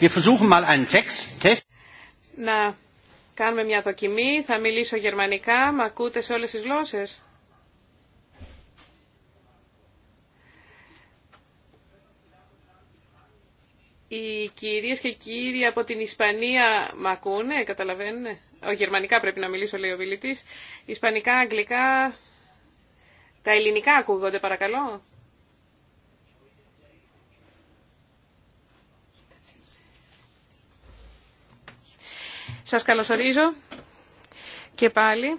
Να κάνουμε μια δοκιμή. Θα μιλήσω γερμανικά. Μ' ακούτε σε όλες τις γλώσσες. Οι κυρίες και κύριοι από την Ισπανία μ' ακούνε, καταλαβαίνουν. Ο γερμανικά πρέπει να μιλήσω, λέει ο μιλητή. Ισπανικά, αγγλικά, τα ελληνικά ακούγονται παρακαλώ. Σας καλωσορίζω και πάλι.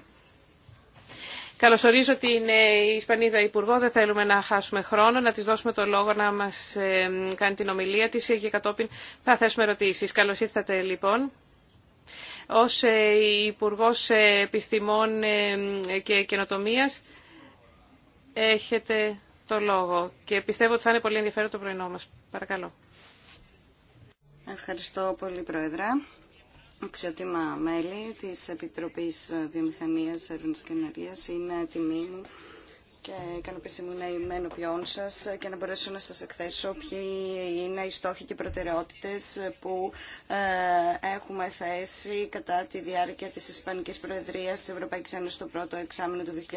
Καλωσορίζω την ε, Ισπανίδα Υπουργό. Δεν θέλουμε να χάσουμε χρόνο, να της δώσουμε το λόγο να μας ε, κάνει την ομιλία της ε, και κατόπιν θα θέσουμε ερωτήσεις. Καλώς ήρθατε λοιπόν. Ως Υπουργός Επιστημών και Καινοτομίας έχετε το λόγο και πιστεύω ότι θα είναι πολύ ενδιαφέρον το πρωινό μας. Παρακαλώ. Ευχαριστώ πολύ, Πρόεδρα αξιότιμα μέλη της Επιτροπής Βιομηχανίας, Έρευνας και Ενεργείας. Είναι τιμή μου και ικανοποίηση μου να είμαι ενώπιόν σα και να μπορέσω να σα εκθέσω ποιοι είναι οι στόχοι και οι προτεραιότητε που ε, έχουμε θέσει κατά τη διάρκεια τη Ισπανική Προεδρία τη Ευρωπαϊκή Ένωση το πρώτο εξάμεινο του 2010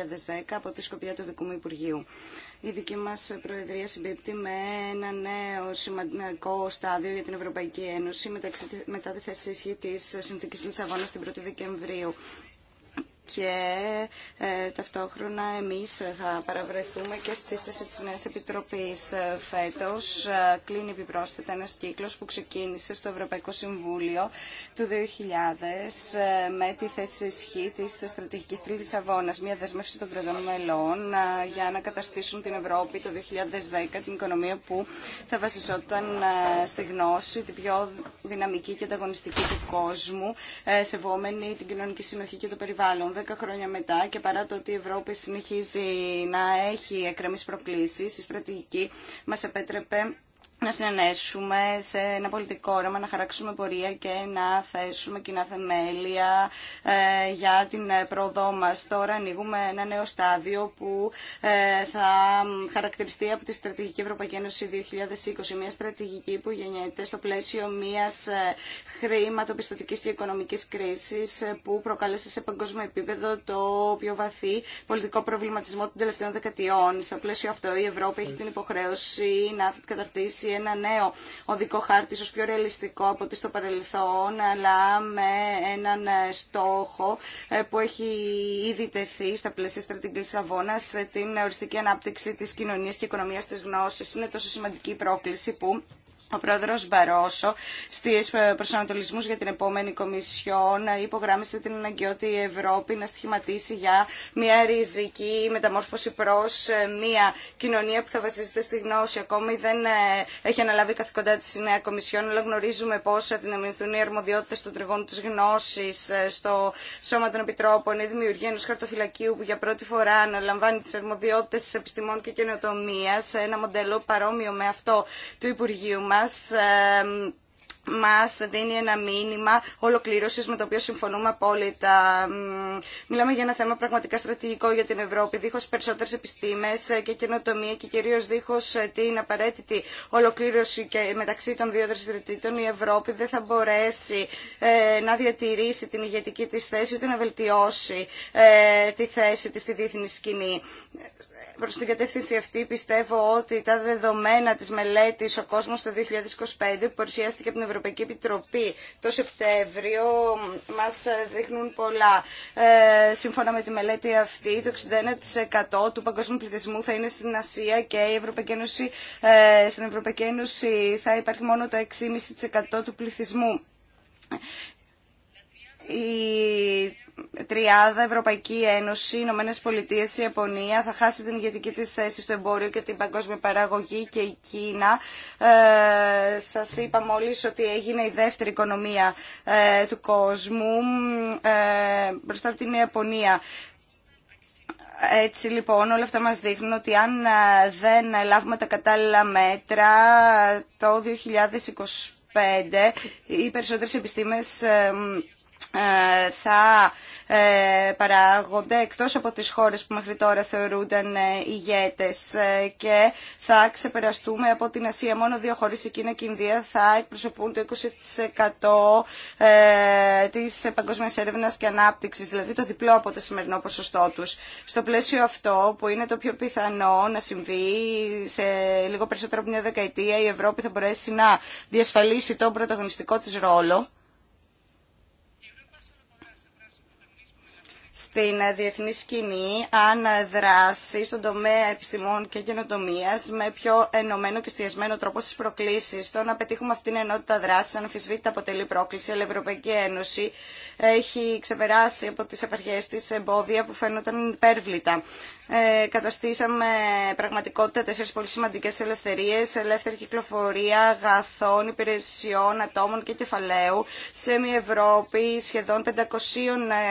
από τη σκοπιά του Δικού μου Υπουργείου. Η δική μα Προεδρία συμπίπτει με ένα νέο σημαντικό στάδιο για την Ευρωπαϊκή Ένωση μετά τη θέση ισχύ τη Συνθήκη Λισαβόνα την 1η Δεκεμβρίου και ε, ταυτόχρονα εμείς θα παραβρεθούμε και στη σύσταση της Νέας Επιτροπής ε, φέτος. Ε, κλείνει επιπρόσθετα ένας κύκλος που ξεκίνησε στο Ευρωπαϊκό Συμβούλιο του 2000 με τη θέση ισχύ της στρατηγικής της Λισαβόνας, μια δεσμεύση των κρατών μελών για να καταστήσουν την Ευρώπη το 2010 την οικονομία που θα βασιζόταν στη γνώση, την πιο δυναμική και ανταγωνιστική του κόσμου, σεβόμενη την κοινωνική συνοχή και το περιβάλλον δέκα χρόνια μετά και παρά το ότι η Ευρώπη συνεχίζει να έχει εκκρεμείς προκλήσεις, η στρατηγική μας επέτρεπε να συνενέσουμε σε ένα πολιτικό όραμα, να χαράξουμε πορεία και να θέσουμε κοινά θεμέλια ε, για την πρόοδό μα. Τώρα ανοίγουμε ένα νέο στάδιο που ε, θα χαρακτηριστεί από τη Στρατηγική Ευρωπαϊκή Ένωση 2020, μια στρατηγική που γεννιέται στο πλαίσιο μια ε, χρηματοπιστωτική και οικονομική κρίση που προκάλεσε σε παγκόσμιο επίπεδο το πιο βαθύ πολιτικό προβληματισμό των τελευταίων δεκαετιών. Στο πλαίσιο αυτό η Ευρώπη έχει την υποχρέωση να καταρτήσει ένα νέο οδικό χάρτη, ως πιο ρεαλιστικό από ό,τι στο παρελθόν, αλλά με έναν ε, στόχο ε, που έχει ήδη τεθεί στα πλαίσια στρατηγική Αβώνας, ε, την οριστική ανάπτυξη της κοινωνίας και οικονομίας της γνώση Είναι τόσο σημαντική η πρόκληση που ο πρόεδρο Μπαρόσο στις ε, προσανατολισμού για την επόμενη Κομισιόν υπογράμμισε την αναγκαιότητα η Ευρώπη να στοιχηματίσει για μια ριζική μεταμόρφωση προ ε, μια κοινωνία που θα βασίζεται στη γνώση. Ακόμη δεν ε, έχει αναλάβει καθηκοντά τη η νέα Κομισιόν, αλλά γνωρίζουμε πω θα δυναμηθούν οι αρμοδιότητε των τριγών τη γνώση στο Σώμα των Επιτρόπων, η δημιουργία ενό χαρτοφυλακίου που για πρώτη φορά αναλαμβάνει αρμοδιότητε τη επιστημών και σε ένα μοντέλο παρόμοιο με αυτό του Υπουργείου μα μας μας δίνει ένα μήνυμα ολοκλήρωσης με το οποίο συμφωνούμε απόλυτα. Μιλάμε για ένα θέμα πραγματικά στρατηγικό για την Ευρώπη, δίχως περισσότερες επιστήμες και καινοτομία και κυρίως δίχως ε, την απαραίτητη ολοκλήρωση και μεταξύ των δύο δραστηριοτήτων η Ευρώπη δεν θα μπορέσει ε, να διατηρήσει την ηγετική της θέση ούτε να βελτιώσει ε, τη θέση της στη διεθνή σκηνή. Προ την κατεύθυνση αυτή πιστεύω ότι τα δεδομένα τη μελέτη «Ο κόσμο το 2025» που παρουσιάστηκε από την Ευρωπαϊκή Επιτροπή το Σεπτέμβριο μας δείχνουν πολλά. Ε, σύμφωνα με τη μελέτη αυτή, το 61% του παγκόσμιου πληθυσμού θα είναι στην Ασία και η Ευρωπαϊκή Ένωση, ε, στην Ευρωπαϊκή Ένωση θα υπάρχει μόνο το 6,5% του πληθυσμού. Η τριάδα Ευρωπαϊκή Ένωση, Ηνωμένε Πολιτείε, η Ιαπωνία θα χάσει την ηγετική τη θέση στο εμπόριο και την παγκόσμια παραγωγή και η Κίνα. Ε, σας είπα μόλις ότι έγινε η δεύτερη οικονομία ε, του κόσμου ε, μπροστά από την Ιαπωνία. Έτσι λοιπόν όλα αυτά μας δείχνουν ότι αν ε, δεν λάβουμε τα κατάλληλα μέτρα το 2025 οι περισσότερες επιστήμες ε, ε, θα ε, παράγονται εκτός από τις χώρες που μέχρι τώρα θεωρούνταν ε, ηγέτες και θα ξεπεραστούμε από την Ασία μόνο δύο χώρες η Κίνα και η Ινδία θα εκπροσωπούν το 20% της παγκόσμιας έρευνας και ανάπτυξης δηλαδή το διπλό από το σημερινό ποσοστό τους στο πλαίσιο αυτό που είναι το πιο πιθανό να συμβεί σε λίγο περισσότερο από μια δεκαετία η Ευρώπη θα μπορέσει να διασφαλίσει τον πρωταγωνιστικό της ρόλο στην ε, διεθνή σκηνή αν δράσει στον τομέα επιστημών και καινοτομία με πιο ενωμένο και στιασμένο τρόπο στι προκλήσει. Το να πετύχουμε αυτήν την ενότητα δράση, αναμφισβήτητα αποτελεί πρόκληση, αλλά η Ευρωπαϊκή Ένωση έχει ξεπεράσει από τι επαρχέ τη εμπόδια που φαίνονταν υπέρβλητα. Ε, καταστήσαμε πραγματικότητα τέσσερι πολύ σημαντικέ ελευθερίε, ελεύθερη κυκλοφορία αγαθών, υπηρεσιών, ατόμων και κεφαλαίου σε μια Ευρώπη σχεδόν 500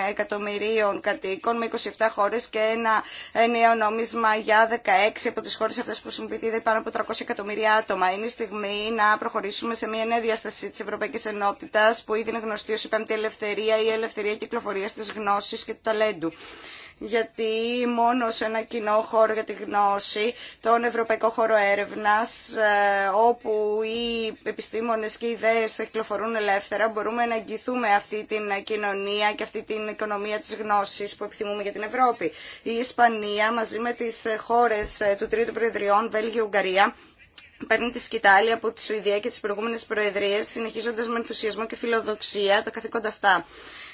εκατομμυρίων κατοίκων με 27 χώρε και ένα νέο νόμισμα για 16 από τι χώρε, αυτέ που χρησιμοποιείται πάνω από 300 εκατομμύρια άτομα. Είναι η στιγμή να προχωρήσουμε σε μια νέα διάσταση της Ευρωπαϊκής Ενότητα που ήδη είναι γνωστή ω η πέμπτη ελευθερία ή η ελευθερία Κυκλοφορία τη γνώση και του ταλέντου γιατί μόνο σε ένα κοινό χώρο για τη γνώση, τον Ευρωπαϊκό Χώρο Έρευνας, ε, όπου οι επιστήμονες και οι ιδέες θα κυκλοφορούν ελεύθερα, μπορούμε να εγγυηθούμε αυτή την κοινωνία και αυτή την οικονομία της γνώσης που επιθυμούμε για την Ευρώπη. Η Ισπανία μαζί με τις χώρες ε, του Τρίτου Προεδριών, Βέλγιο, Ουγγαρία, παίρνει τη σκητάλη από τη Σουηδία και τις προηγούμενες προεδρίες, συνεχίζοντας με ενθουσιασμό και φιλοδοξία τα καθήκοντα αυτά.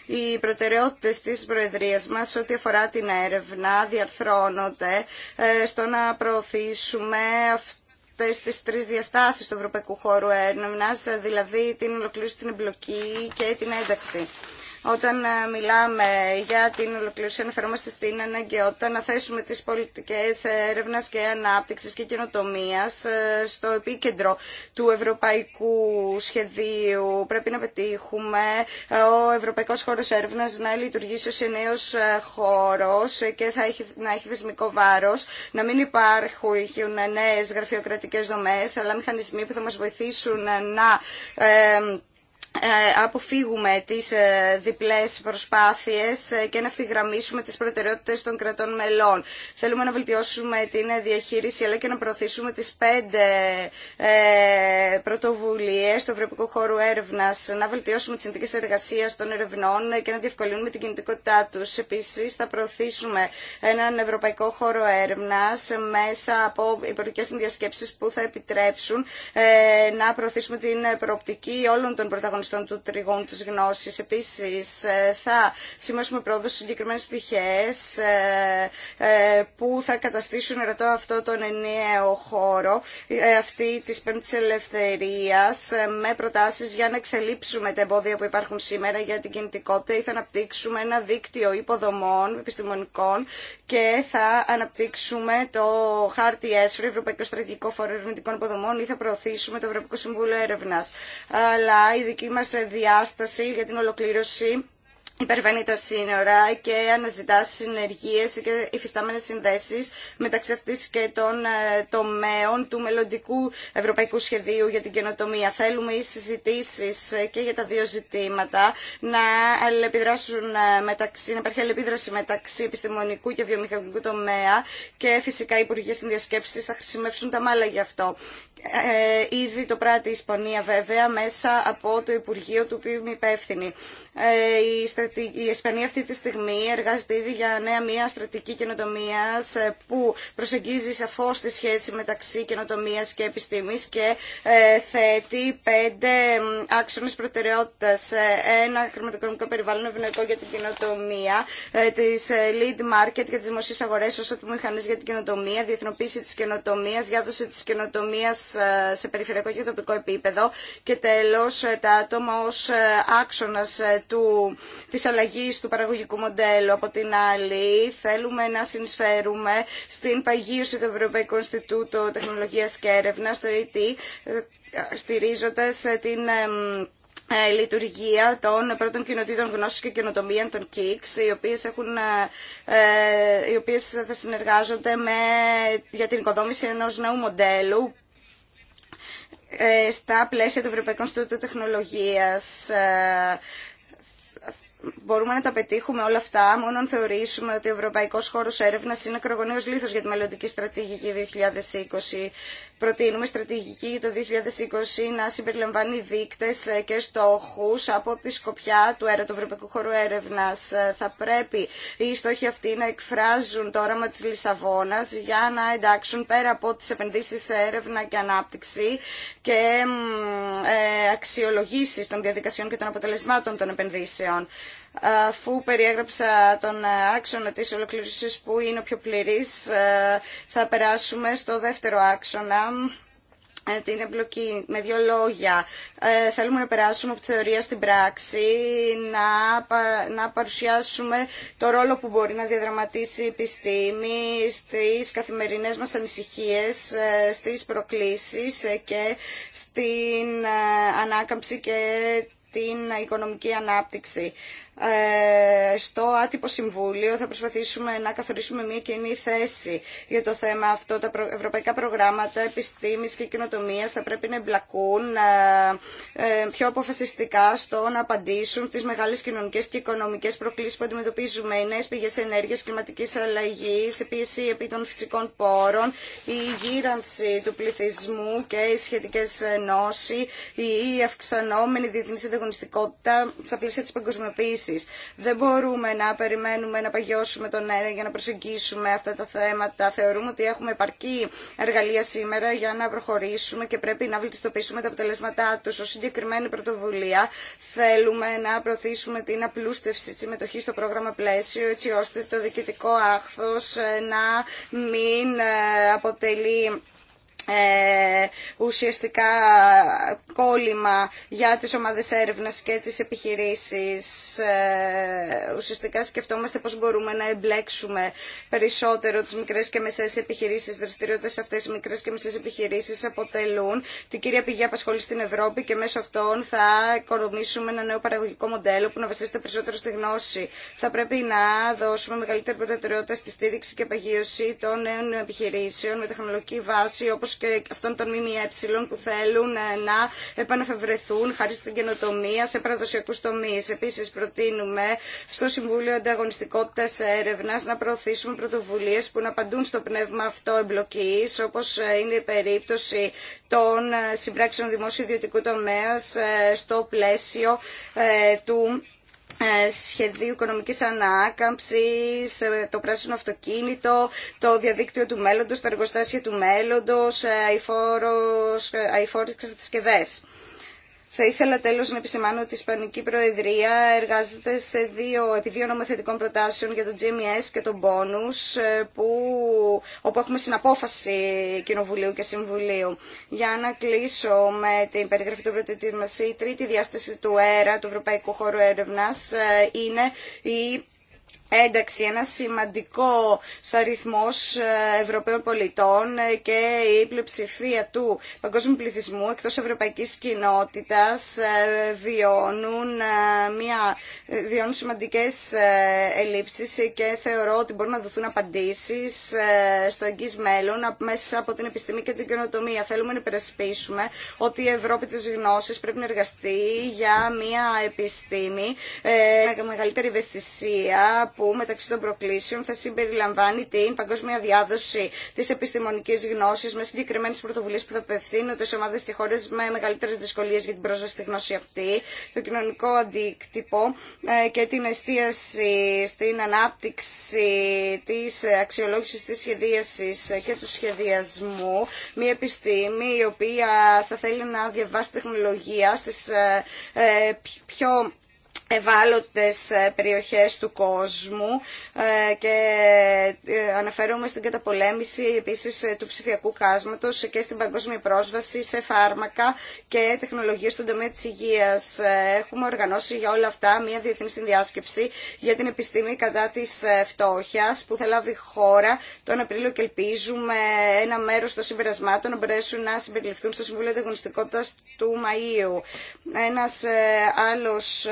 Οι προτεραιότητες της Προεδρίας μας ό,τι αφορά την έρευνα διαρθρώνονται ε, στο να προωθήσουμε αυτό αυτές τρει διαστάσει διαστάσεις του ευρωπαϊκού χώρου έρευνα, δηλαδή την ολοκλήρωση, την εμπλοκή και την ένταξη όταν ε, μιλάμε για την ολοκλήρωση αναφερόμαστε στην αναγκαιότητα να θέσουμε τις πολιτικές έρευνας και ανάπτυξης και καινοτομίας ε, στο επίκεντρο του ευρωπαϊκού σχεδίου. Πρέπει να πετύχουμε ε, ο ευρωπαϊκός χώρος έρευνας να λειτουργήσει ως ενέος χώρος και θα έχει, να έχει δεσμικό βάρος, να μην υπάρχουν νέες γραφειοκρατικές δομές, αλλά μηχανισμοί που θα μας βοηθήσουν να ε, αποφύγουμε τις ε, διπλές προσπάθειες ε, και να ευθυγραμμίσουμε τις προτεραιότητες των κρατών μελών. Θέλουμε να βελτιώσουμε την διαχείριση αλλά και να προωθήσουμε τις πέντε πρωτοβουλίες στο ευρωπαϊκό χώρο έρευνας, να βελτιώσουμε τις συνθήκες εργασίας των ερευνών και να διευκολύνουμε την κινητικότητά τους. Επίσης θα προωθήσουμε έναν ευρωπαϊκό χώρο έρευνας μέσα από υπηρετικές συνδιασκέψεις που θα επιτρέψουν να προωθήσουμε την προοπτική όλων των πρωταγωνιστών στον του τριγώνου της γνώσης. Επίσης, ε, θα σημειώσουμε πρόοδο σε συγκεκριμένες πτυχές ε, ε, που θα καταστήσουν ερωτώ αυτό τον ενιαίο χώρο αυτή της πέμπτης ελευθερίας με προτάσεις για να εξελίψουμε τα εμπόδια που υπάρχουν σήμερα για την κινητικότητα ή θα αναπτύξουμε ένα δίκτυο υποδομών επιστημονικών και θα αναπτύξουμε το χάρτη ΕΣΦΡΕ, Ευρωπαϊκό Στρατηγικό Φόρο Ερευνητικών Υποδομών ή θα προωθήσουμε το Ευρωπαϊκό Συμβούλιο Έρευνα. Αλλά η δική Είμαστε μας διάσταση για την ολοκλήρωση υπερβαίνει τα σύνορα και αναζητά συνεργίες και υφιστάμενες συνδέσεις μεταξύ αυτής και των ε, τομέων του μελλοντικού Ευρωπαϊκού Σχεδίου για την Καινοτομία. Θέλουμε οι συζητήσεις ε, και για τα δύο ζητήματα να αλληλεπιδράσουν ε, μεταξύ, να υπάρχει αλληλεπίδραση μεταξύ επιστημονικού και βιομηχανικού τομέα και φυσικά οι υπουργοί στην διασκέψη θα χρησιμεύσουν τα μάλα γι' αυτό. Ε, ήδη το πράττει η Ισπανία βέβαια μέσα από το Υπουργείο του οποίου είμαι υπεύθυνη. Ε, η, στρατη... η Ισπανία αυτή τη στιγμή εργάζεται ήδη για νέα μια στρατηγική καινοτομία ε, που προσεγγίζει σαφώ τη σχέση μεταξύ καινοτομία και επιστήμη και ε, θέτει πέντε άξονε προτεραιότητα. Ένα χρηματοοικονομικό περιβάλλον ευνοϊκό για την καινοτομία, τι lead market για τι δημοσίε αγορέ ω ατμομηχανέ για την καινοτομία, διεθνοποίηση τη καινοτομία, διάδοση τη καινοτομία ε, σε περιφερειακό και τοπικό επίπεδο και τέλος ε, τα άτομα ως ε, άξονας του, της αλλαγής του παραγωγικού μοντέλου. Από την άλλη θέλουμε να συνεισφέρουμε στην παγίωση του Ευρωπαϊκού Ινστιτούτου Τεχνολογίας και Έρευνα στο ET, στηρίζοντας την λειτουργία των πρώτων κοινοτήτων γνώσης και καινοτομία, των ΚΙΚΣ, οι οποίες, έχουν, οι οποίες θα συνεργάζονται με, για την οικοδόμηση ενός νέου μοντέλου ε, στα πλαίσια του Ευρωπαϊκού Ινστιτούτου Τεχνολογίας ε, μπορούμε να τα πετύχουμε όλα αυτά μόνο αν θεωρήσουμε ότι ο Ευρωπαϊκό Χώρο Έρευνα είναι ακρογωνίο λίθο για τη μελλοντική στρατηγική 2020. Προτείνουμε στρατηγική για το 2020 να συμπεριλαμβάνει δείκτε και στόχου από τη σκοπιά του αέρα του Ευρωπαϊκού Χώρου Έρευνα. Θα πρέπει οι στόχοι αυτοί να εκφράζουν το όραμα τη Λισαβόνα για να εντάξουν πέρα από τι επενδύσει σε έρευνα και ανάπτυξη και ε, αξιολογήσει των διαδικασιών και των αποτελεσμάτων των επενδύσεων αφού περιέγραψα τον άξονα της ολοκληρωσής που είναι ο πιο πληρής, ε, θα περάσουμε στο δεύτερο άξονα ε, την εμπλοκή με δύο λόγια. Ε, θέλουμε να περάσουμε από τη θεωρία στην πράξη, να, να παρουσιάσουμε το ρόλο που μπορεί να διαδραματίσει η επιστήμη στις καθημερινές μας ανησυχίες, στις προκλήσεις και στην ανάκαμψη και την οικονομική ανάπτυξη. Ε, στο άτυπο συμβούλιο θα προσπαθήσουμε να καθορίσουμε μια κοινή θέση για το θέμα αυτό. Τα ευρωπαϊκά προγράμματα επιστήμης και κοινοτομία θα πρέπει να εμπλακούν ε, ε, πιο αποφασιστικά στο να απαντήσουν τις μεγάλες κοινωνικές και οικονομικές προκλήσεις που αντιμετωπίζουμε. Οι νέες πηγές ενέργειας, κλιματικής αλλαγής, επίση επί των φυσικών πόρων, η γύρανση του πληθυσμού και οι σχετικές νόσοι, η αυξανόμενη διεθνής ανταγωνιστικότητα στα πλαίσια της παγκοσμιοποίησης δεν μπορούμε να περιμένουμε να παγιώσουμε τον αέρα για να προσεγγίσουμε αυτά τα θέματα. Θεωρούμε ότι έχουμε επαρκή εργαλεία σήμερα για να προχωρήσουμε και πρέπει να βελτιστοποιήσουμε τα αποτελέσματά του Ω συγκεκριμένη πρωτοβουλία θέλουμε να προωθήσουμε την απλούστευση τη συμμετοχή στο πρόγραμμα πλαίσιο έτσι ώστε το διοικητικό άχθο ε, να μην ε, αποτελεί ε, ουσιαστικά κόλλημα για τις ομάδες έρευνας και τις επιχειρήσεις. Ε, ουσιαστικά σκεφτόμαστε πώς μπορούμε να εμπλέξουμε περισσότερο τις μικρές και μεσές επιχειρήσεις, δραστηριότητες αυτές οι μικρές και μεσές επιχειρήσεις αποτελούν την κυρία πηγή απασχόληση στην Ευρώπη και μέσω αυτών θα οικονομήσουμε ένα νέο παραγωγικό μοντέλο που να βασίζεται περισσότερο στη γνώση. Θα πρέπει να δώσουμε μεγαλύτερη προτεραιότητα στη στήριξη και παγίωση των νέων επιχειρήσεων με τεχνολογική βάση όπως και αυτών των ΜΜΕ που θέλουν ε, να επαναφευρεθούν χάρη στην καινοτομία σε παραδοσιακού τομεί. Επίση, προτείνουμε στο Συμβούλιο Ανταγωνιστικότητα Έρευνα να προωθήσουμε πρωτοβουλίε που να απαντούν στο πνεύμα αυτό εμπλοκή, όπω ε, είναι η περίπτωση των ε, συμπράξεων δημόσιο-ιδιωτικού τομέα στο πλαίσιο του ε, σχεδίου οικονομικής ανάκαμψης, ε, το πράσινο αυτοκίνητο, το διαδίκτυο του μέλλοντος, τα εργοστάσια του μέλλοντος, και ε, κατασκευές. Θα ήθελα τέλο να επισημάνω ότι η Ισπανική Προεδρία εργάζεται σε δύο, επί δύο νομοθετικών προτάσεων για το GMS και το bonus, ε, όπου έχουμε συναπόφαση Κοινοβουλίου και Συμβουλίου. Για να κλείσω με την περιγραφή του πρωτοτήτου η τρίτη διάσταση του ΕΡΑ, του Ευρωπαϊκού Χώρου Έρευνα ε, είναι η ένταξη ένα σημαντικό αριθμό ε, Ευρωπαίων πολιτών ε, και η πλειοψηφία του παγκόσμιου πληθυσμού εκτός ευρωπαϊκής κοινότητας ε, βιώνουν, μια, βιώνουν σημαντικές ελλείψεις και θεωρώ ότι μπορούν να δοθούν απαντήσεις στο εγγύς μέλλον μέσα από την επιστήμη και την καινοτομία. Θέλουμε να υπερασπίσουμε ότι η Ευρώπη της γνώσης πρέπει να εργαστεί για μια επιστήμη με μεγαλύτερη ευαισθησία που μεταξύ των προκλήσεων θα συμπεριλαμβάνει την παγκόσμια διάδοση τη επιστημονική γνώση με συγκεκριμένε πρωτοβουλίε που θα απευθύνονται σε ομάδε και χώρε με μεγαλύτερε δυσκολίε για την πρόσβαση στη γνώση αυτή, το κοινωνικό αντίκτυπο ε, και την εστίαση στην ανάπτυξη τη αξιολόγηση τη σχεδίαση και του σχεδιασμού. Μια επιστήμη η οποία θα θέλει να διαβάσει τεχνολογία στι ε, ε, πιο ευάλωτες ε, περιοχές του κόσμου ε, και ε, αναφέρομαι στην καταπολέμηση επίσης του ψηφιακού κάσματος και στην παγκόσμια πρόσβαση σε φάρμακα και τεχνολογίες στον τομέα της υγείας. Έχουμε οργανώσει για όλα αυτά μια διεθνή συνδιάσκεψη για την επιστήμη κατά της φτώχειας που θα λάβει χώρα τον Απρίλιο και ελπίζουμε ένα μέρος των συμπερασμάτων να μπορέσουν να συμπεριληφθούν στο Συμβούλιο Διαγωνιστικότητας του Μαΐου. Ένας άλλος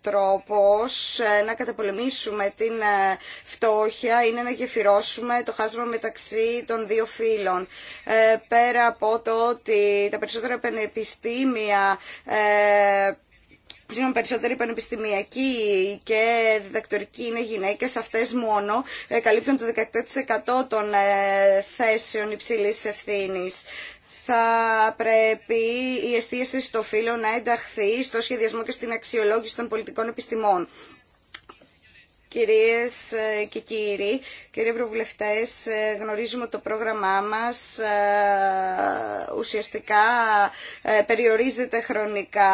τρόπος ε, να καταπολεμήσουμε την ε, φτώχεια είναι να γεφυρώσουμε το χάσμα μεταξύ των δύο φύλων. Ε, πέρα από το ότι τα περισσότερα πανεπιστήμια Συγγνώμη, περισσότεροι πανεπιστημιακοί και διδακτορικοί είναι γυναίκε. Αυτέ μόνο καλύπτουν το 17% των θέσεων υψηλή ευθύνη θα πρέπει η εστίαση στο φύλλο να ενταχθεί στο σχεδιασμό και στην αξιολόγηση των πολιτικών επιστημών. Κυρίες ε, και κύριοι, κύριοι Ευρωβουλευτές, ε, γνωρίζουμε το πρόγραμμά μας ε, ουσιαστικά περιορίζεται χρονικά,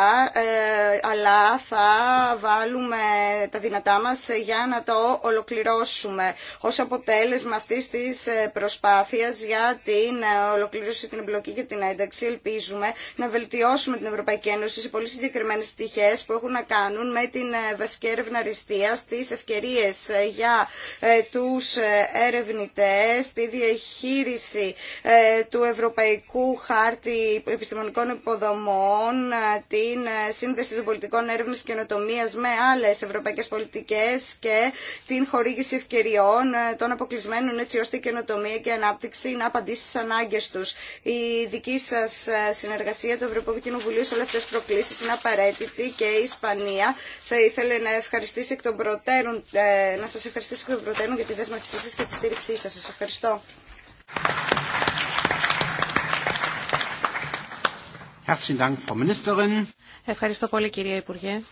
αλλά θα βάλουμε τα δυνατά μας για να το ολοκληρώσουμε. Ως αποτέλεσμα αυτής της προσπάθειας για την ολοκλήρωση, την εμπλοκή και την ένταξη, ελπίζουμε να βελτιώσουμε την Ευρωπαϊκή Ένωση σε πολύ συγκεκριμένες πτυχές που έχουν να κάνουν με την βασική έρευνα αριστείας, τις ευκαιρίες ευκαιρίες ε, για ε, τους ε, ερευνητές, τη διαχείριση του Ευρωπαϊκού Χάρτη Επιστημονικών Υποδομών, την σύνδεση των πολιτικών έρευνας και καινοτομίας με άλλες ευρωπαϊκές πολιτικές και την χορήγηση ευκαιριών των αποκλεισμένων έτσι ώστε η καινοτομία και η ανάπτυξη να απαντήσει στις ανάγκες τους. Η δική σας συνεργασία του Ευρωπαϊκού Κοινοβουλίου σε όλες αυτές τις προκλήσεις είναι απαραίτητη και η Ισπανία θα ήθελε να ευχαριστήσει εκ των προτέρων ε, να σας ευχαριστήσω και προτείνω για τη δέσμευσή σας και τη στήριξή σας. Σας ευχαριστώ. Ευχαριστώ πολύ κυρία Υπουργέ.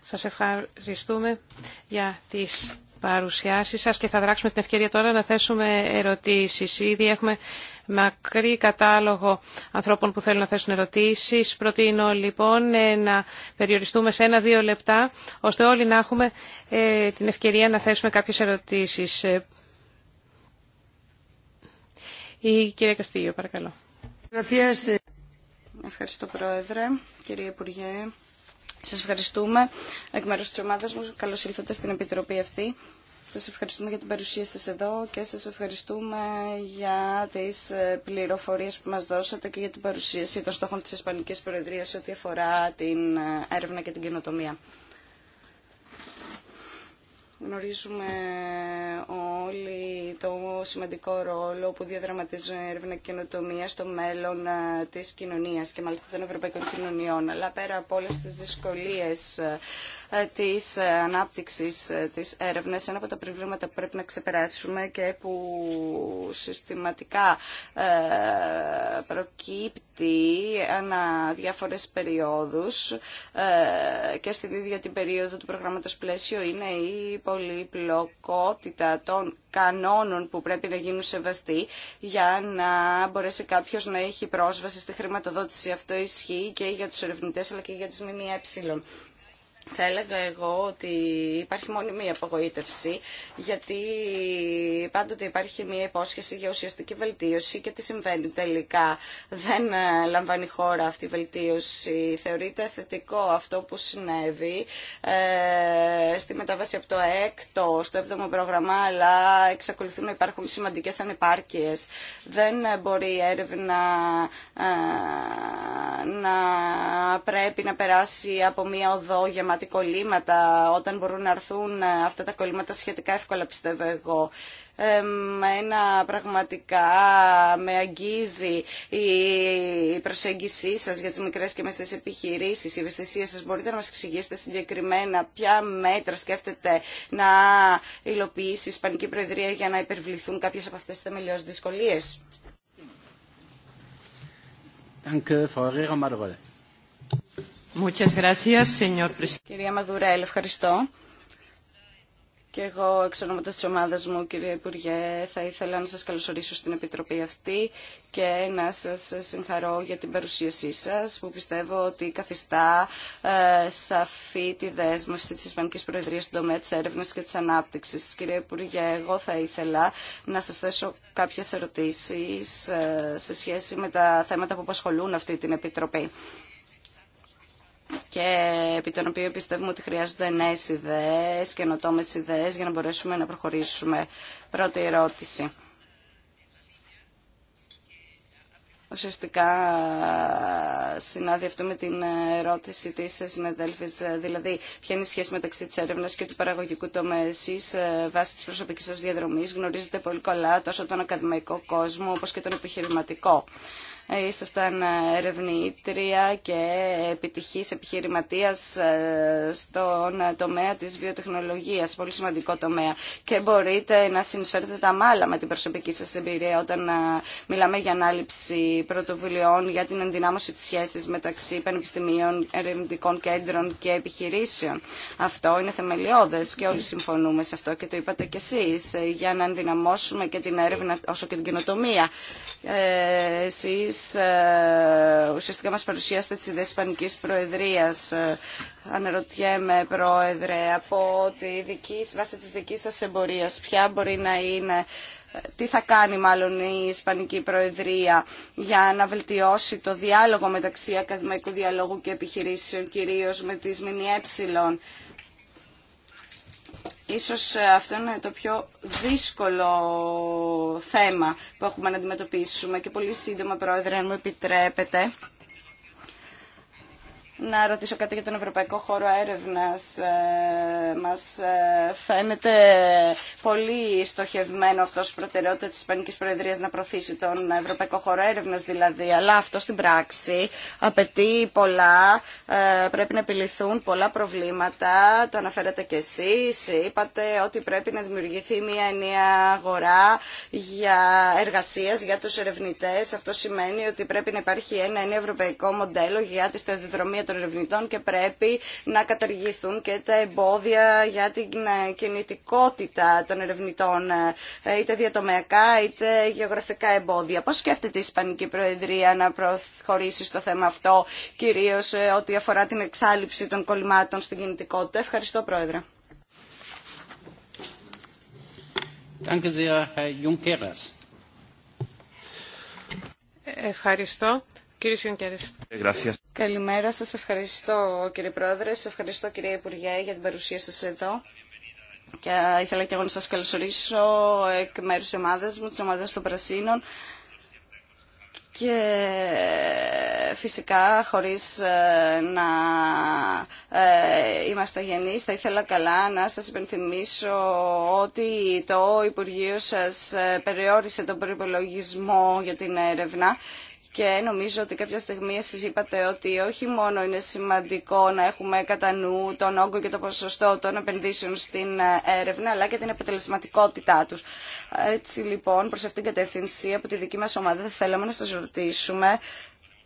Σας ευχαριστούμε για τις παρουσιάσεις σας και θα δράξουμε την ευκαιρία τώρα να θέσουμε ερωτήσεις. Ήδη έχουμε μακρύ κατάλογο ανθρώπων που θέλουν να θέσουν ερωτήσεις. Προτείνω λοιπόν ε, να περιοριστούμε σε ένα-δύο λεπτά, ώστε όλοι να έχουμε ε, την ευκαιρία να θέσουμε κάποιες ερωτήσεις. Ε, η κυρία Καστίγιο, παρακαλώ. Ευχαριστώ, Πρόεδρε, κύριε Υπουργέ. Σας ευχαριστούμε. Εκ μέρους της ομάδας μου, καλώς ήλθατε στην Επιτροπή αυτή. Σας ευχαριστούμε για την παρουσία σας εδώ και σας ευχαριστούμε για τις ε, πληροφορίες που μας δώσατε και για την παρουσίαση των στόχων της Ισπανικής Προεδρίας ό,τι αφορά την ε, έρευνα και την καινοτομία. Γνωρίζουμε όλοι το σημαντικό ρόλο που διαδραματίζουν η έρευνα και καινοτομία στο μέλλον ε, της κοινωνίας και μάλιστα των ευρωπαϊκών κοινωνιών. Αλλά πέρα από όλες τις δυσκολίες ε, της ε, ανάπτυξης της έρευνας, ένα από τα προβλήματα που πρέπει να ξεπεράσουμε και που συστηματικά προκύπτει ανά διάφορες περιόδους και στην ίδια την περίοδο του προγράμματος πλαίσιο είναι η πολυπλοκότητα των κανόνων που πρέπει να γίνουν σεβαστοί για να μπορέσει κάποιο να έχει πρόσβαση στη χρηματοδότηση. Αυτό ισχύει και για του ερευνητέ αλλά και για τι ΜΜΕ θα έλεγα εγώ ότι υπάρχει μόνο μία απογοήτευση, γιατί πάντοτε υπάρχει μία υπόσχεση για ουσιαστική βελτίωση και τι συμβαίνει τελικά. Δεν ε, λαμβάνει χώρα αυτή η βελτίωση. Θεωρείται θετικό αυτό που συνέβη ε, στη μετάβαση από το έκτο στο έβδομο πρόγραμμα, αλλά εξακολουθούν να υπάρχουν σημαντικές ανεπάρκειες. Δεν μπορεί η έρευνα ε, να πρέπει να περάσει από μία οδό για τα κολλήματα, όταν μπορούν να έρθουν ε, αυτά τα κολλήματα σχετικά εύκολα πιστεύω εγώ. ένα πραγματικά με αγγίζει η προσέγγισή σας για τις μικρές και μεσές επιχειρήσεις, η ευαισθησία σας. Μπορείτε να μα εξηγήσετε συγκεκριμένα ποια μέτρα σκέφτεται να υλοποιήσει η Ισπανική Προεδρία για να υπερβληθούν κάποιε από αυτές τις θεμελιώσεις δυσκολίες. Danke, Frau Muchas Κυρία Μαδουρέλ, ευχαριστώ. Και εγώ, εξ ονόματο τη ομάδα μου, κύριε Υπουργέ, θα ήθελα να σα καλωσορίσω στην Επιτροπή αυτή και να σα συγχαρώ για την παρουσίασή σα, που πιστεύω ότι καθιστά ε, σαφή τη δέσμευση τη Ισπανική Προεδρία στον τομέα τη έρευνα και τη ανάπτυξη. Κύριε Υπουργέ, εγώ θα ήθελα να σα θέσω κάποιε ερωτήσει ε, σε σχέση με τα θέματα που απασχολούν αυτή την Επιτροπή και επί των οποίων πιστεύουμε ότι χρειάζονται νέε ιδέε, καινοτόμε ιδέε για να μπορέσουμε να προχωρήσουμε. Πρώτη ερώτηση. Ουσιαστικά συνάδει αυτό με την ερώτηση τη συναδέλφη, δηλαδή ποια είναι η σχέση μεταξύ τη έρευνα και του παραγωγικού τομέα. Εσεί, ε, βάσει τη προσωπική σα διαδρομή, γνωρίζετε πολύ καλά τόσο τον ακαδημαϊκό κόσμο όπω και τον επιχειρηματικό. Ε, ήσασταν ε, ερευνήτρια και επιτυχής επιχειρηματίας ε, στον τομέα της βιοτεχνολογίας, πολύ σημαντικό τομέα. Και μπορείτε να συνεισφέρετε τα μάλα με την προσωπική σας εμπειρία όταν μιλάμε για ανάληψη πρωτοβουλειών, για την ενδυνάμωση της σχέσης μεταξύ πανεπιστημίων, ερευνητικών κέντρων και επιχειρήσεων. Αυτό είναι θεμελιώδες και όλοι συμφωνούμε σε αυτό και το είπατε κι εσείς, για να ενδυναμώσουμε και την έρευνα όσο και την καινοτομία. Ε, ε, ουσιαστικά μας παρουσιάσετε τις ιδέες Ισπανικής Προεδρίας. Ε, αναρωτιέμαι, Πρόεδρε, από τη δική, βάση της δικής σας εμπορίας, ποια μπορεί να είναι τι θα κάνει μάλλον η Ισπανική Προεδρία για να βελτιώσει το διάλογο μεταξύ ακαδημαϊκού διαλόγου και επιχειρήσεων, κυρίως με τις ΜΜΕ Ίσως ε, αυτό είναι το πιο δύσκολο θέμα που έχουμε να αντιμετωπίσουμε και πολύ σύντομα, Πρόεδρε, αν μου επιτρέπετε να ρωτήσω κάτι για τον Ευρωπαϊκό Χώρο Έρευνας. Ε, μας ε, φαίνεται πολύ στοχευμένο αυτό η προτεραιότητα της Ισπανικής Προεδρίας να προωθήσει τον Ευρωπαϊκό Χώρο Έρευνας δηλαδή, αλλά αυτό στην πράξη απαιτεί πολλά, ε, πρέπει να επιληθούν πολλά προβλήματα, το αναφέρατε κι εσείς, είπατε ότι πρέπει να δημιουργηθεί μια ενιαία αγορά για εργασίας για τους ερευνητές, αυτό σημαίνει ότι πρέπει να υπάρχει ένα ενιαίο ευρωπαϊκό μοντέλο για τη σταδιοδρομία των ερευνητών και πρέπει να καταργηθούν και τα εμπόδια για την ε, κινητικότητα των ερευνητών, ε, είτε διατομεακά είτε γεωγραφικά εμπόδια. Πώς σκέφτεται η Ισπανική Προεδρία να προχωρήσει στο θέμα αυτό, κυρίως ε, ό,τι αφορά την εξάλληψη των κολλημάτων στην κινητικότητα. Ευχαριστώ, Πρόεδρε. Ευχαριστώ. Κύριε Φιονκέρης. Ε, Καλημέρα, σας ευχαριστώ κύριε Πρόεδρε, σας ευχαριστώ κυρία Υπουργέ για την παρουσία σας εδώ. Και ήθελα και εγώ να σας καλωσορίσω εκ μέρους της ομάδας μου, της ομάδας των Πρασίνων. Και φυσικά χωρίς ε, να ε, είμαστε γενείς θα ήθελα καλά να σας υπενθυμίσω ότι το Υπουργείο σας περιόρισε τον προϋπολογισμό για την έρευνα και νομίζω ότι κάποια στιγμή εσείς είπατε ότι όχι μόνο είναι σημαντικό να έχουμε κατά νου τον όγκο και το ποσοστό των επενδύσεων στην ε, έρευνα, αλλά και την αποτελεσματικότητά τους. Έτσι λοιπόν, προς αυτήν την κατεύθυνση από τη δική μας ομάδα θα θέλαμε να σας ρωτήσουμε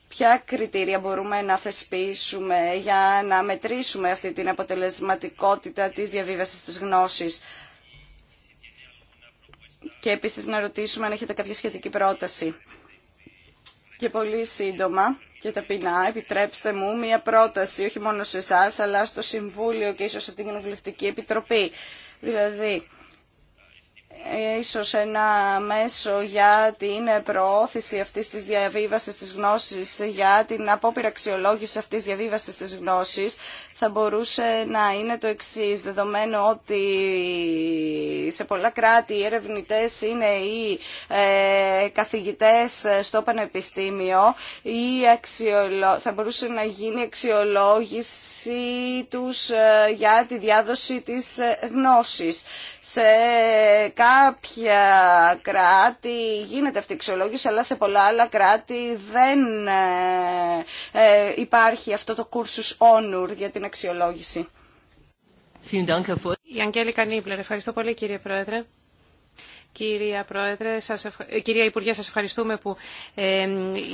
ποια κριτήρια μπορούμε να θεσπίσουμε για να μετρήσουμε αυτή την αποτελεσματικότητα της διαβίβασης της γνώσης. Και επίσης να ρωτήσουμε αν έχετε κάποια σχετική πρόταση. Και πολύ σύντομα και ταπεινά, επιτρέψτε μου μία πρόταση, όχι μόνο σε εσά, αλλά στο Συμβούλιο και ίσως σε αυτήν την Κοινοβουλευτική Επιτροπή. Δηλαδή, ίσως ένα μέσο για την προώθηση αυτής της διαβίβασης της γνώσης, για την απόπειρα αξιολόγηση αυτής της διαβίβασης της γνώσης, θα μπορούσε να είναι το εξή δεδομένου ότι σε πολλά κράτη οι ερευνητές είναι οι ε, καθηγητές στο πανεπιστήμιο, ή θα μπορούσε να γίνει αξιολόγηση τους ε, για τη διάδοση της ε, γνώσης. Σε κάποια κράτη γίνεται αυτή η αξιολόγηση, αλλά σε πολλά άλλα κράτη δεν ε, ε, υπάρχει αυτό το κούρσους όνουρ για την αξιολόγηση. Η Αγγέλικα Νίμπλερ, ευχαριστώ πολύ κύριε Πρόεδρε. Κυρία, Πρόεδρε, σας ε, Κυρία Υπουργέ, σας ευχαριστούμε που ε,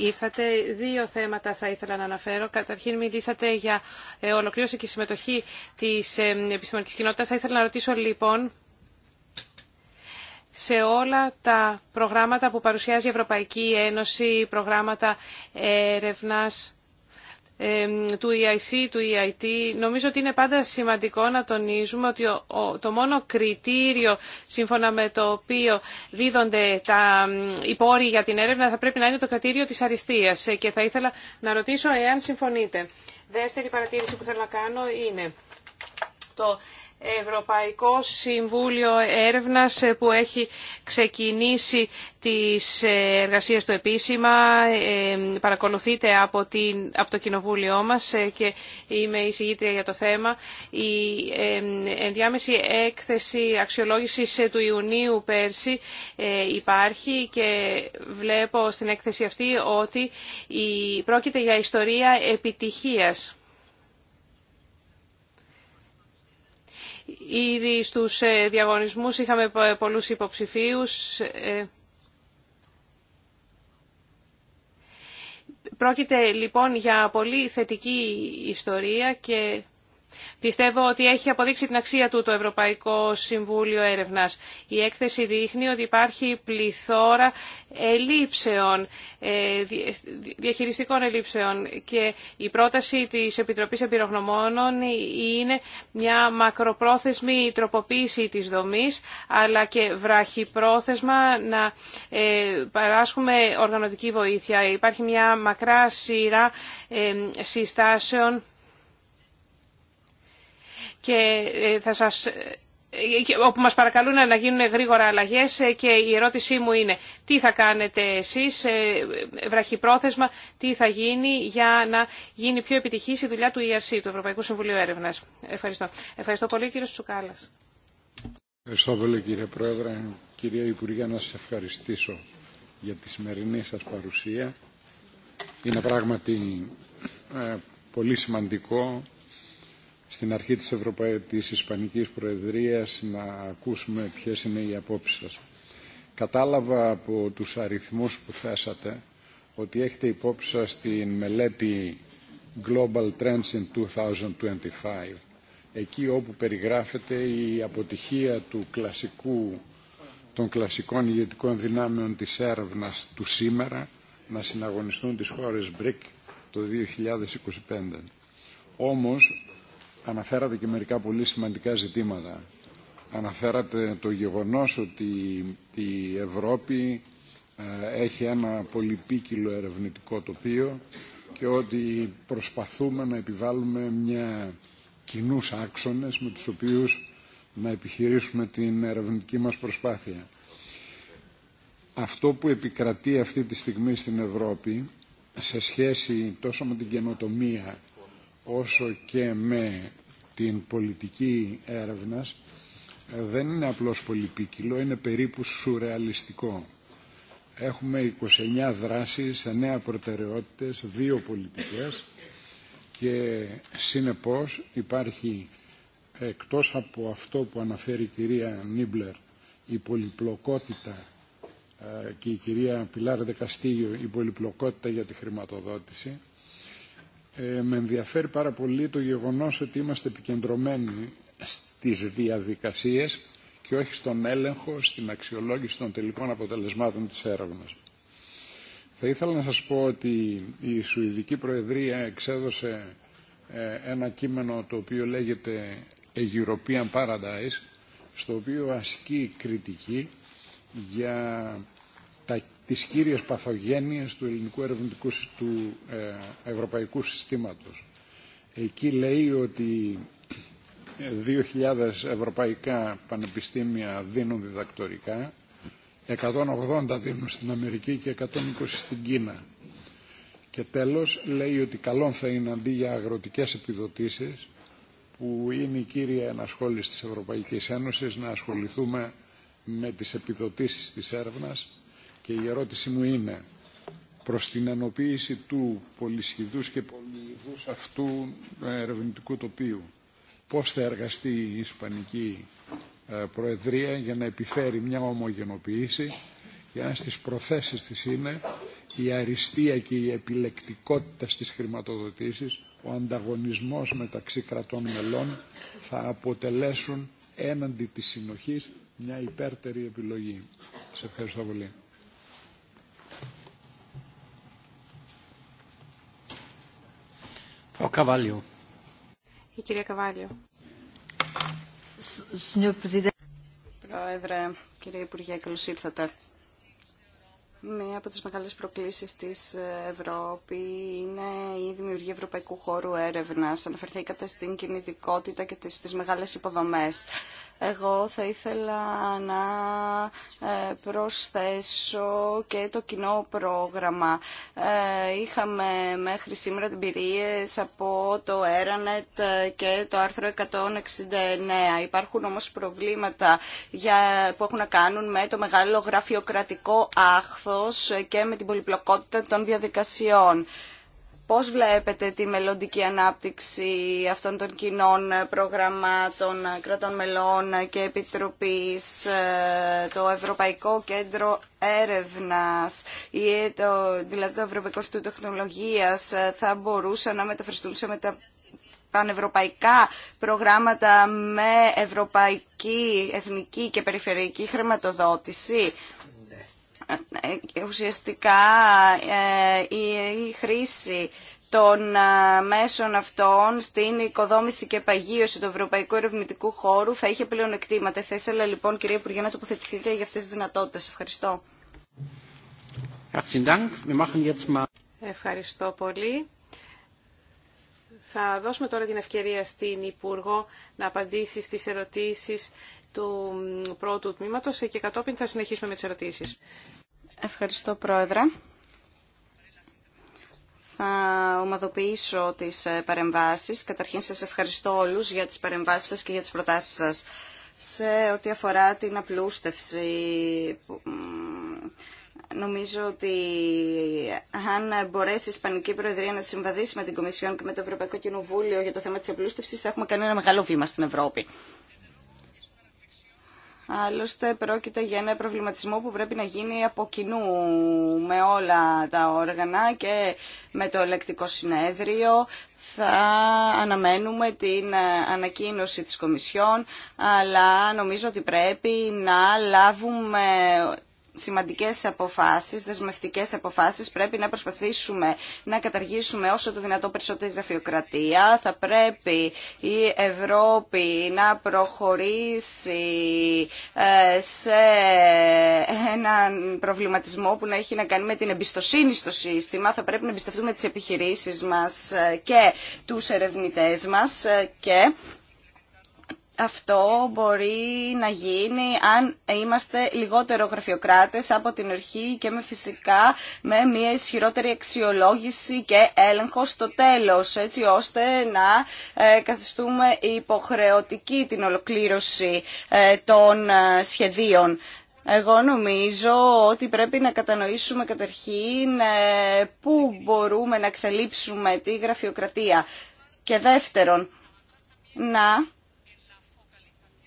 ήρθατε. Δύο θέματα θα ήθελα να αναφέρω. Καταρχήν μιλήσατε για ολοκλήρωση και συμμετοχή της ε, επιστημονικής κοινότητας. Θα ήθελα να ρωτήσω λοιπόν σε όλα τα προγράμματα που παρουσιάζει η Ευρωπαϊκή Ένωση, προγράμματα έρευνας του EIC, του EIT. Νομίζω ότι είναι πάντα σημαντικό να τονίζουμε ότι το μόνο κριτήριο σύμφωνα με το οποίο δίδονται τα πόροι για την έρευνα θα πρέπει να είναι το κριτήριο της αριστείας. Ε, και θα ήθελα να ρωτήσω εάν συμφωνείτε. Δεύτερη παρατήρηση που θέλω να κάνω είναι το Ευρωπαϊκό Συμβούλιο Έρευνας ε, που έχει ξεκινήσει τις ε, εργασίες του επίσημα. Ε, παρακολουθείτε από, την, το Κοινοβούλιο μας και είμαι η συγγήτρια για το θέμα. Η ενδιάμεση έκθεση αξιολόγησης του Ιουνίου πέρσι υπάρχει και βλέπω στην έκθεση αυτή ότι η, πρόκειται για ιστορία επιτυχίας. Ήδη στους ε, διαγωνισμούς είχαμε ε, πολλούς υποψηφίους. Ε, Πρόκειται λοιπόν για πολύ θετική ιστορία και Πιστεύω ότι έχει αποδείξει την αξία του το Ευρωπαϊκό Συμβούλιο Έρευνας. Η έκθεση δείχνει ότι υπάρχει πληθώρα ελλείψεων, ε, διαχειριστικών ελλείψεων και η πρόταση της Επιτροπής Εμπειρογνωμόνων είναι μια μακροπρόθεσμη τροποποίηση της δομής αλλά και βραχυπρόθεσμα να ε, παράσχουμε οργανωτική βοήθεια. Υπάρχει μια μακρά σειρά ε, συστάσεων και ε, θα σας ε, ε, όπου μας παρακαλούν να γίνουν γρήγορα αλλαγές και η ερώτησή μου είναι τι θα κάνετε εσείς βραχυπρόθεσμα, τι θα γίνει για να γίνει πιο επιτυχής η δουλειά του ERC, του Ευρωπαϊκού Συμβουλίου Έρευνας. Ευχαριστώ. Ευχαριστώ πολύ κύριο Τσουκάλας. Ευχαριστώ πολύ κύριε Πρόεδρε. Κυρία Υπουργέ, να σας ευχαριστήσω για τη σημερινή σας παρουσία. Είναι πράγματι πολύ σημαντικό στην αρχή της, Ευρωπαϊκής της Ισπανικής Προεδρίας να ακούσουμε ποιες είναι οι απόψεις σας. Κατάλαβα από τους αριθμούς που θέσατε ότι έχετε υπόψη σας την μελέτη Global Trends in 2025 εκεί όπου περιγράφεται η αποτυχία του κλασικού, των κλασικών ηγετικών δυνάμεων της έρευνας του σήμερα να συναγωνιστούν τις χώρες BRIC το 2025. Όμως αναφέρατε και μερικά πολύ σημαντικά ζητήματα. Αναφέρατε το γεγονός ότι η Ευρώπη ε, έχει ένα πολυπίκυλο ερευνητικό τοπίο και ότι προσπαθούμε να επιβάλλουμε μια κοινούς άξονες με τους οποίους να επιχειρήσουμε την ερευνητική μας προσπάθεια. Αυτό που επικρατεί αυτή τη στιγμή στην Ευρώπη σε σχέση τόσο με την καινοτομία όσο και με την πολιτική έρευνας ε, δεν είναι απλώς πολυπίκυλο, είναι περίπου σουρεαλιστικό. Έχουμε 29 δράσεις, 9 προτεραιότητες, 2 πολιτικές και συνεπώς υπάρχει εκτός από αυτό που αναφέρει η κυρία Νίμπλερ η πολυπλοκότητα ε, και η κυρία Πιλάρ Δεκαστήγιο η πολυπλοκότητα για τη χρηματοδότηση ε, με ενδιαφέρει πάρα πολύ το γεγονός ότι είμαστε επικεντρωμένοι στις διαδικασίες και όχι στον έλεγχο, στην αξιολόγηση των τελικών αποτελεσμάτων της έρευνας. Θα ήθελα να σας πω ότι η Σουηδική Προεδρία εξέδωσε ε, ένα κείμενο το οποίο λέγεται A European Paradise, στο οποίο ασκεί κριτική για τα τις κύριες παθογένειες του ελληνικού ερευνητικού του ε, ευρωπαϊκού συστήματος. Εκεί λέει ότι 2.000 ε, ευρωπαϊκά πανεπιστήμια δίνουν διδακτορικά, 180 δίνουν στην Αμερική και 120 στην Κίνα. Και τέλος λέει ότι καλό θα είναι αντί για αγροτικές επιδοτήσεις, που είναι η κύρια ενασχόληση της Ευρωπαϊκής Ένωσης, να ασχοληθούμε με τις επιδοτήσεις της έρευνας και η ερώτηση μου είναι προς την ενοποίηση του πολυσχηδούς και πολυειδούς αυτού ε, ερευνητικού τοπίου. Πώς θα εργαστεί η Ισπανική ε, Προεδρία για να επιφέρει μια ομογενοποίηση για να στις προθέσεις της είναι η αριστεία και η επιλεκτικότητα στις χρηματοδοτήσεις, ο ανταγωνισμός μεταξύ κρατών μελών θα αποτελέσουν έναντι της συνοχής μια υπέρτερη επιλογή. Σε ευχαριστώ πολύ. Η κυρία Καβάλιο. Πρόεδρε, κύριε Υπουργέ, καλώ ήρθατε. Μία ναι, από τις μεγάλες προκλήσεις της Ευρώπη είναι η δημιουργία ευρωπαϊκού χώρου έρευνας. Αναφερθήκατε στην κινητικότητα και στις μεγάλες υποδομές. Εγώ θα ήθελα να ε, προσθέσω και το κοινό πρόγραμμα. Ε, είχαμε μέχρι σήμερα εμπειρίε από το ΕΡΑΝΕΤ και το άρθρο 169. Υπάρχουν όμως προβλήματα που έχουν να κάνουν με το μεγάλο γραφειοκρατικό άχθο και με την πολυπλοκότητα των διαδικασιών. Πώς βλέπετε τη μελλοντική ανάπτυξη αυτών των κοινών προγραμμάτων κρατών μελών και επιτροπής, ε, το Ευρωπαϊκό Κέντρο Έρευνας ή το, δηλαδή το Ευρωπαϊκό Στούτο Τεχνολογίας ε, θα μπορούσαν να μεταφραστούν σε μετα πανευρωπαϊκά προγράμματα με ευρωπαϊκή, εθνική και περιφερειακή χρηματοδότηση. Ε, ουσιαστικά ε, η χρήση των ε, μέσων αυτών στην οικοδόμηση και παγίωση του ευρωπαϊκού ερευνητικού χώρου θα είχε πλεονεκτήματα. Θα ήθελα λοιπόν κυρία Υπουργέ να τοποθετηθείτε για αυτές τις δυνατότητες. Ευχαριστώ. Ευχαριστώ πολύ. Θα δώσουμε τώρα την ευκαιρία στην Υπουργό να απαντήσει στις ερωτήσεις του πρώτου τμήματος και κατόπιν θα συνεχίσουμε με τις ερωτήσεις. Ευχαριστώ Πρόεδρε. Θα ομαδοποιήσω τις ε, παρεμβάσεις. Καταρχήν σας ευχαριστώ όλους για τις παρεμβάσεις σας και για τις προτάσεις σας. Σε ό,τι αφορά την απλούστευση, νομίζω ότι αν μπορέσει η Ισπανική Προεδρία να συμβαδίσει με την Κομισιόν και με το Ευρωπαϊκό Κοινοβούλιο για το θέμα της απλούστευσης, θα έχουμε κάνει ένα μεγάλο βήμα στην Ευρώπη. Άλλωστε πρόκειται για ένα προβληματισμό που πρέπει να γίνει από κοινού με όλα τα όργανα και με το ελεκτικό συνέδριο. Θα αναμένουμε την ανακοίνωση της Κομισιόν, αλλά νομίζω ότι πρέπει να λάβουμε σημαντικές αποφάσεις, δεσμευτικές αποφάσεις, πρέπει να προσπαθήσουμε να καταργήσουμε όσο το δυνατόν περισσότερη γραφειοκρατία. Θα πρέπει η Ευρώπη να προχωρήσει ε, σε έναν προβληματισμό που να έχει να κάνει με την εμπιστοσύνη στο σύστημα. Θα πρέπει να εμπιστευτούμε τις επιχειρήσεις μας και τους ερευνητές μας ε, και αυτό μπορεί να γίνει αν είμαστε λιγότερο γραφειοκράτες από την αρχή και με φυσικά με μια ισχυρότερη αξιολόγηση και έλεγχο στο τέλος, έτσι ώστε να ε, καθιστούμε υποχρεωτική την ολοκλήρωση ε, των ε, σχεδίων. Εγώ νομίζω ότι πρέπει να κατανοήσουμε καταρχήν πού μπορούμε να εξελίψουμε τη γραφειοκρατία. Και δεύτερον, να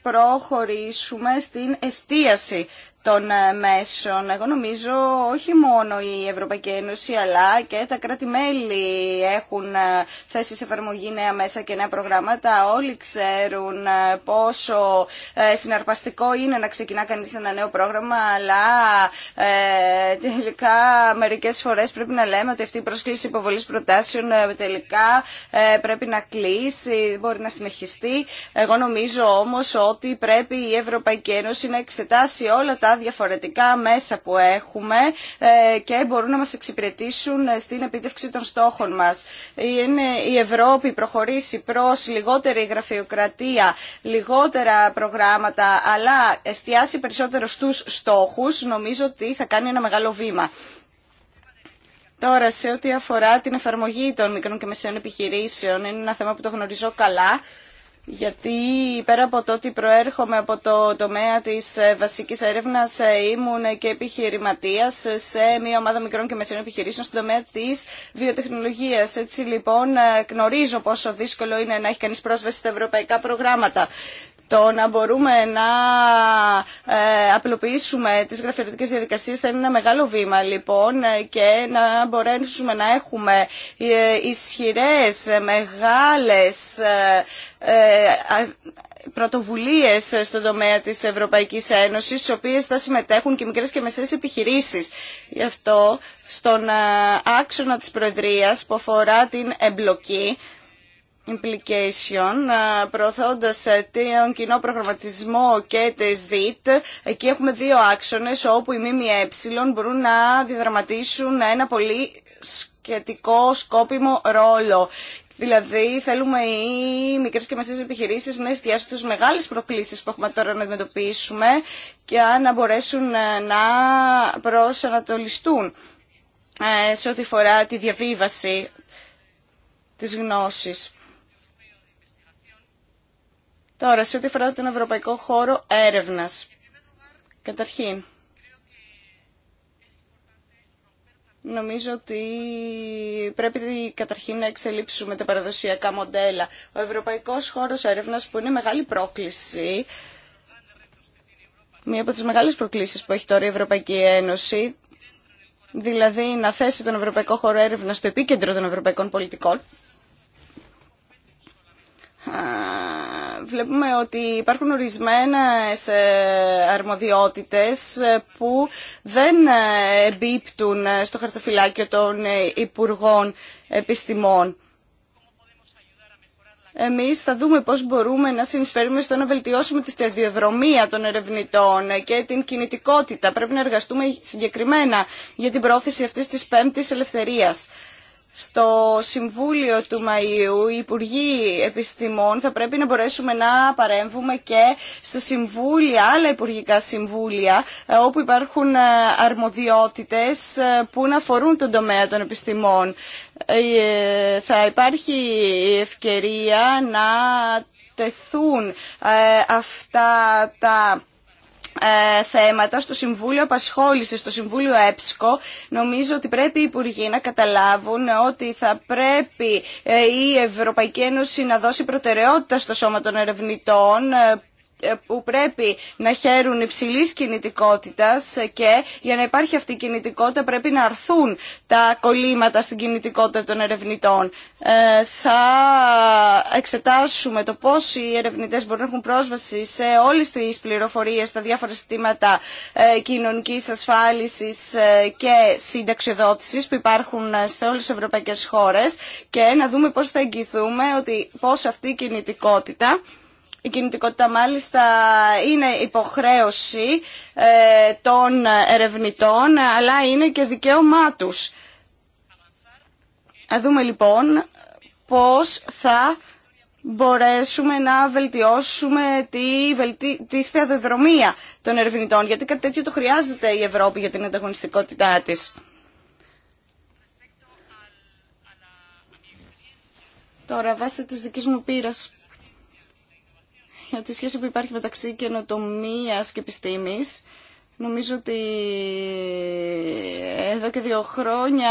προχωρήσουμε στην εστίαση των ε, μέσων. Εγώ νομίζω όχι μόνο η Ευρωπαϊκή Ένωση αλλά και τα κράτη-μέλη έχουν ε, θέσει σε εφαρμογή νέα μέσα και νέα προγράμματα. Όλοι ξέρουν ε, πόσο συναρπαστικό είναι να ξεκινά κανείς ένα νέο πρόγραμμα αλλά τελικά μερικές φορές πρέπει να λέμε ότι αυτή η προσκλήση υποβολής προτάσεων τελικά πρέπει να κλείσει, μπορεί να συνεχιστεί. Εγώ νομίζω όμως ότι πρέπει η Ευρωπαϊκή Ένωση να εξετάσει όλα τα διαφορετικά μέσα που έχουμε ε, και μπορούν να μας εξυπηρετήσουν ε, στην επίτευξη των στόχων μας. Είναι η Ευρώπη προχωρήσει προς λιγότερη γραφειοκρατία, λιγότερα προγράμματα, αλλά εστιάσει περισσότερο στους στόχους, νομίζω ότι θα κάνει ένα μεγάλο βήμα. Τώρα, σε ό,τι αφορά την εφαρμογή των μικρών και μεσαίων επιχειρήσεων, είναι ένα θέμα που το γνωρίζω καλά γιατί πέρα από το ότι προέρχομαι από το τομέα της ε, βασικής έρευνας ε, ήμουν και επιχειρηματίας σε μια ομάδα μικρών και μεσαίων επιχειρήσεων στον τομέα της βιοτεχνολογίας. Έτσι λοιπόν ε, γνωρίζω πόσο δύσκολο είναι να έχει κανείς πρόσβαση στα ευρωπαϊκά προγράμματα. Το να μπορούμε να ε, απλοποιήσουμε τις γραφειοκρατικές διαδικασίες θα είναι ένα μεγάλο βήμα λοιπόν ε, και να μπορέσουμε να έχουμε ε, ισχυρές, μεγάλες πρωτοβουλίε στον τομέα τη Ευρωπαϊκή Ένωση, στι οποίε θα συμμετέχουν και μικρέ και μεσαίες επιχειρήσει. Γι' αυτό, στον άξονα της Προεδρία που αφορά την εμπλοκή, implication, προωθώντας ε, τον κοινό προγραμματισμό και τις ΔΙΤ. Εκεί έχουμε δύο άξονες όπου οι ΜΜΕ μπορούν να διδραματίσουν ένα πολύ σχετικό σκόπιμο ρόλο. Δηλαδή θέλουμε οι μικρέ και μεσαίες επιχειρήσει να εστιάσουν τι μεγάλε προκλήσεις που έχουμε τώρα να αντιμετωπίσουμε και να μπορέσουν ε, να προσανατολιστούν ε, σε ό,τι φορά τη διαβίβαση της γνώσης. Τώρα, σε ό,τι αφορά τον Ευρωπαϊκό Χώρο έρευνα. Καταρχήν, Νομίζω ότι πρέπει καταρχήν να εξελίψουμε τα παραδοσιακά μοντέλα. Ο ευρωπαϊκός χώρος έρευνας που είναι μεγάλη πρόκληση, μία από τις μεγάλες προκλήσεις που έχει τώρα η Ευρωπαϊκή Ένωση, δηλαδή να θέσει τον ευρωπαϊκό χώρο έρευνα στο επίκεντρο των ευρωπαϊκών πολιτικών, βλέπουμε ότι υπάρχουν ορισμένες ε, αρμοδιότητες ε, που δεν ε, εμπίπτουν στο χαρτοφυλάκιο των Υπουργών Επιστημών. Εμείς θα δούμε πώς μπορούμε να συνεισφέρουμε στο να βελτιώσουμε τη στεδιοδρομία των ερευνητών και την κινητικότητα. Πρέπει να εργαστούμε συγκεκριμένα για την πρόθεση αυτής της πέμπτης ελευθερίας στο Συμβούλιο του Μαΐου οι Υπουργοί Επιστημών θα πρέπει να μπορέσουμε να παρέμβουμε και σε συμβούλια, άλλα υπουργικά συμβούλια ε, όπου υπάρχουν ε, αρμοδιότητες ε, που να αφορούν τον τομέα των επιστημών. Θα υπάρχει ευκαιρία να τεθούν αυτά τα ε, θέματα στο Συμβούλιο Απασχόληση, στο Συμβούλιο ΕΠΣΚΟ. Νομίζω ότι πρέπει οι Υπουργοί να καταλάβουν ότι θα πρέπει ε, η Ευρωπαϊκή Ένωση να δώσει προτεραιότητα στο Σώμα των Ερευνητών ε, ε, που πρέπει να χαίρουν υψηλή κινητικότητα ε, και για να υπάρχει αυτή η κινητικότητα πρέπει να αρθούν τα κολλήματα στην κινητικότητα των ερευνητών. Ε, θα εξετάσουμε το πώ οι ερευνητέ μπορούν να έχουν πρόσβαση σε όλε τι πληροφορίε στα διάφορα συστήματα ε, κοινωνική ασφάλιση και συνταξιοδότηση που υπάρχουν σε όλε τι ευρωπαϊκέ χώρε και να δούμε πώ θα εγγυηθούμε ότι πώ αυτή η κινητικότητα η κινητικότητα μάλιστα είναι υποχρέωση ε, των ερευνητών, αλλά είναι και δικαίωμά τους. Α δούμε λοιπόν πώς θα μπορέσουμε να βελτιώσουμε τη, βελτι... τη των ερευνητών, γιατί κάτι τέτοιο το χρειάζεται η Ευρώπη για την ανταγωνιστικότητά της. Τώρα, βάσει της δικής μου πείρας, για τη σχέση που υπάρχει μεταξύ καινοτομία και επιστήμης. Νομίζω ότι εδώ και δύο χρόνια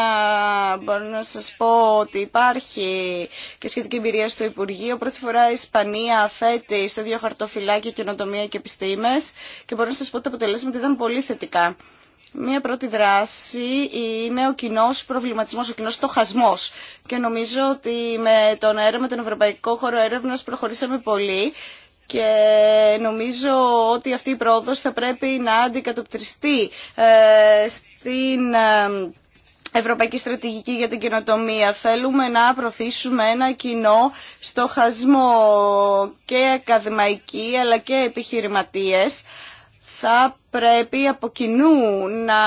μπορώ να σας πω ότι υπάρχει και σχετική εμπειρία στο Υπουργείο. Πρώτη φορά η Ισπανία θέτει στο δύο χαρτοφυλάκιο καινοτομία και επιστήμες και μπορώ να σας πω ότι τα αποτελέσματα ήταν πολύ θετικά. Μία πρώτη δράση είναι ο κοινό προβληματισμό, ο κοινό στοχασμό. Και νομίζω ότι με τον έρευνα, τον Ευρωπαϊκό Χώρο Έρευνα, προχωρήσαμε πολύ και νομίζω ότι αυτή η πρόοδος θα πρέπει να αντικατοπτριστεί ε, στην ε, Ευρωπαϊκή Στρατηγική για την Καινοτομία. Θέλουμε να προωθήσουμε ένα κοινό στοχασμό και ακαδημαϊκοί αλλά και επιχειρηματίες θα πρέπει από κοινού να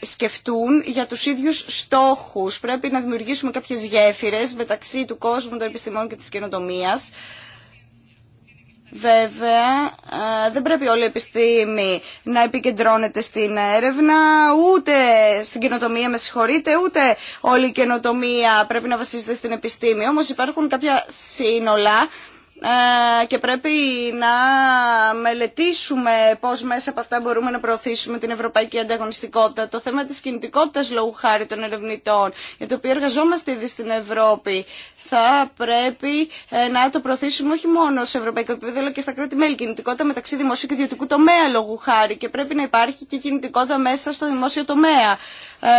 σκεφτούν για τους ίδιους στόχους. Πρέπει να δημιουργήσουμε κάποιες γέφυρες μεταξύ του κόσμου των επιστημών και της καινοτομίας Βέβαια, δεν πρέπει όλη η επιστήμη να επικεντρώνεται στην έρευνα, ούτε στην καινοτομία, με συγχωρείτε, ούτε όλη η καινοτομία πρέπει να βασίζεται στην επιστήμη. Όμως υπάρχουν κάποια σύνολα και πρέπει να μελετήσουμε πώς μέσα από αυτά μπορούμε να προωθήσουμε την ευρωπαϊκή ανταγωνιστικότητα. Το θέμα της κινητικότητας λόγου χάρη των ερευνητών, για το οποίο εργαζόμαστε ήδη στην Ευρώπη θα πρέπει ε, να το προωθήσουμε όχι μόνο σε ευρωπαϊκό επίπεδο αλλά και στα κράτη-μέλη. Κινητικότητα μεταξύ δημοσίου και ιδιωτικού τομέα λόγου χάρη και πρέπει να υπάρχει και κινητικότητα μέσα στο δημόσιο τομέα. Ε,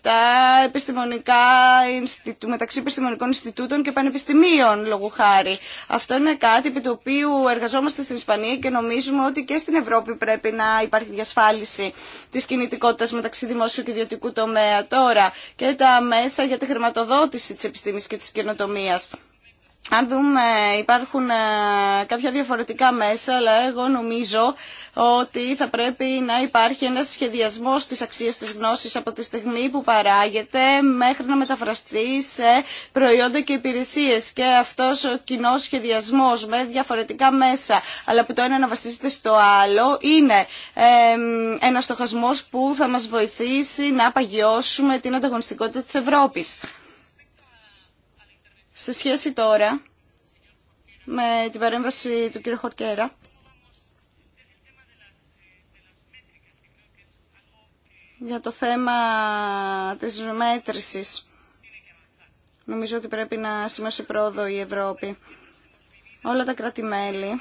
τα επιστημονικά μεταξύ επιστημονικών Ινστιτούτων και πανεπιστημίων λόγου χάρη. Αυτό είναι κάτι επί του οποίου εργαζόμαστε στην Ισπανία και νομίζουμε ότι και στην Ευρώπη πρέπει να υπάρχει διασφάλιση τη κινητικότητα μεταξύ δημόσιου και ιδιωτικού τομέα τώρα και τα μέσα για τη χρηματοδότηση τη επιστημονική επιστήμης και της Αν δούμε, υπάρχουν ε, κάποια διαφορετικά μέσα, αλλά εγώ νομίζω ότι θα πρέπει να υπάρχει ένας σχεδιασμός της αξίας της γνώσης από τη στιγμή που παράγεται μέχρι να μεταφραστεί σε προϊόντα και υπηρεσίες. Και αυτός ο κοινό σχεδιασμός με διαφορετικά μέσα, αλλά που το ένα να βασίζεται στο άλλο, είναι ένας στοχασμός που θα μας βοηθήσει να παγιώσουμε την ανταγωνιστικότητα της Ευρώπης. Σε σχέση τώρα με την παρέμβαση του κύριου Χορκέρα, για το θέμα της μέτρησης. Νομίζω ότι πρέπει να σημειώσει πρόοδο η Ευρώπη. Όλα τα κρατημέλη μελη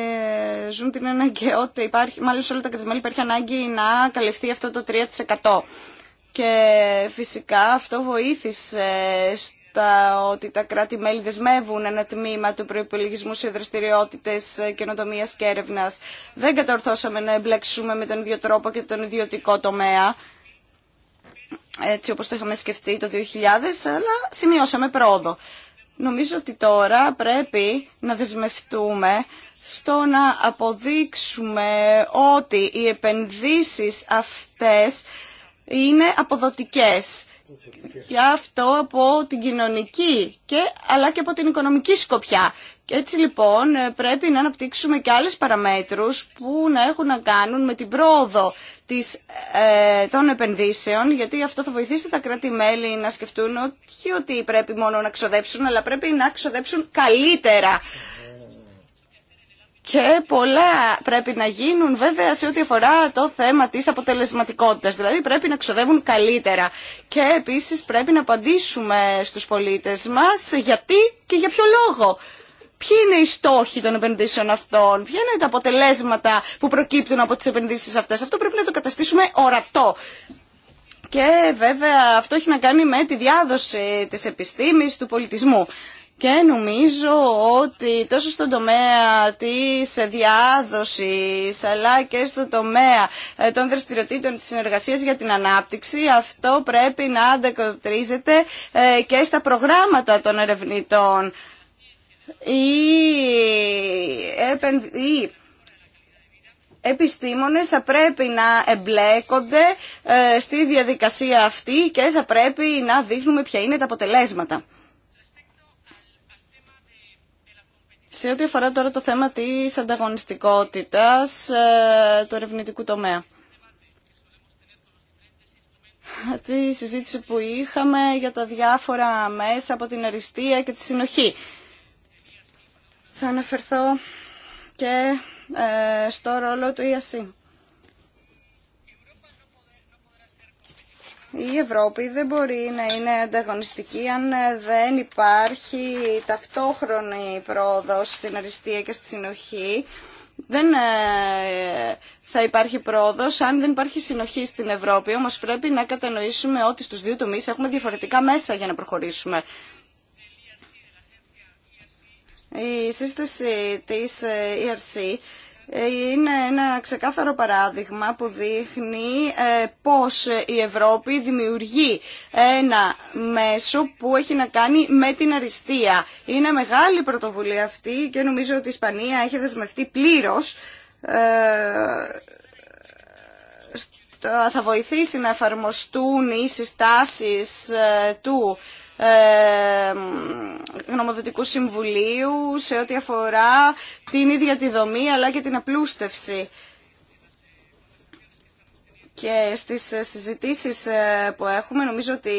ε, ζουν την αναγκαιότητα, υπάρχει, μάλλον όλα τα κράτη-μέλη υπάρχει ανάγκη να καλυφθεί αυτό το 3%. Και φυσικά αυτό βοήθησε στα ότι τα κράτη-μέλη δεσμεύουν ένα τμήμα του προπολογισμού σε δραστηριότητε καινοτομία και έρευνα. Δεν κατορθώσαμε να εμπλέξουμε με τον ίδιο τρόπο και τον ιδιωτικό τομέα, έτσι όπως το είχαμε σκεφτεί το 2000, αλλά σημειώσαμε πρόοδο. Νομίζω ότι τώρα πρέπει να δεσμευτούμε στο να αποδείξουμε ότι οι επενδύσεις αυτές είναι αποδοτικές. Και αυτό από την κοινωνική, και, αλλά και από την οικονομική σκοπιά. Και έτσι λοιπόν ε, πρέπει να αναπτύξουμε και άλλες παραμέτρους που να έχουν να κάνουν με την πρόοδο της, ε, των επενδύσεων, γιατί αυτό θα βοηθήσει τα κράτη-μέλη να σκεφτούν όχι ότι πρέπει μόνο να ξοδέψουν, αλλά πρέπει να ξοδέψουν καλύτερα και πολλά πρέπει να γίνουν βέβαια σε ό,τι αφορά το θέμα της αποτελεσματικότητας. Δηλαδή πρέπει να ξοδεύουν καλύτερα και επίσης πρέπει να απαντήσουμε στους πολίτες μας γιατί και για ποιο λόγο. Ποιοι είναι οι στόχοι των επενδύσεων αυτών, ποια είναι τα αποτελέσματα που προκύπτουν από τις επενδύσεις αυτές. Αυτό πρέπει να το καταστήσουμε ορατό. Και βέβαια αυτό έχει να κάνει με τη διάδοση της επιστήμης, του πολιτισμού. Και νομίζω ότι τόσο στον τομέα της διάδοσης αλλά και στον τομέα ε, των δραστηριοτήτων της συνεργασίας για την ανάπτυξη αυτό πρέπει να αντεκοτρίζεται ε, και στα προγράμματα των ερευνητών. Οι επιστήμονες θα πρέπει να εμπλέκονται ε, στη διαδικασία αυτή και θα πρέπει να δείχνουμε ποια είναι τα αποτελέσματα. Σε ό,τι αφορά τώρα το θέμα της ανταγωνιστικότητας ε, του ερευνητικού τομέα. Αυτή η συζήτηση που είχαμε για τα διάφορα μέσα από την αριστεία και τη συνοχή. Θα αναφερθώ και ε, στο ρόλο του ΙΑΣΥ. E η Ευρώπη δεν μπορεί να είναι ανταγωνιστική αν ε, δεν υπάρχει ταυτόχρονη πρόοδος στην αριστεία και στη συνοχή. Δεν ε, θα υπάρχει πρόοδος αν δεν υπάρχει συνοχή στην Ευρώπη, όμως πρέπει να κατανοήσουμε ότι στους δύο τομείς έχουμε διαφορετικά μέσα για να προχωρήσουμε. Η σύσταση της ε, ERC είναι ένα ξεκάθαρο παράδειγμα που δείχνει ε, πώς η Ευρώπη δημιουργεί ένα μέσο που έχει να κάνει με την αριστεία. Είναι μεγάλη πρωτοβουλία αυτή και νομίζω ότι η Ισπανία έχει δεσμευτεί πλήρως ε, θα βοηθήσει να εφαρμοστούν οι συστάσεις ε, του ε, γνωμοδοτικού Συμβουλίου σε ό,τι αφορά την ίδια τη δομή αλλά και την απλούστευση. Και στις συζητήσεις ε, που έχουμε νομίζω ότι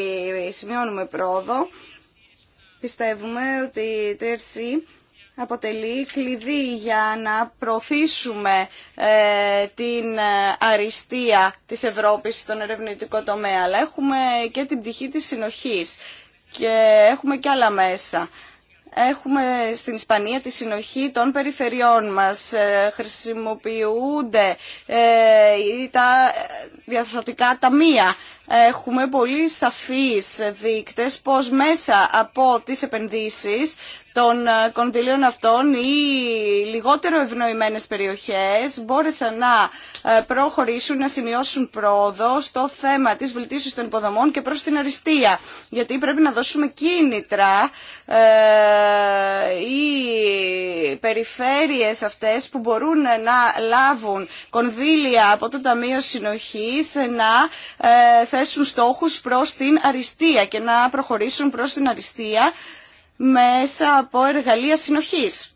σημειώνουμε πρόοδο. Πιστεύουμε ότι το ERC αποτελεί κλειδί για να προωθήσουμε ε, την αριστεία της Ευρώπης στον ερευνητικό τομέα. Αλλά έχουμε και την πτυχή της συνοχής και έχουμε και άλλα μέσα. Έχουμε στην Ισπανία τη συνοχή των περιφερειών μας. Ε, χρησιμοποιούνται ε, τα διαφορετικά ταμεία. Έχουμε πολύ σαφείς δείκτες πως μέσα από τις επενδύσεις των ε, κονδυλίων αυτών οι λιγότερο ευνοημένες περιοχές μπόρεσαν να ε, προχωρήσουν, να σημειώσουν πρόοδο στο θέμα της βελτίωσης των υποδομών και προς την αριστεία. Γιατί πρέπει να δώσουμε κίνητρα ε, οι περιφέρειες αυτές που μπορούν να λάβουν κονδύλια από το Ταμείο Συνοχής να θέσουν στόχους προς την αριστεία και να προχωρήσουν προς την αριστεία μέσα από εργαλεία συνοχής.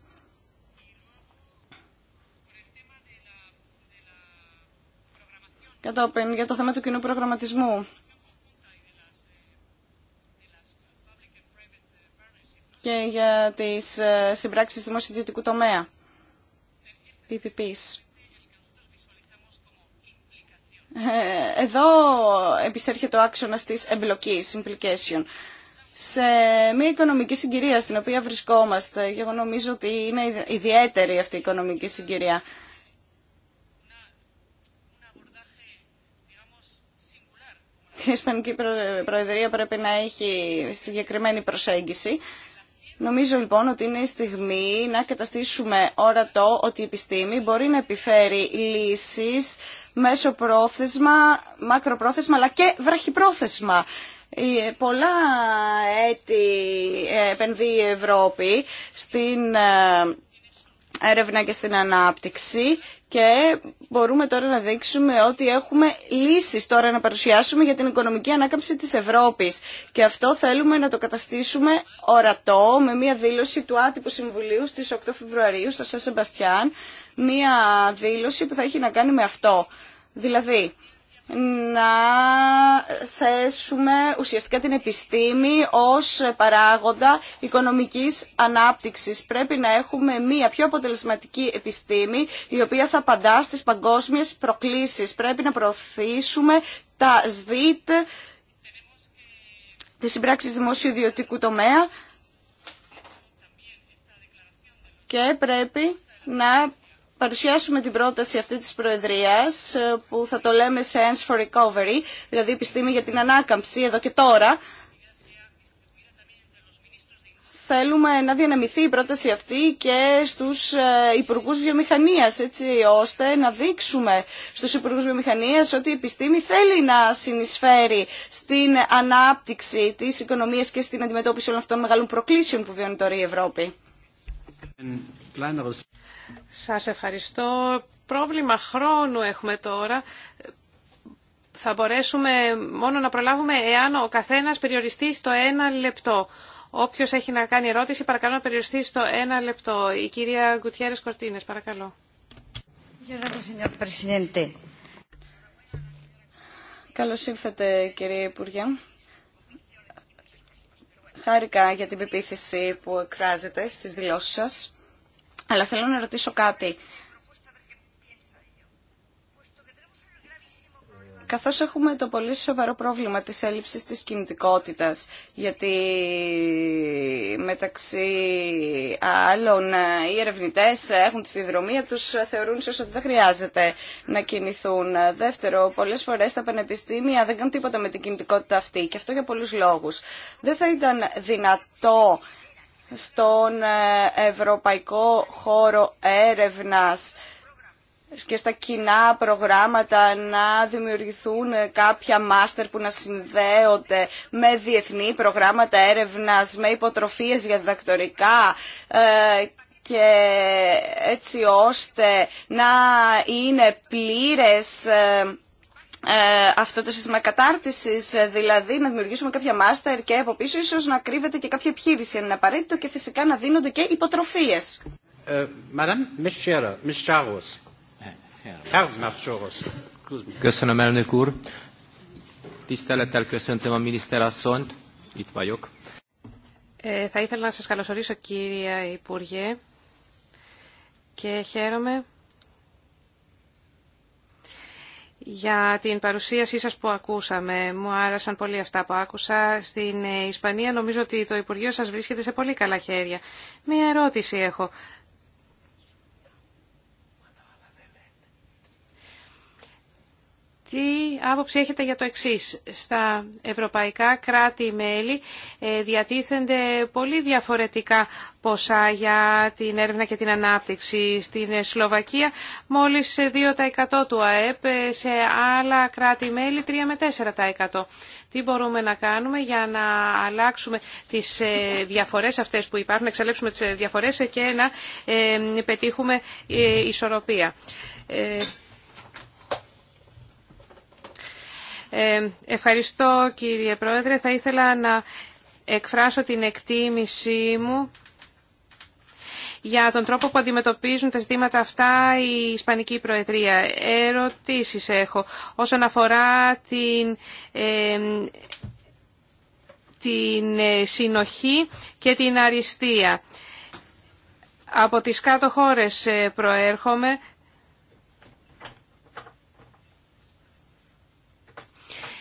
Κατόπιν για το θέμα του κοινού προγραμματισμού. και για τις ε, συμπράξεις ιδιωτικού τομέα, PPPs. Ε, εδώ επισέρχεται ο άξονας της εμπλοκής, implication σε μια οικονομική συγκυρία στην οποία βρισκόμαστε. Και εγώ νομίζω ότι είναι ιδιαίτερη αυτή η οικονομική συγκυρία. Η Ισπανική Προεδρία πρέπει να έχει συγκεκριμένη προσέγγιση. Νομίζω λοιπόν ότι είναι η στιγμή να καταστήσουμε όρατο ότι η επιστήμη μπορεί να επιφέρει λύσεις μέσω πρόθεσμα, μακροπρόθεσμα αλλά και βραχυπρόθεσμα. Ε, πολλά έτη ε, επενδύει η Ευρώπη στην ε, έρευνα και στην ανάπτυξη και μπορούμε τώρα να δείξουμε ότι έχουμε λύσεις τώρα να παρουσιάσουμε για την οικονομική ανάκαμψη της Ευρώπης. Και αυτό θέλουμε να το καταστήσουμε ορατό με μια δήλωση του Άτυπου Συμβουλίου στις 8 Φεβρουαρίου στο Σαν Σεμπαστιάν, μια δήλωση που θα έχει να κάνει με αυτό. Δηλαδή, να θέσουμε ουσιαστικά την επιστήμη ως παράγοντα οικονομικής ανάπτυξης. Πρέπει να έχουμε μία πιο αποτελεσματική επιστήμη η οποία θα απαντά στις παγκόσμιες προκλήσεις. Πρέπει να προωθήσουμε τα ΣΔΙΤ, τις συμπράξεις δημόσιο-ιδιωτικού τομέα και πρέπει να παρουσιάσουμε την πρόταση αυτή της Προεδρίας ε, που θα το λέμε Science for Recovery, δηλαδή επιστήμη για την ανάκαμψη εδώ και τώρα. Θέλουμε να διανεμηθεί η πρόταση αυτή και στους ε, Υπουργούς Βιομηχανίας, έτσι ώστε να δείξουμε στους Υπουργούς Βιομηχανίας ότι η επιστήμη θέλει να συνεισφέρει στην ανάπτυξη της οικονομίας και στην αντιμετώπιση όλων αυτών μεγάλων προκλήσεων που βιώνει τώρα η Ευρώπη. Σας ευχαριστώ. Πρόβλημα χρόνου έχουμε τώρα. Θα μπορέσουμε μόνο να προλάβουμε εάν ο καθένας περιοριστεί στο ένα λεπτό. Όποιος έχει να κάνει ερώτηση, παρακαλώ να περιοριστεί στο ένα λεπτό. Η κυρία Γκουτιέρες Κορτίνες, παρακαλώ. Καλώς ήρθατε κύριε Υπουργέ. Χάρηκα για την πεποίθηση που εκφράζετε στις δηλώσεις σας. Αλλά θέλω να ρωτήσω κάτι. καθώς έχουμε το πολύ σοβαρό πρόβλημα της έλλειψης της κινητικότητας, γιατί μεταξύ άλλων οι ερευνητές έχουν τη συνδρομία τους, θεωρούν ίσως ότι δεν χρειάζεται να κινηθούν. Δεύτερο, πολλές φορές τα πανεπιστήμια δεν κάνουν τίποτα με την κινητικότητα αυτή και αυτό για πολλούς λόγους. Δεν θα ήταν δυνατό στον ε, ευρωπαϊκό χώρο έρευνας και στα κοινά προγράμματα να δημιουργηθούν κάποια μάστερ που να συνδέονται με διεθνή προγράμματα έρευνας, με υποτροφίες για διδακτορικά ε, και έτσι ώστε να είναι πλήρες ε, ε, αυτό το σύστημα κατάρτισης, ε, δηλαδή να δημιουργήσουμε κάποια μάστερ και από πίσω ίσως να κρύβεται και κάποια επιχείρηση αν είναι απαραίτητο και φυσικά να δίνονται και υποτροφίες. Ε, Köszönöm, elnök úr. a Itt vagyok. Θα ήθελα να σας καλωσορίσω κύριε Υπουργέ και χαίρομαι για την παρουσίασή σας που ακούσαμε. Μου άρεσαν πολύ αυτά που άκουσα. Στην Ισπανία νομίζω ότι το Υπουργείο σας βρίσκεται σε πολύ καλά χέρια. Μία ερώτηση έχω. Τι άποψη έχετε για το εξής. Στα ευρωπαϊκά κράτη-μέλη ε, διατίθενται πολύ διαφορετικά ποσά για την έρευνα και την ανάπτυξη. Στην Σλοβακία μόλις 2% του ΑΕΠ, σε άλλα κράτη-μέλη 3 με 4%. Τι μπορούμε να κάνουμε για να αλλάξουμε τις ε, διαφορές αυτές που υπάρχουν, να εξαλείψουμε τις ε, διαφορές και να πετύχουμε ισορροπία. Ε, ευχαριστώ κύριε Πρόεδρε. Θα ήθελα να εκφράσω την εκτίμησή μου για τον τρόπο που αντιμετωπίζουν τα ζητήματα αυτά η Ισπανική Προεδρία. Ερωτήσεις έχω όσον αφορά την, ε, την ε, συνοχή και την αριστεία. Από τις κάτω χώρες προέρχομαι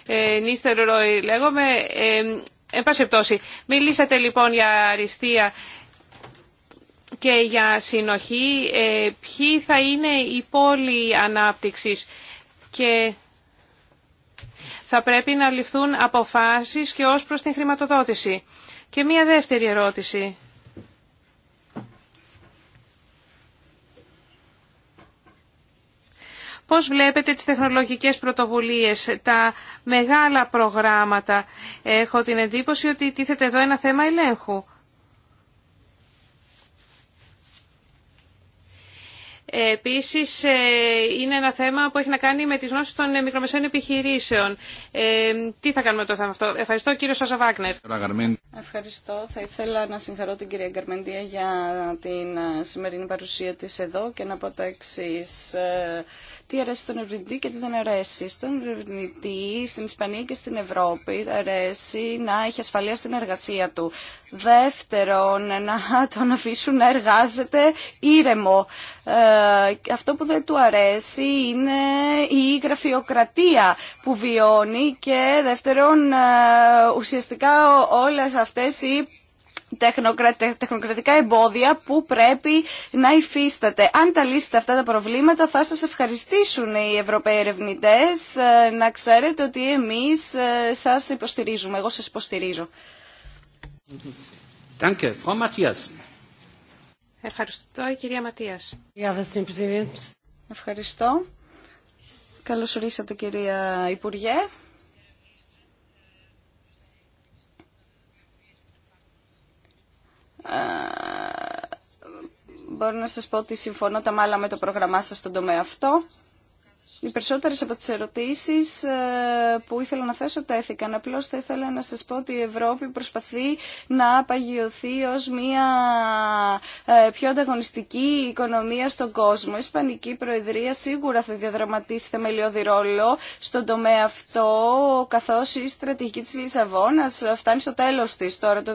Ε, Νίστερ Ρόι λέγομαι. Ε, εν πάση πτώση, μιλήσατε λοιπόν για αριστεία και για συνοχή. Ε, ποιοι θα είναι οι πόλοι ανάπτυξης και θα πρέπει να ληφθούν αποφάσεις και ως προς την χρηματοδότηση. Και μία δεύτερη ερώτηση. Πώς βλέπετε τις τεχνολογικές πρωτοβουλίες, τα μεγάλα προγράμματα. Έχω την εντύπωση ότι τίθεται εδώ ένα θέμα ελέγχου. Επίσης, ε, είναι ένα θέμα που έχει να κάνει με τις γνώσεις των ε, μικρομεσαίων επιχειρήσεων. Ε, τι θα κάνουμε το θέμα αυτό. Ευχαριστώ, κύριο Σάσα Ευχαριστώ. Θα ήθελα να συγχαρώ την κυρία Γκαρμεντία για την σημερινή παρουσία της εδώ και να πω το εξής τι αρέσει στον ερευνητή και τι δεν αρέσει. Στον ερευνητή, στην Ισπανία και στην Ευρώπη αρέσει να έχει ασφαλεία στην εργασία του. Δεύτερον, να τον αφήσουν να εργάζεται ήρεμο. Ε, αυτό που δεν του αρέσει είναι η γραφειοκρατία που βιώνει και δεύτερον, ε, ουσιαστικά όλες αυτές οι τεχνοκρατικά εμπόδια που πρέπει να υφίσταται. Αν τα λύσετε αυτά τα προβλήματα θα σας ευχαριστήσουν οι Ευρωπαίοι ερευνητέ ε, να ξέρετε ότι εμείς ε, σας υποστηρίζουμε. Εγώ σας υποστηρίζω. Ευχαριστώ, η κυρία Ματίας. Ευχαριστώ. Καλώς ορίσατε, κυρία Υπουργέ. Ε, μπορώ να σας πω ότι συμφωνώ τα μάλλα με το πρόγραμμά σας στον τομέα αυτό. Οι περισσότερες από τις ερωτήσεις ε, που ήθελα να θέσω τέθηκαν. Απλώς θα ήθελα να σας πω ότι η Ευρώπη προσπαθεί να απαγιωθεί ως μια ε, πιο ανταγωνιστική οικονομία στον κόσμο. Η Ισπανική Προεδρία σίγουρα θα διαδραματίσει θεμελιώδη ρόλο στον τομέα αυτό, καθώς η στρατηγική της Λισαβόνας φτάνει στο τέλος της τώρα το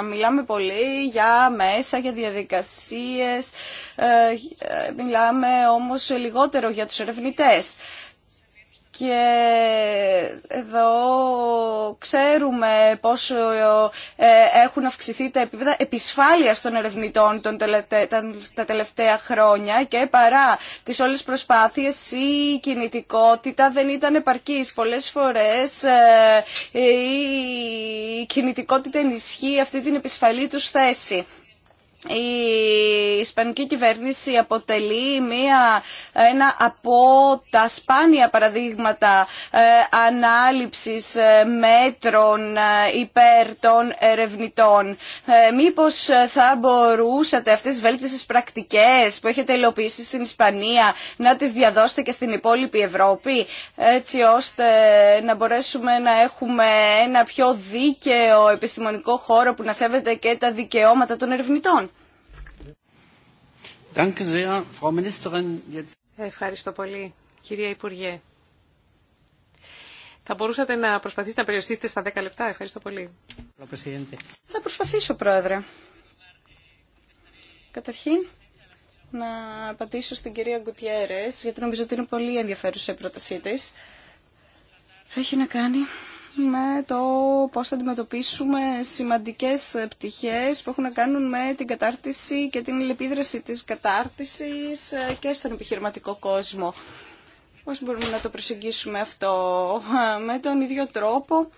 2010. Μιλάμε πολύ για μέσα, για διαδικασίες, ε, μιλάμε όμως λιγότερο για τους ερευνητές. Και εδώ ξέρουμε πόσο ε, έχουν αυξηθεί τα επίπεδα επισφάλειας των ερευνητών τα τελευταία χρόνια και παρά τις όλες προσπάθειες η κινητικότητα δεν ήταν επαρκής. Πολλές φορές ε, η κινητικότητα ενισχύει αυτή την επισφαλή τους θέση η Ισπανική κυβέρνηση αποτελεί μία, ένα από τα σπάνια παραδείγματα ε, ανάληψης ε, μέτρων ε, υπέρ των ερευνητών. Ε, μήπως ε, θα μπορούσατε αυτές τις βέλτιστες πρακτικές που έχετε υλοποιήσει στην Ισπανία να τις διαδώσετε και στην υπόλοιπη Ευρώπη έτσι ώστε να μπορέσουμε να έχουμε ένα πιο δίκαιο επιστημονικό χώρο που να σέβεται και τα δικαιώματα των ερευνητών. Ευχαριστώ πολύ, κυρία Υπουργέ. Θα μπορούσατε να προσπαθήσετε να περιοριστείτε στα 10 λεπτά. Ευχαριστώ πολύ. Θα προσπαθήσω, Πρόεδρε. Καταρχήν, να απαντήσω στην κυρία Γκουτιέρες, γιατί νομίζω ότι είναι πολύ ενδιαφέρουσα η πρότασή της. Έχει να κάνει με το πώς θα αντιμετωπίσουμε σημαντικές πτυχές που έχουν να κάνουν με την κατάρτιση και την λεπίδραση της κατάρτισης και στον επιχειρηματικό κόσμο. Πώς μπορούμε να το προσεγγίσουμε αυτό με τον ίδιο τρόπο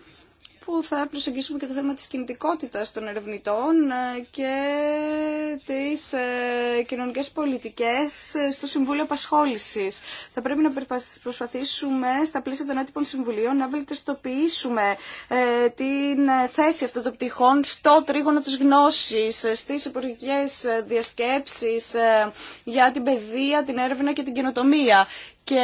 που θα προσεγγίσουμε και το θέμα της κινητικότητας των ερευνητών ε, και τις ε, κοινωνικές πολιτικές ε, στο Συμβούλιο Απασχόλησης. Θα πρέπει να προσπαθήσουμε στα πλαίσια των άτυπων συμβουλίων να βελτιστοποιήσουμε την θέση αυτών των πτυχών στο τρίγωνο της γνώσης, στις υπουργικέ διασκέψεις για την παιδεία, την έρευνα και την καινοτομία. Και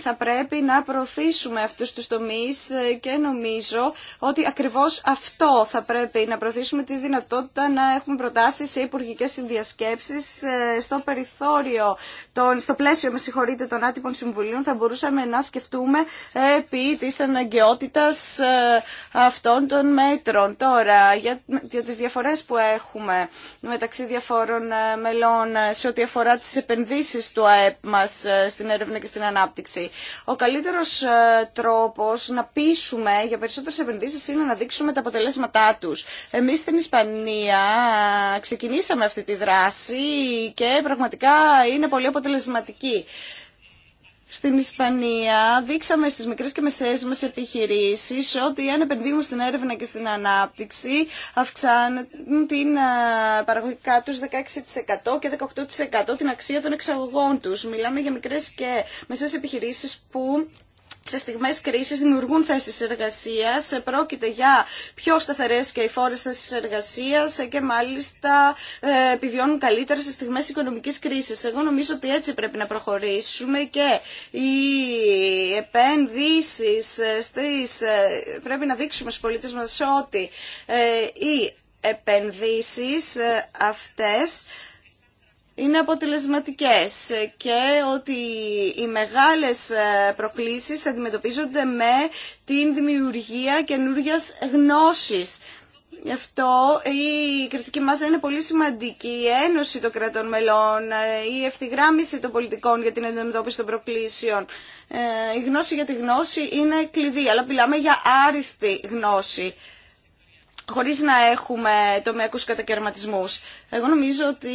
θα πρέπει να προωθήσουμε αυτούς τους τομείς ε, και νομίζω ότι ακριβώς αυτό θα πρέπει να προωθήσουμε τη δυνατότητα να έχουμε προτάσεις σε υπουργικέ συνδιασκέψεις ε, στο περιθώριο, των, στο πλαίσιο με συγχωρείτε, των άτυπων συμβουλίων θα μπορούσαμε να σκεφτούμε επί της αναγκαιότητας ε, αυτών των μέτρων. Τώρα, για, για τις διαφορές που έχουμε μεταξύ διαφόρων μελών σε ό,τι αφορά τις επενδύσεις του ΑΕΠ μας στην έρευνα και στην ανάπτυξη. Ο καλύτερος ε, τρόπος να πείσουμε για περισσότερε επενδύσει είναι να δείξουμε τα αποτελέσματά τους. Εμείς στην Ισπανία ε, ξεκινήσαμε αυτή τη δράση και πραγματικά είναι πολύ αποτελεσματική στην Ισπανία δείξαμε στις μικρές και μεσαίες μας επιχειρήσεις ότι αν επενδύουμε στην έρευνα και στην ανάπτυξη αυξάνουν την παραγωγικά τους 16% και 18% την αξία των εξαγωγών τους. Μιλάμε για μικρές και μεσαίες επιχειρήσεις που σε στιγμές κρίσης δημιουργούν θέσεις εργασία πρόκειται για πιο σταθερέ και υφόρες θέσεις εργασία και μάλιστα ε, επιβιώνουν καλύτερα σε στιγμές οικονομικής κρίσης. Εγώ νομίζω ότι έτσι πρέπει να προχωρήσουμε και οι επένδυσεις ε, ε, πρέπει να δείξουμε στου πολίτε μα ότι οι επενδύσεις αυτές είναι αποτελεσματικές και ότι οι μεγάλες ε, προκλήσεις αντιμετωπίζονται με την δημιουργία καινούργια γνώσης. Γι' αυτό η κριτική μάζα είναι πολύ σημαντική, η ένωση των κρατών μελών, ε, η ευθυγράμμιση των πολιτικών για την αντιμετώπιση των προκλήσεων. Ε, η γνώση για τη γνώση είναι κλειδί, αλλά μιλάμε για άριστη γνώση. Χωρί να έχουμε τομεακού κατακαιρματισμού. Εγώ νομίζω ότι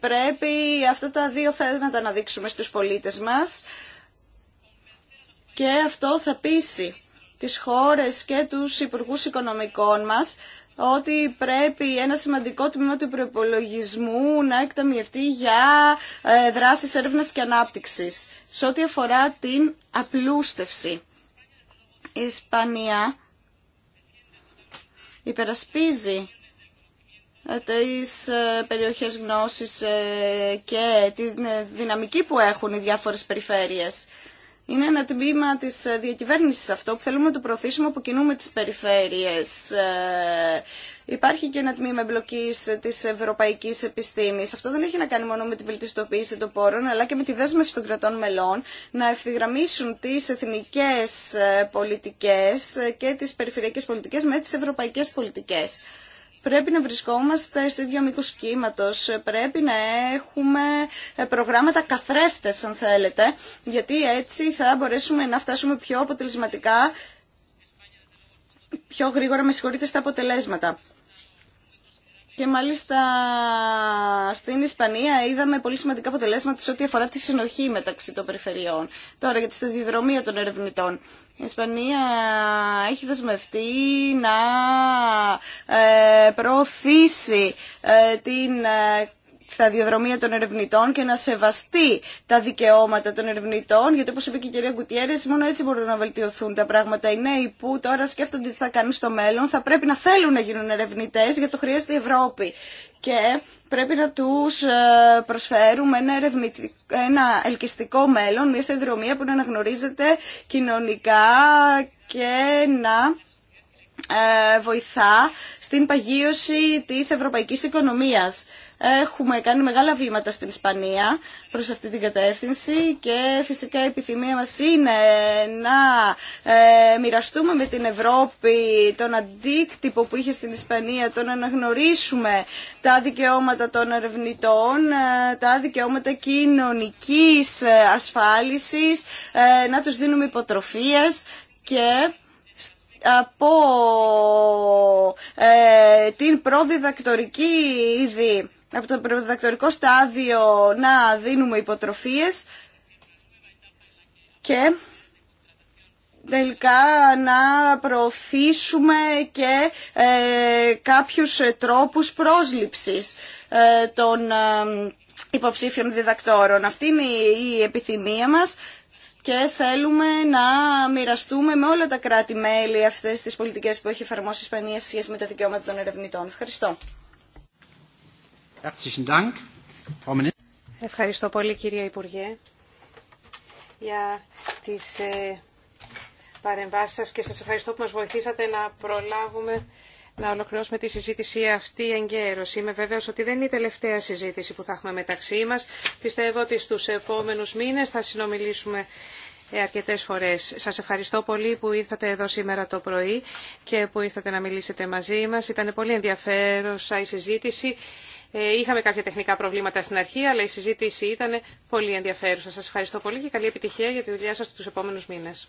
πρέπει αυτά τα δύο θέματα να δείξουμε στους πολίτες μας και αυτό θα πείσει τις χώρες και τους υπουργού οικονομικών μας ότι πρέπει ένα σημαντικό τμήμα του προπολογισμού να εκταμιευτεί για ε, δράσεις έρευνας και ανάπτυξης. Σε ό,τι αφορά την απλούστευση. Η Ισπανία υπερασπίζει ε, τις ε, περιοχές γνώσης ε, και τη δυναμική που έχουν οι διάφορες περιφέρειες. Είναι ένα τμήμα της διακυβέρνησης αυτό που θέλουμε να το προωθήσουμε που κινούμε τις περιφέρειες. Υπάρχει και ένα τμήμα εμπλοκή τη ευρωπαϊκή επιστήμη. Αυτό δεν έχει να κάνει μόνο με την βελτιστοποίηση των πόρων, αλλά και με τη δέσμευση των κρατών μελών να ευθυγραμμίσουν τι εθνικέ ε, πολιτικέ ε, και τι περιφερειακέ πολιτικέ με τι ευρωπαϊκέ πολιτικέ. Πρέπει να βρισκόμαστε στο ίδιο μήκο κύματο. Πρέπει να έχουμε ε, προγράμματα καθρέφτε, αν θέλετε, γιατί έτσι θα μπορέσουμε να φτάσουμε πιο αποτελεσματικά πιο γρήγορα με συγχωρείτε στα αποτελέσματα. Και μάλιστα στην Ισπανία είδαμε πολύ σημαντικά αποτελέσματα σε ό,τι αφορά τη συνοχή μεταξύ των περιφερειών. Τώρα για τη σταδιοδρομία των ερευνητών. Η Ισπανία έχει δεσμευτεί να ε, προωθήσει ε, την ε, στα διαδρομία των ερευνητών και να σεβαστεί τα δικαιώματα των ερευνητών, γιατί όπως είπε και η κυρία Κουτιέρης μόνο έτσι μπορούν να βελτιωθούν τα πράγματα. Οι νέοι που τώρα σκέφτονται τι θα κάνουν στο μέλλον, θα πρέπει να θέλουν να γίνουν ερευνητέ, γιατί το χρειάζεται η Ευρώπη και πρέπει να του ε, προσφέρουμε ένα, ένα ελκυστικό μέλλον, μια σταδιοδρομία που να αναγνωρίζεται κοινωνικά και να ε, βοηθά στην παγίωση της ευρωπαϊκής οικονομίας. Έχουμε κάνει μεγάλα βήματα στην Ισπανία προς αυτή την κατεύθυνση και φυσικά η επιθυμία μας είναι να ε, μοιραστούμε με την Ευρώπη τον αντίκτυπο που είχε στην Ισπανία, το να αναγνωρίσουμε τα δικαιώματα των ερευνητών, ε, τα δικαιώματα κοινωνικής ε, ασφάλισης, να τους δίνουμε υποτροφίες και από την προδιδακτορική ήδη από το προδιδακτορικό στάδιο να δίνουμε υποτροφίες και τελικά να προωθήσουμε και ε, κάποιους τρόπους πρόσληψης ε, των ε, υποψήφιων διδακτόρων. Αυτή είναι η επιθυμία μας και θέλουμε να μοιραστούμε με όλα τα κράτη-μέλη αυτές τις πολιτικές που έχει εφαρμόσει η Ισπανία σχέση με τα δικαιώματα των ερευνητών. Ευχαριστώ. Ευχαριστώ πολύ κύριε Υπουργέ για τις ε, παρεμβάσεις σας και σας ευχαριστώ που μας βοηθήσατε να προλάβουμε να ολοκληρώσουμε τη συζήτηση αυτή εγκαίρως. Είμαι βέβαιος ότι δεν είναι η τελευταία συζήτηση που θα έχουμε μεταξύ μας. Πιστεύω ότι στους επόμενους μήνες θα συνομιλήσουμε αρκετέ φορέ. Σα ευχαριστώ πολύ που ήρθατε εδώ σήμερα το πρωί και που ήρθατε να μιλήσετε μαζί μα. Ήταν πολύ ενδιαφέρουσα η συζήτηση. Ε, είχαμε κάποια τεχνικά προβλήματα στην αρχή, αλλά η συζήτηση ήταν πολύ ενδιαφέρουσα. Σας ευχαριστώ πολύ και καλή επιτυχία για τη δουλειά σας τους επόμενους μήνες.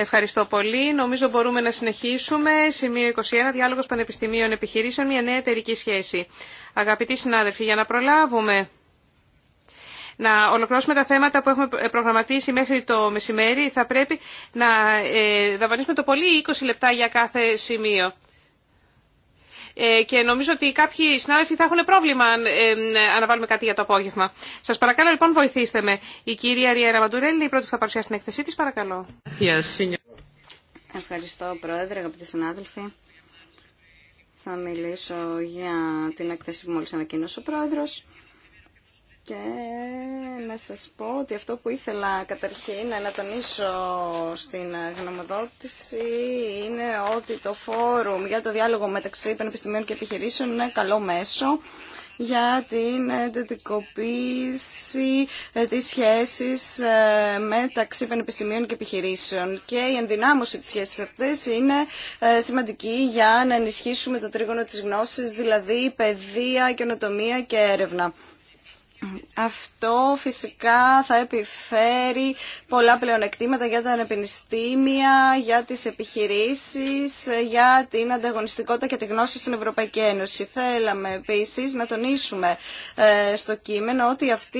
Ευχαριστώ πολύ. Νομίζω μπορούμε να συνεχίσουμε. Σημείο 21, διάλογος πανεπιστημίων επιχειρήσεων, μια νέα εταιρική σχέση. Αγαπητοί συνάδελφοι, για να προλάβουμε να ολοκληρώσουμε τα θέματα που έχουμε προγραμματίσει μέχρι το μεσημέρι, θα πρέπει να ε, δαπανίσουμε το πολύ 20 λεπτά για κάθε σημείο. Ε, και νομίζω ότι κάποιοι συνάδελφοι θα έχουν πρόβλημα αν ε, ε, αναβάλουμε κάτι για το απόγευμα. Σας παρακαλώ λοιπόν βοηθήστε με. Η κυρία Ριέρα Μαντουρέλη, η πρώτη που θα παρουσιάσει την εκθεσή της, παρακαλώ. Ευχαριστώ Πρόεδρε, αγαπητοί συνάδελφοι. Θα μιλήσω για την έκθεση που μόλις ανακοίνωσε ο Πρόεδρος. Και να σας πω ότι αυτό που ήθελα καταρχήν να τονίσω στην γνωμοδότηση είναι ότι το φόρουμ για το διάλογο μεταξύ πανεπιστημίων και επιχειρήσεων είναι καλό μέσο για την εντατικοποίηση της σχέσης ε, μεταξύ πανεπιστημίων και επιχειρήσεων. Και η ενδυνάμωση της σχέσης αυτής είναι ε, σημαντική για να ενισχύσουμε το τρίγωνο της γνώσης, δηλαδή παιδεία, καινοτομία και έρευνα. Αυτό φυσικά θα επιφέρει πολλά πλεονεκτήματα για τα ανεπινιστήμια, για τις επιχειρήσεις, για την ανταγωνιστικότητα και τη γνώση στην Ευρωπαϊκή Ένωση. Θέλαμε επίσης να τονίσουμε ε, στο κείμενο ότι αυτή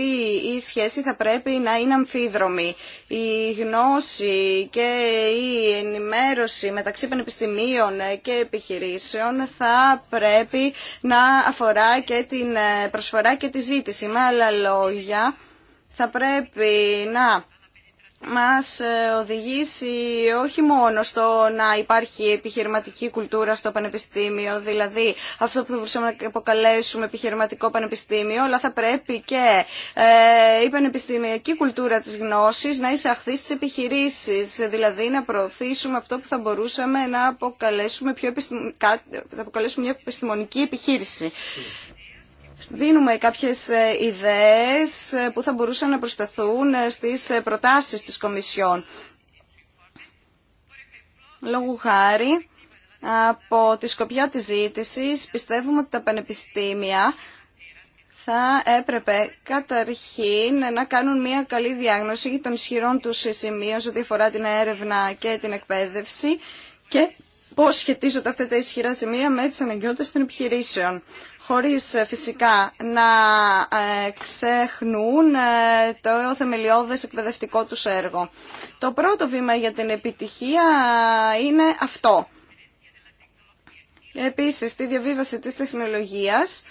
η σχέση θα πρέπει να είναι αμφίδρομη. Η γνώση και η ενημέρωση μεταξύ πανεπιστημίων και επιχειρήσεων θα πρέπει να αφορά και την ε, προσφορά και τη ζήτηση άλλα λόγια, θα πρέπει να μας ε, οδηγήσει όχι μόνο στο να υπάρχει επιχειρηματική κουλτούρα στο πανεπιστήμιο, δηλαδή αυτό που θα μπορούσαμε να αποκαλέσουμε επιχειρηματικό πανεπιστήμιο, αλλά θα πρέπει και ε, η πανεπιστημιακή κουλτούρα της γνώσης να εισαχθεί στις επιχειρήσεις, δηλαδή να προωθήσουμε αυτό που θα μπορούσαμε να αποκαλέσουμε, πιο επιστημ... αποκαλέσουμε μια επιστημονική επιχείρηση δίνουμε κάποιες ε, ιδέες ε, που θα μπορούσαν να προσταθούν ε, στις προτάσεις της Κομισιόν. Λόγου χάρη, από τη σκοπιά της ζήτησης πιστεύουμε ότι τα πανεπιστήμια θα έπρεπε καταρχήν να κάνουν μια καλή διάγνωση των ισχυρών του σημείων σε ό,τι αφορά την έρευνα και την εκπαίδευση και πώς σχετίζονται αυτά τα ισχυρά σημεία με τις αναγκαιότητες των επιχειρήσεων χωρίς ε, φυσικά να ε, ξεχνούν ε, το θεμελιώδες εκπαιδευτικό τους έργο. Το πρώτο βήμα για την επιτυχία είναι αυτό. Επίσης, τη διαβίβαση της τεχνολογίας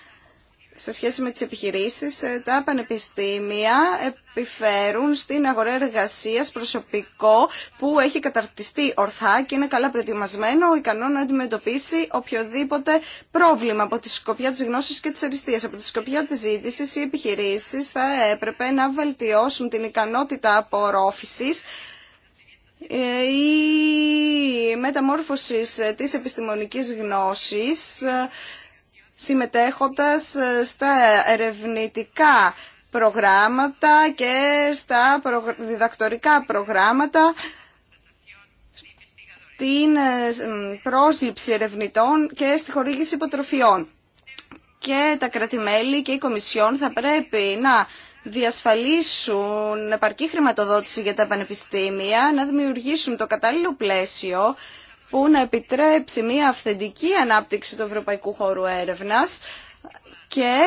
σε σχέση με τις επιχειρήσεις, ε, τα πανεπιστήμια επιφέρουν στην αγορά εργασίας προσωπικό που έχει καταρτιστεί ορθά και είναι καλά προετοιμασμένο, ικανό να αντιμετωπίσει οποιοδήποτε πρόβλημα από τη σκοπιά της γνώσης και της αριστείας. Από τη σκοπιά της ζήτησης, οι επιχειρήσεις θα έπρεπε να βελτιώσουν την ικανότητα απορρόφησης ε, η μεταμόρφωση ε, της επιστημονικής γνώσης συμμετέχοντας ε, στα ερευνητικά προγράμματα και στα διδακτορικά προγράμματα την ε, πρόσληψη ερευνητών και στη χορήγηση υποτροφιών. Και τα κρατημέλη και η Κομισιόν θα πρέπει να διασφαλίσουν επαρκή χρηματοδότηση για τα πανεπιστήμια, να δημιουργήσουν το κατάλληλο πλαίσιο που να επιτρέψει μια αυθεντική ανάπτυξη του ευρωπαϊκού χώρου έρευνας και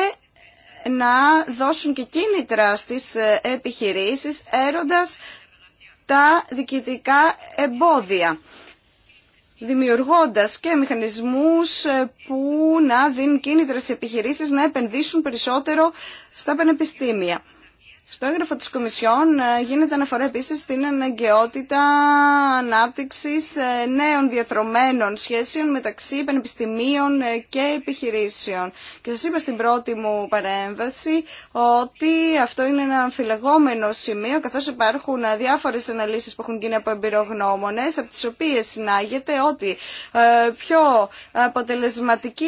να δώσουν και κίνητρα στις ε, επιχειρήσεις έροντας τα διοικητικά εμπόδια δημιουργώντας και μηχανισμούς ε, που να δίνουν κίνητρα στις επιχειρήσεις να επενδύσουν περισσότερο στα πανεπιστήμια. Στο έγγραφο της Κομισιόν ε, γίνεται αναφορά επίσης στην αναγκαιότητα ανάπτυξης ε, νέων διαθρωμένων σχέσεων μεταξύ πανεπιστημίων ε, και επιχειρήσεων. Και σας είπα στην πρώτη μου παρέμβαση ότι αυτό είναι ένα αμφιλεγόμενο σημείο καθώς υπάρχουν διάφορες αναλύσεις που έχουν γίνει από εμπειρογνώμονες από τις οποίες συνάγεται ότι πιο αποτελεσματική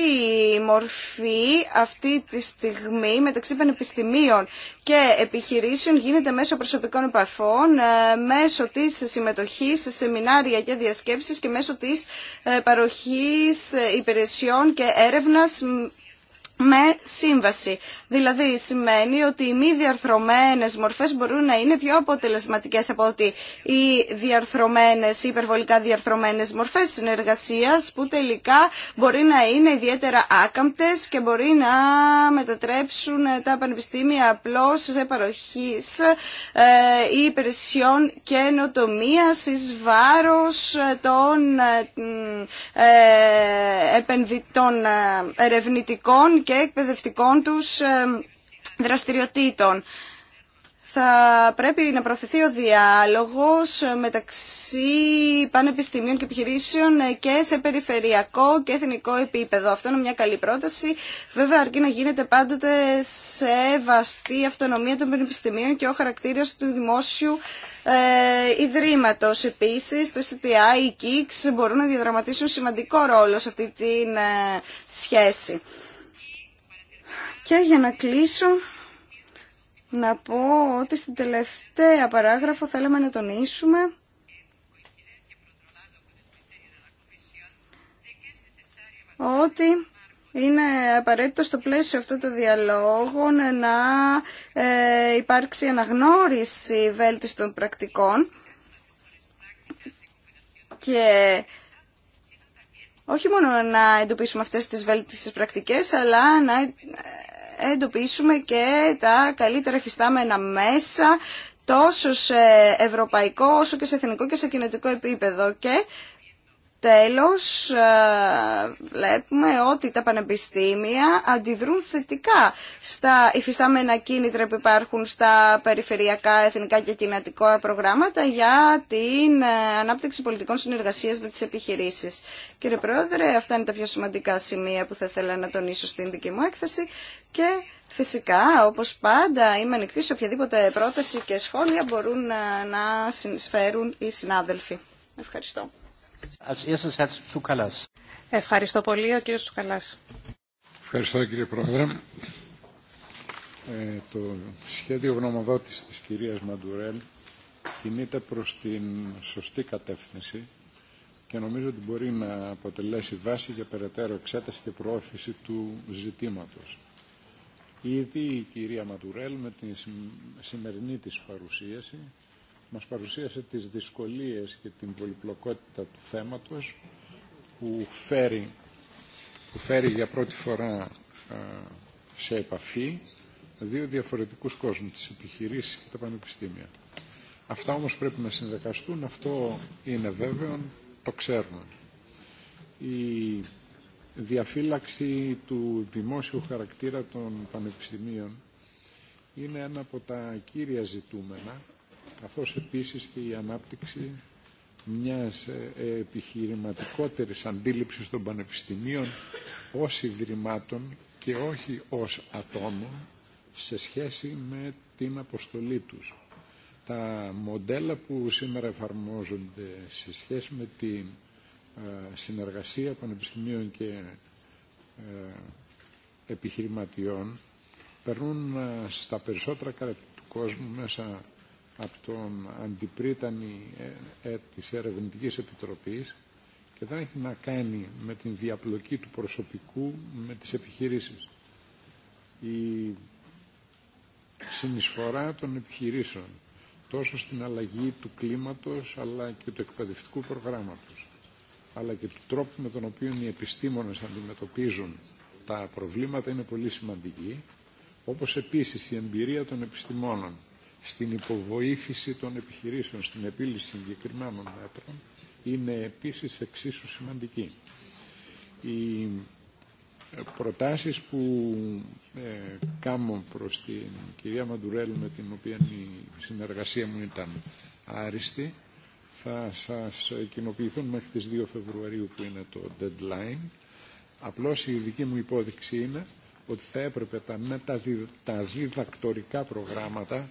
μορφή αυτή τη στιγμή μεταξύ πανεπιστημίων και επιχειρήσεων γίνεται μέσω προσωπικών επαφών, ε, μέσω της συμμετοχής σε σεμινάρια και διασκέψεις και μέσω της ε, παροχής ε, υπηρεσιών και έρευνας με σύμβαση. Δηλαδή σημαίνει ότι οι μη διαρθρωμένες μορφές μπορούν να είναι πιο αποτελεσματικές από ότι οι διαρθρωμένες, ή υπερβολικά διαρθρωμένες μορφές συνεργασίας που τελικά μπορεί να είναι ιδιαίτερα άκαμπτες και μπορεί να μετατρέψουν τα πανεπιστήμια απλώς σε παροχής ε, υπηρεσιών καινοτομία εις βάρος των ε, ε, επενδυτών ε, ερευνητικών και και εκπαιδευτικών τους ε, δραστηριοτήτων. Θα πρέπει να προωθηθεί ο διάλογος μεταξύ πανεπιστημίων και επιχειρήσεων και σε περιφερειακό και εθνικό επίπεδο. Αυτό είναι μια καλή πρόταση. Βέβαια, αρκεί να γίνεται πάντοτε σε βαστή αυτονομία των πανεπιστημίων και ο χαρακτήρας του δημόσιου ε, ιδρύματος. Επίσης, το STI, οι KICS μπορούν να διαδραματίσουν σημαντικό ρόλο σε αυτή τη ε, σχέση. Και για να κλείσω, να πω ότι στην τελευταία παράγραφο θέλαμε να τονίσουμε ότι είναι απαραίτητο στο πλαίσιο αυτού των διαλόγων να ε, υπάρξει αναγνώριση βέλτιστων πρακτικών και όχι μόνο να εντοπίσουμε αυτές τις βέλτιστες πρακτικές, αλλά να ε, εντοπίσουμε και τα καλύτερα φυστάμενα μέσα τόσο σε ευρωπαϊκό όσο και σε εθνικό και σε κοινωτικό επίπεδο και Τέλος, ε, βλέπουμε ότι τα πανεπιστήμια αντιδρούν θετικά στα υφιστάμενα κίνητρα που υπάρχουν στα περιφερειακά, εθνικά και κοινατικά προγράμματα για την ε, ανάπτυξη πολιτικών συνεργασίας με τις επιχειρήσεις. Κύριε Πρόεδρε, αυτά είναι τα πιο σημαντικά σημεία που θα ήθελα να τονίσω στην δική μου έκθεση και Φυσικά, όπως πάντα, είμαι ανοιχτή σε οποιαδήποτε πρόταση και σχόλια μπορούν ε, να συνεισφέρουν οι συνάδελφοι. Ευχαριστώ. Ευχαριστώ πολύ, ο κύριος Τσουκαλάς. Ευχαριστώ κύριε Πρόεδρε. Ε, το σχέδιο γνωμοδότης της κυρίας Μαντουρέλ κινείται προς την σωστή κατεύθυνση και νομίζω ότι μπορεί να αποτελέσει βάση για περαιτέρω εξέταση και προώθηση του ζητήματος. Ήδη η κυρία Μαντουρέλ με τη σημερινή της παρουσίαση μας παρουσίασε τις δυσκολίες και την πολυπλοκότητα του θέματος που φέρει, που φέρει για πρώτη φορά ε, σε επαφή δύο διαφορετικούς κόσμους, τις επιχειρήσεις και τα πανεπιστήμια. Αυτά όμως πρέπει να συνδεκαστούν, αυτό είναι βέβαιο, το ξέρουμε. Η διαφύλαξη του δημόσιου χαρακτήρα των πανεπιστημίων είναι ένα από τα κύρια ζητούμενα καθώς επίσης και η ανάπτυξη μιας ε, ε, επιχειρηματικότερης αντίληψης των πανεπιστημίων ως ιδρυμάτων και όχι ως ατόμων σε σχέση με την αποστολή τους. Τα μοντέλα που σήμερα εφαρμόζονται σε σχέση με τη ε, συνεργασία πανεπιστημίων και επιχειρηματιών περνούν στα περισσότερα κράτη του κόσμου μέσα από τον αντιπρίτανη ε, ε, της Ερευνητικής Επιτροπής και δεν έχει να κάνει με την διαπλοκή του προσωπικού με τις επιχειρήσεις. Η συνεισφορά των επιχειρήσεων τόσο στην αλλαγή του κλίματος αλλά και του εκπαιδευτικού προγράμματος αλλά και του τρόπου με τον οποίο οι επιστήμονες αντιμετωπίζουν τα προβλήματα είναι πολύ σημαντική όπως επίσης η εμπειρία των επιστημόνων στην υποβοήθηση των επιχειρήσεων, στην επίλυση συγκεκριμένων μέτρων, είναι επίσης εξίσου σημαντική. Οι προτάσεις που ε, κάμω προς την κυρία Μαντουρέλ με την οποία η συνεργασία μου ήταν άριστη θα σας κοινοποιηθούν μέχρι τις 2 Φεβρουαρίου που είναι το deadline. Απλώς η δική μου υπόδειξη είναι ότι θα έπρεπε τα, τα, διδακτορικά προγράμματα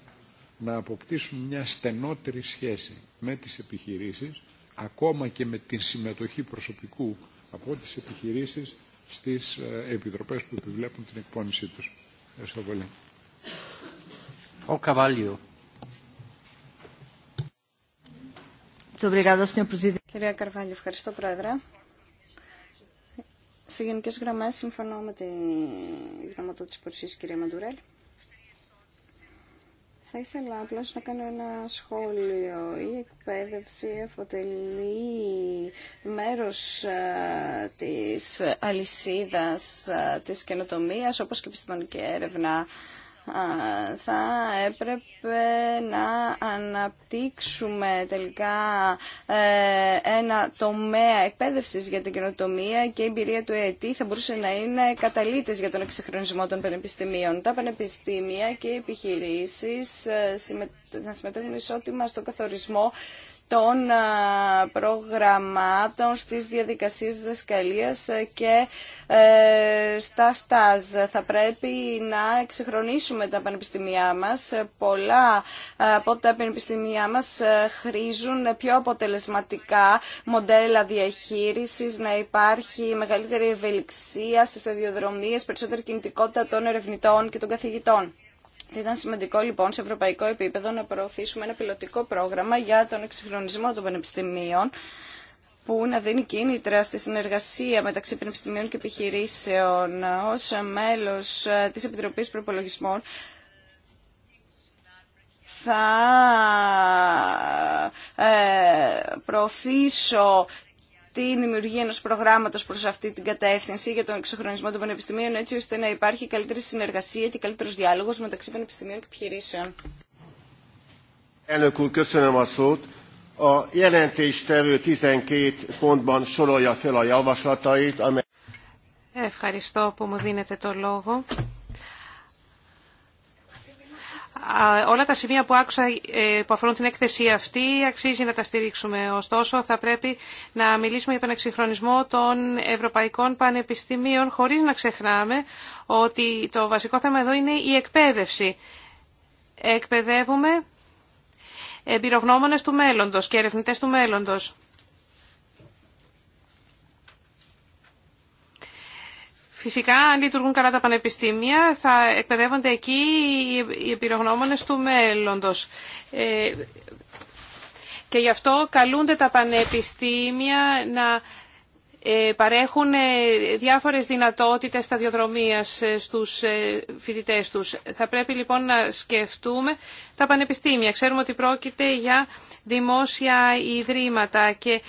να αποκτήσουν μια στενότερη σχέση με τις επιχειρήσεις, ακόμα και με την συμμετοχή προσωπικού από τις επιχειρήσεις στις ε, επιτροπές που επιβλέπουν την εκπόνησή τους. Ευχαριστώ πολύ. Ο Καβάλιο. Κυρία Καρβάλιο, ευχαριστώ Πρόεδρε. Σε γενικέ γραμμέ συμφωνώ με τη γραμματότηση τη κυρία Μαντουρέλ. Θα ήθελα απλώς να κάνω ένα σχόλιο. Η εκπαίδευση αποτελεί μέρος ε, της αλυσίδα ε, της καινοτομίας, όπω και επιστημονική έρευνα θα έπρεπε να αναπτύξουμε τελικά ε, ένα τομέα εκπαίδευσης για την καινοτομία και η εμπειρία του ΕΕΤ θα μπορούσε να είναι καταλήτης για τον εξυγχρονισμό των πανεπιστημίων. Τα πανεπιστήμια και οι επιχειρήσεις ε, να συμμετέχουν ισότιμα στο καθορισμό των προγραμμάτων στις διαδικασίες δεσκαλίας ε, και ε, στα στάζ. Θα πρέπει να εξυγχρονίσουμε τα πανεπιστημιά μας. Πολλά ε, από τα πανεπιστημιά μας χρήζουν πιο αποτελεσματικά μοντέλα διαχείρισης, να υπάρχει μεγαλύτερη ευελιξία στις σταδιοδρομίες, περισσότερη κινητικότητα των ερευνητών και των καθηγητών. Θα ήταν σημαντικό λοιπόν σε ευρωπαϊκό επίπεδο να προωθήσουμε ένα πιλωτικό πρόγραμμα για τον εξυγχρονισμό των πανεπιστημίων που να δίνει κίνητρα στη συνεργασία μεταξύ πανεπιστημίων και επιχειρήσεων ως μέλος ε, της Επιτροπής Προπολογισμών θα ε, προωθήσω Τη δημιουργία ενό προγράμματο προς αυτή την κατεύθυνση για τον εξοχρονισμό των πανεπιστημίων έτσι ώστε να υπάρχει καλύτερη συνεργασία και καλύτερος διάλογο μεταξύ πανεπιστημίων και επιχειρήσεων. Ευχαριστώ που μου δίνετε το λόγο. Όλα τα σημεία που άκουσα ε, που αφορούν την έκθεση αυτή αξίζει να τα στηρίξουμε. Ωστόσο, θα πρέπει να μιλήσουμε για τον εξυγχρονισμό των ευρωπαϊκών πανεπιστημίων χωρίς να ξεχνάμε ότι το βασικό θέμα εδώ είναι η εκπαίδευση. Εκπαιδεύουμε εμπειρογνώμονες του μέλλοντος και ερευνητές του μέλλοντος. Φυσικά, αν λειτουργούν καλά τα πανεπιστήμια, θα εκπαιδεύονται εκεί οι επιρρογνώμονες του μέλλοντος. Ε, και γι' αυτό καλούνται τα πανεπιστήμια να ε, παρέχουν ε, διάφορες δυνατότητες σταδιοδρομίας ε, στους φοιτητές τους. Θα πρέπει λοιπόν να σκεφτούμε τα πανεπιστήμια. Ξέρουμε ότι πρόκειται για δημόσια ιδρύματα και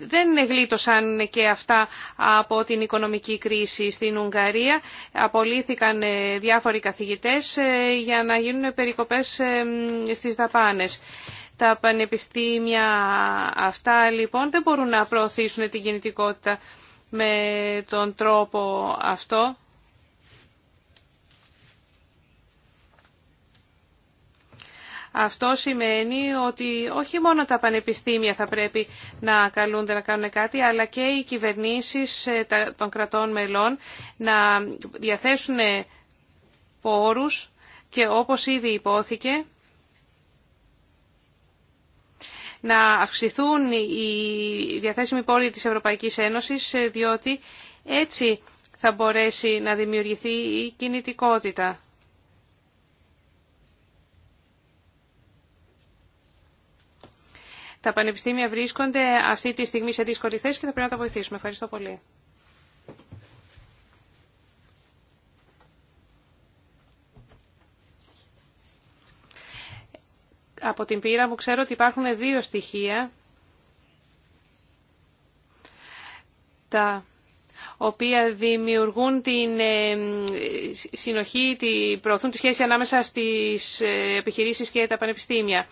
δεν γλίτωσαν και αυτά από την οικονομική κρίση στην Ουγγαρία. Απολύθηκαν διάφοροι καθηγητές για να γίνουν περικοπές στις δαπάνες. Τα πανεπιστήμια αυτά λοιπόν δεν μπορούν να προωθήσουν την κινητικότητα με τον τρόπο αυτό. Αυτό σημαίνει ότι όχι μόνο τα πανεπιστήμια θα πρέπει να καλούνται να κάνουν κάτι, αλλά και οι κυβερνήσεις ε, των κρατών μελών να διαθέσουν ε, πόρους και όπως ήδη υπόθηκε, να αυξηθούν οι διαθέσιμοι πόροι της Ευρωπαϊκής Ένωσης, ε, διότι έτσι θα μπορέσει να δημιουργηθεί η κινητικότητα. Τα πανεπιστήμια βρίσκονται αυτή τη στιγμή σε δύσκολη θέση και θα πρέπει να τα βοηθήσουμε. Ευχαριστώ πολύ. από την πείρα μου ξέρω ότι υπάρχουν δύο στοιχεία τα οποία δημιουργούν την ε, συνοχή, προωθούν τη σχέση ανάμεσα στις ε, επιχειρήσεις και τα πανεπιστήμια.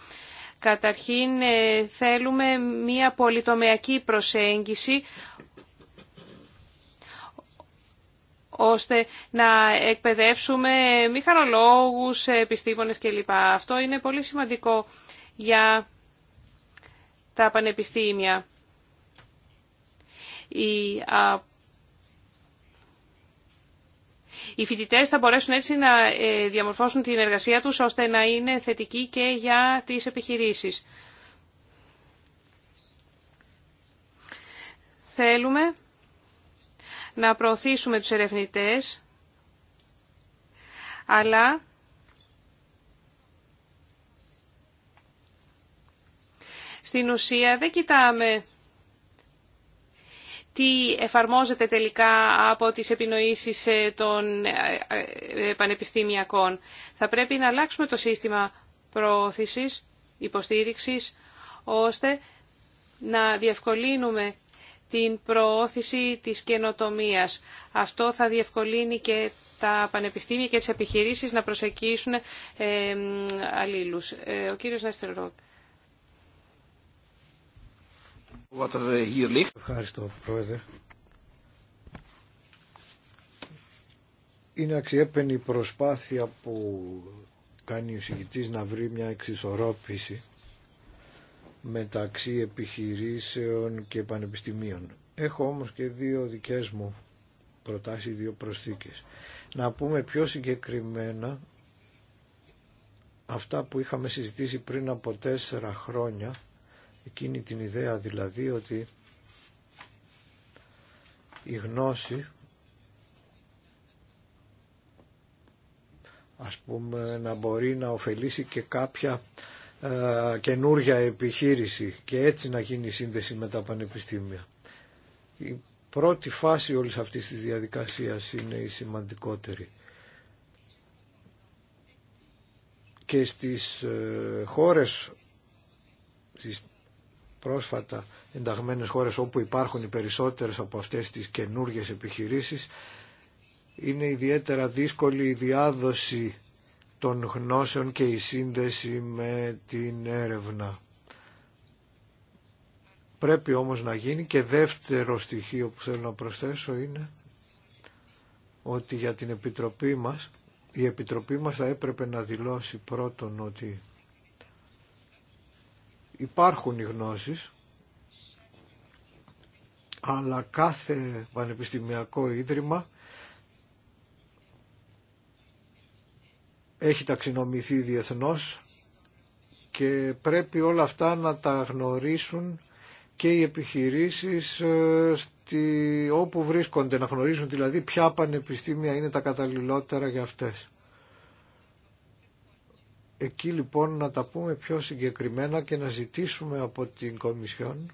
Καταρχήν ε, θέλουμε μια πολυτομεακή προσέγγιση ώστε να εκπαιδεύσουμε μηχανολόγους, επιστήμονες κλπ. Αυτό είναι πολύ σημαντικό για τα πανεπιστήμια. Οι, οι φοιτητές θα μπορέσουν έτσι να ε, διαμορφώσουν την εργασία τους ώστε να είναι θετική και για τις επιχειρήσεις. Θέλουμε να προωθήσουμε τους ερευνητές, αλλά στην ουσία δεν κοιτάμε τι εφαρμόζεται τελικά από τις επινοήσεις ε, των ε, ε, πανεπιστήμιακών. Θα πρέπει να αλλάξουμε το σύστημα προώθησης, υποστήριξης, ώστε να διευκολύνουμε την προώθηση της καινοτομίας. Αυτό θα διευκολύνει και τα πανεπιστήμια και τις επιχειρήσεις να προσεκίσουν ε, αλλήλους. ο κύριος Ροκ. Ευχαριστώ, Πρόεδρε. Είναι αξιέπαινη η προσπάθεια που κάνει ο συγκητής να βρει μια εξισορρόπηση μεταξύ επιχειρήσεων και πανεπιστημίων. Έχω όμως και δύο δικές μου προτάσεις, δύο προσθήκες. Να πούμε πιο συγκεκριμένα αυτά που είχαμε συζητήσει πριν από τέσσερα χρόνια, εκείνη την ιδέα δηλαδή ότι η γνώση, ας πούμε, να μπορεί να ωφελήσει και κάποια ε, καινούργια επιχείρηση και έτσι να γίνει η σύνδεση με τα πανεπιστήμια. Η πρώτη φάση όλης αυτής της διαδικασίας είναι η σημαντικότερη. Και στις ε, χώρες, στις πρόσφατα ενταγμένες χώρες όπου υπάρχουν οι περισσότερες από αυτές τις καινούργιες επιχειρήσεις, είναι ιδιαίτερα δύσκολη η διάδοση των γνώσεων και η σύνδεση με την έρευνα. Πρέπει όμως να γίνει και δεύτερο στοιχείο που θέλω να προσθέσω είναι ότι για την Επιτροπή μας, η Επιτροπή μας θα έπρεπε να δηλώσει πρώτον ότι υπάρχουν οι γνώσεις, αλλά κάθε πανεπιστημιακό ίδρυμα έχει ταξινομηθεί διεθνώς και πρέπει όλα αυτά να τα γνωρίσουν και οι επιχειρήσεις ε, στη, όπου βρίσκονται, να γνωρίζουν δηλαδή ποια πανεπιστήμια είναι τα καταλληλότερα για αυτές. Εκεί λοιπόν να τα πούμε πιο συγκεκριμένα και να ζητήσουμε από την Κομισιόν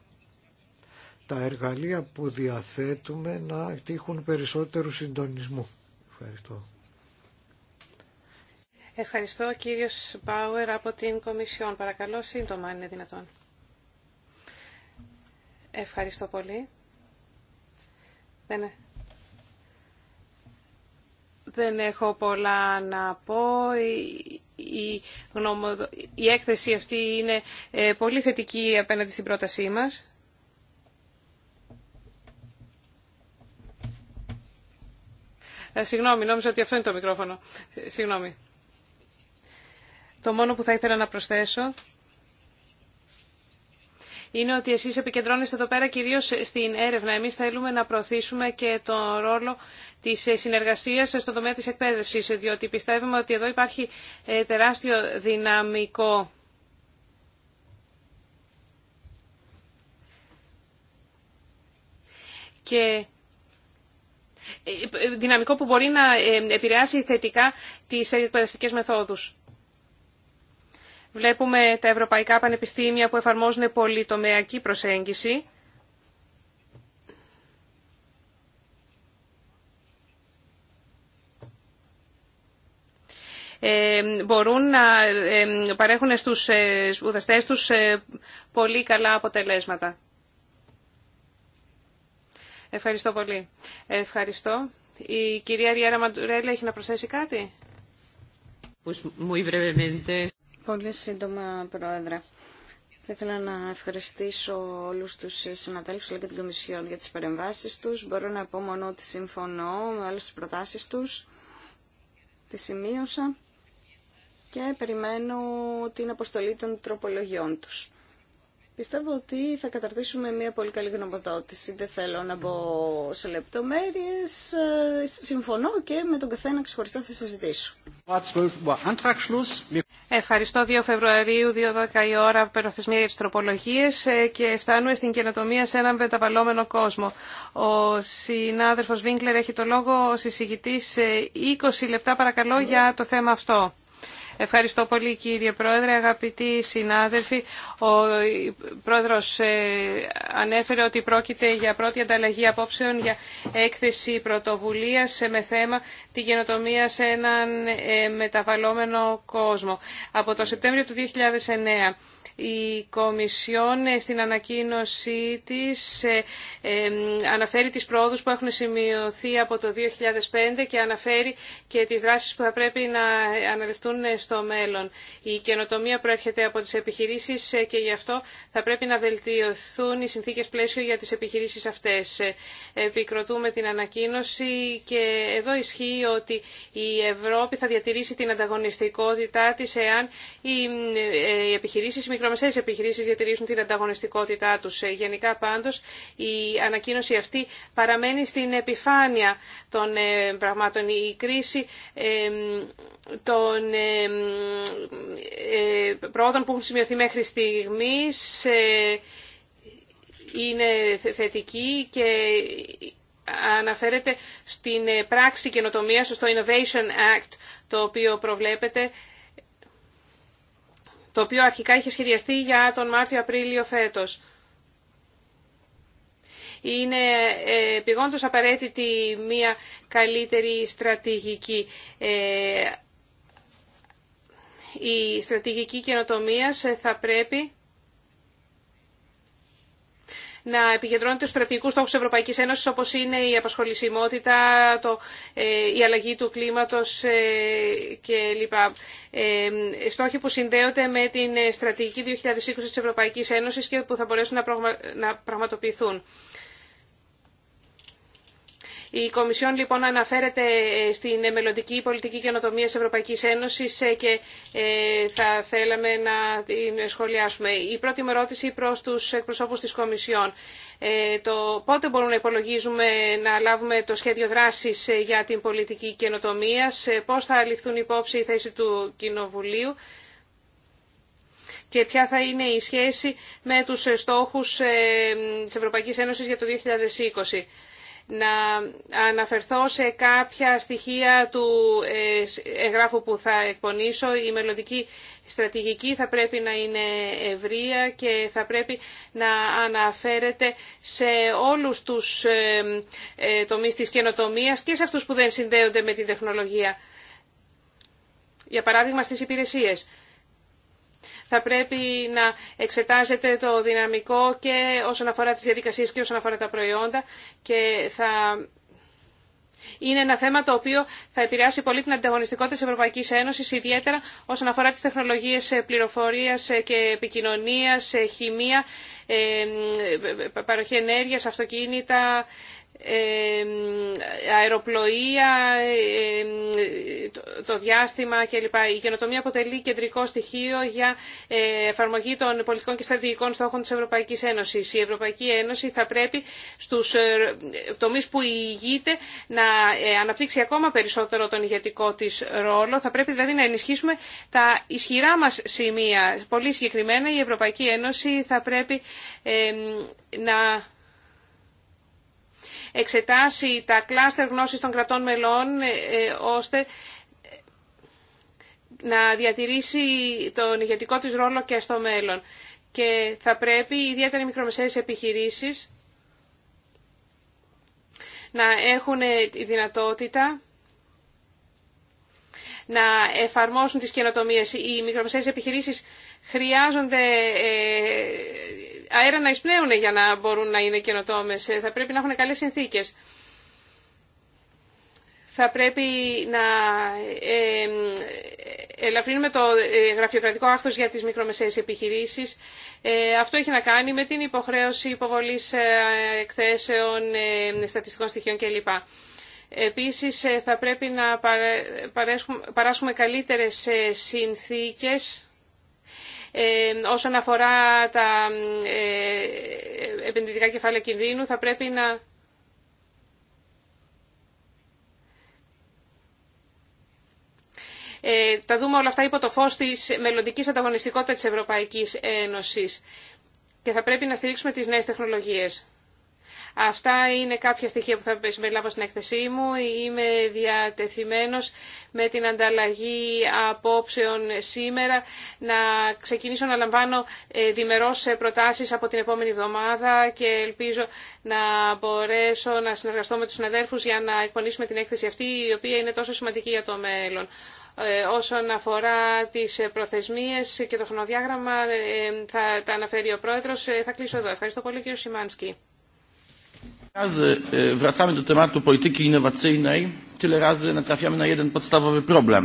τα εργαλεία που διαθέτουμε να τύχουν περισσότερου συντονισμού. Ευχαριστώ. Ευχαριστώ κύριος Μπάουερ από την Κομισιόν. Παρακαλώ σύντομα αν είναι δυνατόν. Ευχαριστώ πολύ. Δεν, έχω πολλά να πω. Η, έκθεση αυτή είναι ε, πολύ θετική απέναντι στην πρότασή μας. Ε, συγγνώμη, νόμιζα ότι αυτό είναι το μικρόφωνο. Συγγνώμη. Το μόνο που θα ήθελα να προσθέσω είναι ότι εσείς επικεντρώνεστε εδώ πέρα κυρίως στην έρευνα. Εμείς θέλουμε να προωθήσουμε και τον ρόλο της συνεργασίας στον τομέα της εκπαίδευσης, διότι πιστεύουμε ότι εδώ υπάρχει ε, τεράστιο δυναμικό. Και ε, ε, δυναμικό που μπορεί να επηρεάσει θετικά τις εκπαιδευτικές μεθόδους. Βλέπουμε τα ευρωπαϊκά πανεπιστήμια που εφαρμόζουν πολυτομεακή προσέγγιση. Ε, μπορούν να ε, παρέχουν στους ε, σπουδαστές τους πολύ καλά αποτελέσματα. Ευχαριστώ πολύ. Ευχαριστώ. Η κυρία Ριέρα Μαντουρέλη έχει να προσθέσει κάτι. Πολύ σύντομα, Πρόεδρε. Θα ήθελα να ευχαριστήσω όλους τους συναδέλφους αλλά και την Κομισιόν για τις παρεμβάσεις τους. Μπορώ να πω μόνο ότι συμφωνώ με όλες τις προτάσεις τους. Τις σημείωσα και περιμένω την αποστολή των τροπολογιών τους. Πιστεύω ότι θα καταρτήσουμε μια πολύ καλή γνωμοδότηση. Δεν θέλω να μπω σε λεπτομέρειε. Συμφωνώ και με τον καθένα ξεχωριστά θα συζητήσω. Ευχαριστώ. 2 Φεβρουαρίου, η ώρα, περιοθεσμία για τι τροπολογίε ε, και φτάνουμε στην καινοτομία σε έναν μεταβαλλόμενο κόσμο. Ο συνάδελφος Βίγκλερ έχει το λόγο, ο συζητητής 20 ε, λεπτά παρακαλώ για το θέμα αυτό. Ευχαριστώ πολύ κύριε Πρόεδρε, αγαπητοί συνάδελφοι. Ο Πρόεδρος ε, ανέφερε ότι πρόκειται για πρώτη ανταλλαγή απόψεων για έκθεση πρωτοβουλίας ε, με θέμα τη γενοτομία σε έναν ε, μεταβαλλόμενο κόσμο. Από το Σεπτέμβριο του 2009 η Κομισιόν ε, στην ανακοίνωσή της ε, ε, αναφέρει τις πρόοδους που έχουν σημειωθεί από το 2005 και αναφέρει και τις δράσεις που θα πρέπει να αναλυφθούν στο μέλλον. Η καινοτομία προέρχεται από τις επιχειρήσεις και γι' αυτό θα πρέπει να βελτιωθούν οι συνθήκες πλαίσιο για τις επιχειρήσεις αυτές. Επικροτούμε την ανακοίνωση και εδώ ισχύει ότι η Ευρώπη θα διατηρήσει την ανταγωνιστικότητά της εάν οι επιχειρήσεις μικρομεσαίες επιχειρήσεις διατηρήσουν την ανταγωνιστικότητά τους. Ε, γενικά πάντως η ανακοίνωση αυτή παραμένει στην επιφάνεια των ε, πραγμάτων. Η κρίση ε, των προόδων που έχουν σημειωθεί μέχρι στιγμής είναι θετική και αναφέρεται στην πράξη καινοτομία στο Innovation Act, το οποίο προβλέπεται το οποίο αρχικά είχε σχεδιαστεί για τον Μάρτιο-Απρίλιο φέτος. Είναι ε, πηγόντως απαραίτητη μια καλύτερη στρατηγική. Ε, η στρατηγική καινοτομία ε, θα πρέπει να επικεντρώνεται στους στρατηγικούς στόχους της Ευρωπαϊκής Ένωσης όπως είναι η απασχολησιμότητα, το, ε, η αλλαγή του κλίματος ε, κλπ. Ε, στόχοι που συνδέονται με την στρατηγική 2020 της Ευρωπαϊκής Ένωσης και που θα μπορέσουν να πραγματοποιηθούν. Η Κομισιόν λοιπόν αναφέρεται ε, στην μελλοντική πολιτική καινοτομία της Ευρωπαϊκής Ένωσης ε, και ε, θα θέλαμε να την σχολιάσουμε. Η πρώτη μου ερώτηση προς τους εκπροσώπους της Κομισιόν. το πότε μπορούμε να υπολογίζουμε να λάβουμε το σχέδιο δράσης για την πολιτική καινοτομία, πώς θα ληφθούν υπόψη η θέση του Κοινοβουλίου και ποια θα είναι η σχέση με τους στόχους της Ευρωπαϊκής Ένωσης για το 2020 να αναφερθώ σε κάποια στοιχεία του ε, εγγράφου που θα εκπονήσω. Η μελλοντική στρατηγική θα πρέπει να είναι ευρεία και θα πρέπει να αναφέρεται σε όλους τους ε, ε, τομείς της καινοτομίας και σε αυτούς που δεν συνδέονται με την τεχνολογία. Για παράδειγμα στις υπηρεσίες θα πρέπει να εξετάζεται το δυναμικό και όσον αφορά τις διαδικασίες και όσον αφορά τα προϊόντα και θα είναι ένα θέμα το οποίο θα επηρεάσει πολύ την ανταγωνιστικότητα τη Ευρωπαϊκή Ένωση, ιδιαίτερα όσον αφορά τις τεχνολογίες πληροφορίας και επικοινωνίας, χημεία, ε, παροχή ενέργειας, αυτοκίνητα, αεροπλοεία, το διάστημα κλπ. Η καινοτομία αποτελεί κεντρικό στοιχείο για ε, εφαρμογή των πολιτικών και στρατηγικών στόχων της Ευρωπαϊκής Ένωσης. Η Ευρωπαϊκή Ένωση θα πρέπει στους ε, τομείς που ηγείται να ε, αναπτύξει ακόμα περισσότερο τον ηγετικό της ρόλο. Θα πρέπει δηλαδή να ενισχύσουμε τα ισχυρά μας σημεία. Πολύ συγκεκριμένα η Ευρωπαϊκή Ένωση θα πρέπει να εξετάσει τα κλάστερ γνώσης των κρατών μελών ε, ε, ώστε να διατηρήσει τον ηγετικό της ρόλο και στο μέλλον. Και θα πρέπει ιδιαίτερα οι μικρομεσαίες επιχειρήσεις να έχουν ε, τη δυνατότητα να εφαρμόσουν τις καινοτομίες. Οι μικρομεσαίες επιχειρήσεις χρειάζονται αέρα να εισπνέουν για να μπορούν να είναι καινοτόμε. Ε, θα πρέπει να έχουν καλές συνθήκες. Θα πρέπει να ε, ελαφρύνουμε το ε, γραφειοκρατικό άχθος για τις μικρομεσαίες επιχειρήσεις. Αυτό έχει να κάνει με την υποχρέωση υποβολής εκθέσεων, στατιστικών στοιχείων κλπ. Επίσης θα πρέπει να παράσχουμε καλύτερες συνθήκες ε, όσον αφορά τα ε, επενδυτικά κεφάλαια κινδύνου θα πρέπει να ε, τα δούμε όλα αυτά υπό το φως της μελλοντικής ανταγωνιστικότητας της Ευρωπαϊκής Ένωσης και θα πρέπει να στηρίξουμε τις νέες τεχνολογίες. Αυτά είναι κάποια στοιχεία που θα συμπεριλάβω στην έκθεσή μου. Είμαι διατεθειμένος με την ανταλλαγή απόψεων σήμερα να ξεκινήσω να λαμβάνω ε, διμερώς προτάσεις από την επόμενη εβδομάδα και ελπίζω να μπορέσω να συνεργαστώ με τους συναδέλφους για να εκπονήσουμε την έκθεση αυτή η οποία είναι τόσο σημαντική για το μέλλον ε, όσον αφορά τις προθεσμίες και το χρονοδιάγραμμα ε, θα τα αναφέρει ο Πρόεδρος. Θα κλείσω εδώ. Ευχαριστώ πολύ κύριο Σιμάνσκι razy e, e, wracamy do tematu polityki innowacyjnej, tyle razy natrafiamy na jeden podstawowy problem.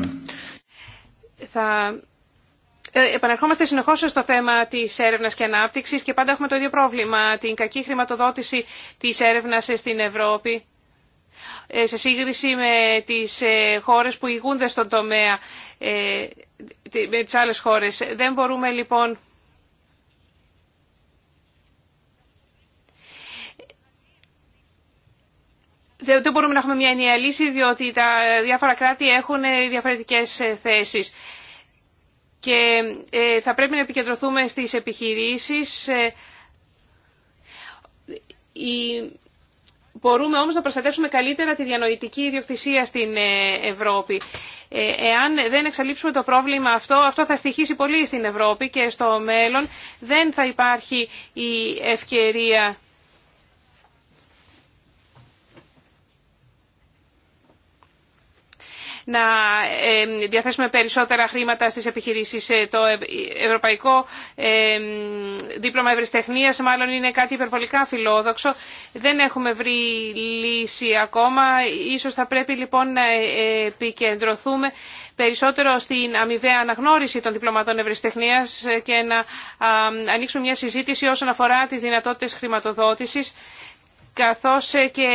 E, επαναρχόμαστε συνεχώς στο θέμα της έρευνας και ανάπτυξης και πάντα έχουμε το ίδιο πρόβλημα, την κακή χρηματοδότηση της έρευνας στην Ευρώπη ε, σε σύγκριση με τις ε, χώρες που ηγούνται στον τομέα, ε, με τις άλλες χώρες. Δεν μπορούμε λοιπόν δεν μπορούμε να έχουμε μια ενιαία λύση, διότι τα διάφορα κράτη έχουν ε, διαφορετικές ε, θέσεις. Και ε, θα πρέπει να επικεντρωθούμε στις επιχειρήσεις. Μπορούμε όμως να προστατεύσουμε καλύτερα τη διανοητική ιδιοκτησία στην Ευρώπη. Εάν δεν εξαλείψουμε το πρόβλημα αυτό, αυτό θα στοιχήσει πολύ στην Ευρώπη και στο μέλλον δεν θα υπάρχει η ευκαιρία να διαθέσουμε περισσότερα χρήματα στις επιχειρήσεις. Ε, το ε, Ευρωπαϊκό Δίπλωμα Ευρυστεχνίας μάλλον είναι κάτι υπερβολικά φιλόδοξο. Δεν έχουμε βρει λύση ακόμα. Ίσως θα πρέπει λοιπόν να ε, επικεντρωθούμε περισσότερο στην αμοιβαία αναγνώριση των διπλωματών ευρυστεχνία και να ανοίξουμε μια συζήτηση όσον αφορά τις δυνατότητες χρηματοδότησης καθώς ε, και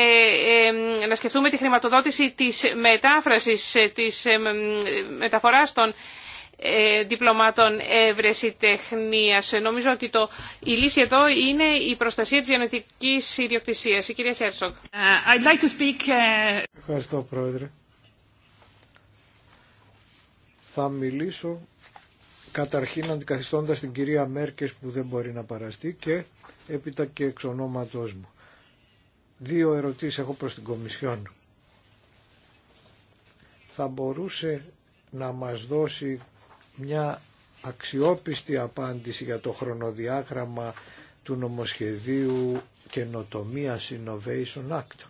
ε, να σκεφτούμε τη χρηματοδότηση της μετάφρασης, ε, της μεταφοράς των διπλωμάτων έβρεση τεχνίας. Νομίζω ότι το, η λύση εδώ είναι η προστασία της διανοητικής ιδιοκτησίας. Η κυρία Χέρσογκ. Ευχαριστώ, Πρόεδρε. Θα μιλήσω καταρχήν αντικαθιστώντας την κυρία Μέρκες που δεν μπορεί να παραστεί και έπειτα και εξ μου. Δύο ερωτήσεις έχω προς την Κομισιόν. Θα μπορούσε να μας δώσει μια αξιόπιστη απάντηση για το χρονοδιάγραμμα του νομοσχεδίου καινοτομία Innovation Act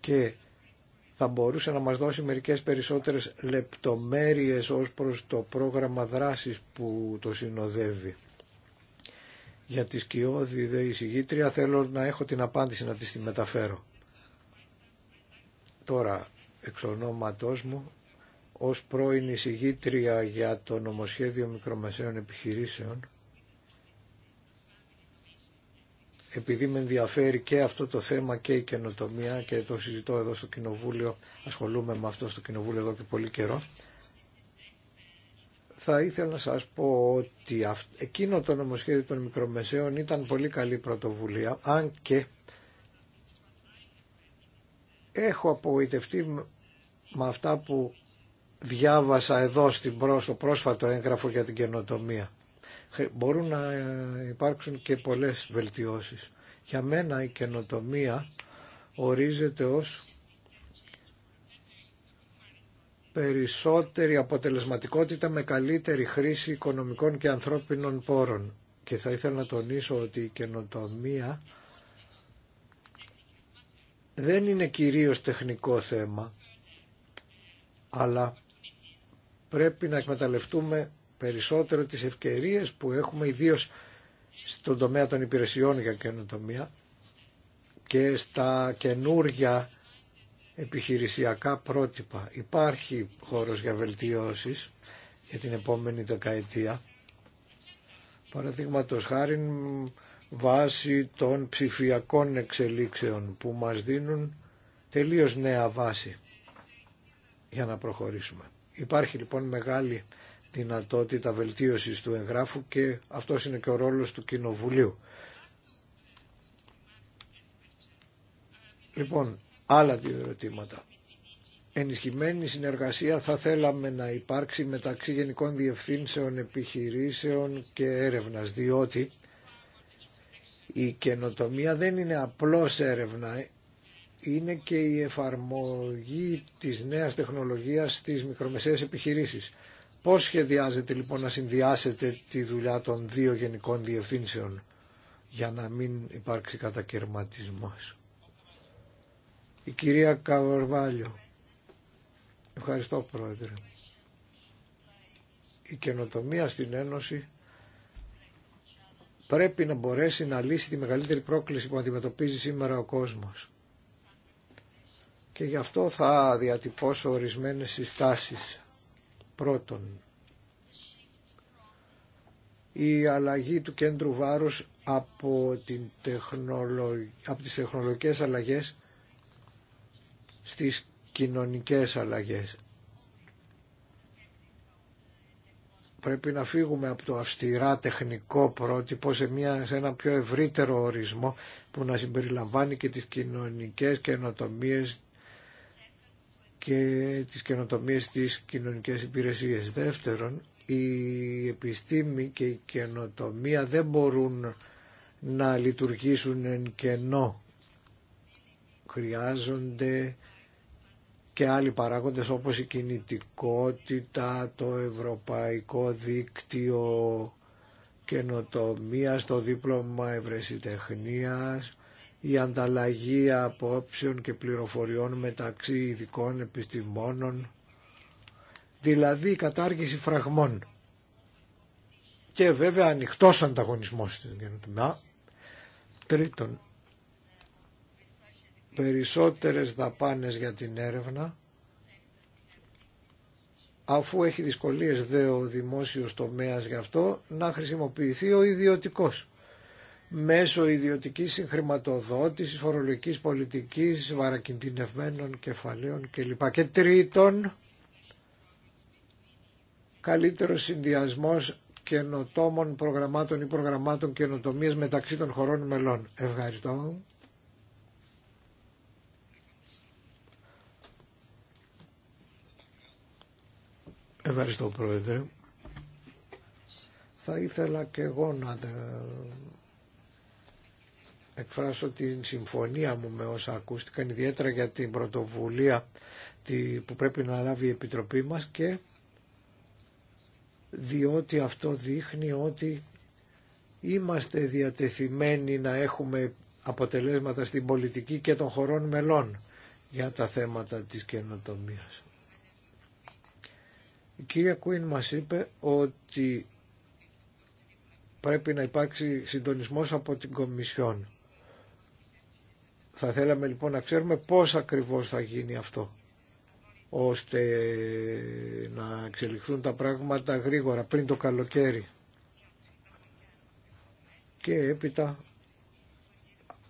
και θα μπορούσε να μας δώσει μερικές περισσότερες λεπτομέρειες ως προς το πρόγραμμα δράσης που το συνοδεύει για τη σκιώδη δε εισηγήτρια θέλω να έχω την απάντηση να τη τη μεταφέρω. Τώρα, εξ ονόματός μου, ως πρώην εισηγήτρια για το νομοσχέδιο μικρομεσαίων επιχειρήσεων, επειδή με ενδιαφέρει και αυτό το θέμα και η καινοτομία και το συζητώ εδώ στο Κοινοβούλιο, ασχολούμαι με αυτό στο Κοινοβούλιο εδώ και πολύ καιρό, θα ήθελα να σας πω ότι εκείνο το νομοσχέδιο των μικρομεσαίων ήταν πολύ καλή πρωτοβουλία, αν και έχω απογοητευτεί με αυτά που διάβασα εδώ στην στο πρόσφατο έγγραφο για την καινοτομία. Μπορούν να υπάρξουν και πολλές βελτιώσεις. Για μένα η καινοτομία ορίζεται ως περισσότερη αποτελεσματικότητα με καλύτερη χρήση οικονομικών και ανθρώπινων πόρων. Και θα ήθελα να τονίσω ότι η καινοτομία δεν είναι κυρίως τεχνικό θέμα, αλλά πρέπει να εκμεταλλευτούμε περισσότερο τις ευκαιρίες που έχουμε ιδίως στον τομέα των υπηρεσιών για καινοτομία και στα καινούργια επιχειρησιακά πρότυπα. Υπάρχει χώρος για βελτιώσεις για την επόμενη δεκαετία. Παραδείγματο χάρη βάση των ψηφιακών εξελίξεων που μας δίνουν τελείως νέα βάση για να προχωρήσουμε. Υπάρχει λοιπόν μεγάλη δυνατότητα βελτίωσης του εγγράφου και αυτός είναι και ο ρόλος του Κοινοβουλίου. Λοιπόν, Άλλα δύο ερωτήματα. Ενισχυμένη συνεργασία θα θέλαμε να υπάρξει μεταξύ γενικών διευθύνσεων, επιχειρήσεων και έρευνας, διότι η καινοτομία δεν είναι απλώς έρευνα, είναι και η εφαρμογή της νέας τεχνολογίας στις μικρομεσαίες επιχειρήσεις. Πώς σχεδιάζετε λοιπόν να συνδυάσετε τη δουλειά των δύο γενικών διευθύνσεων για να μην υπάρξει κατακαιρματισμός. Η κυρία Καβαρβάλιο. Ευχαριστώ πρόεδρε. Η καινοτομία στην Ένωση πρέπει να μπορέσει να λύσει τη μεγαλύτερη πρόκληση που αντιμετωπίζει σήμερα ο κόσμος. Και γι' αυτό θα διατυπώσω ορισμένες συστάσεις. Πρώτον, η αλλαγή του κέντρου βάρους από, την τεχνολογ... από τις τεχνολογικές αλλαγές στις κοινωνικές αλλαγές. Πρέπει να φύγουμε από το αυστηρά τεχνικό πρότυπο σε, μια, σε ένα πιο ευρύτερο ορισμό που να συμπεριλαμβάνει και τις κοινωνικές καινοτομίες και τις καινοτομίες της κοινωνικές υπηρεσίες. Δεύτερον, η επιστήμη και η καινοτομία δεν μπορούν να λειτουργήσουν εν κενό. Χρειάζονται και άλλοι παράγοντες όπως η κινητικότητα, το ευρωπαϊκό δίκτυο καινοτομία, το δίπλωμα ευρεσιτεχνίας, η ανταλλαγή απόψεων και πληροφοριών μεταξύ ειδικών επιστημόνων, δηλαδή η κατάργηση φραγμών. Και βέβαια ανοιχτός ανταγωνισμός στην καινοτομία. Τρίτον, περισσότερες δαπάνες για την έρευνα αφού έχει δυσκολίες δε ο δημόσιος τομέας γι' αυτό να χρησιμοποιηθεί ο ιδιωτικός μέσω ιδιωτικής συγχρηματοδότησης, φορολογικής πολιτικής, βαρακινδυνευμένων κεφαλαίων κλπ. Και τρίτον, καλύτερος συνδυασμός καινοτόμων προγραμμάτων ή προγραμμάτων καινοτομίας μεταξύ των χωρών μελών. Ευχαριστώ. Ευχαριστώ Πρόεδρε. Θα ήθελα και εγώ να εκφράσω την συμφωνία μου με όσα ακούστηκαν, ιδιαίτερα για την πρωτοβουλία που πρέπει να λάβει η Επιτροπή μας και διότι αυτό δείχνει ότι είμαστε διατεθειμένοι να έχουμε αποτελέσματα στην πολιτική και των χωρών μελών για τα θέματα της καινοτομίας. Η κυρία Κουίν μας είπε ότι πρέπει να υπάρξει συντονισμός από την Κομισιόν. Θα θέλαμε λοιπόν να ξέρουμε πώς ακριβώς θα γίνει αυτό ώστε να εξελιχθούν τα πράγματα γρήγορα πριν το καλοκαίρι. Και έπειτα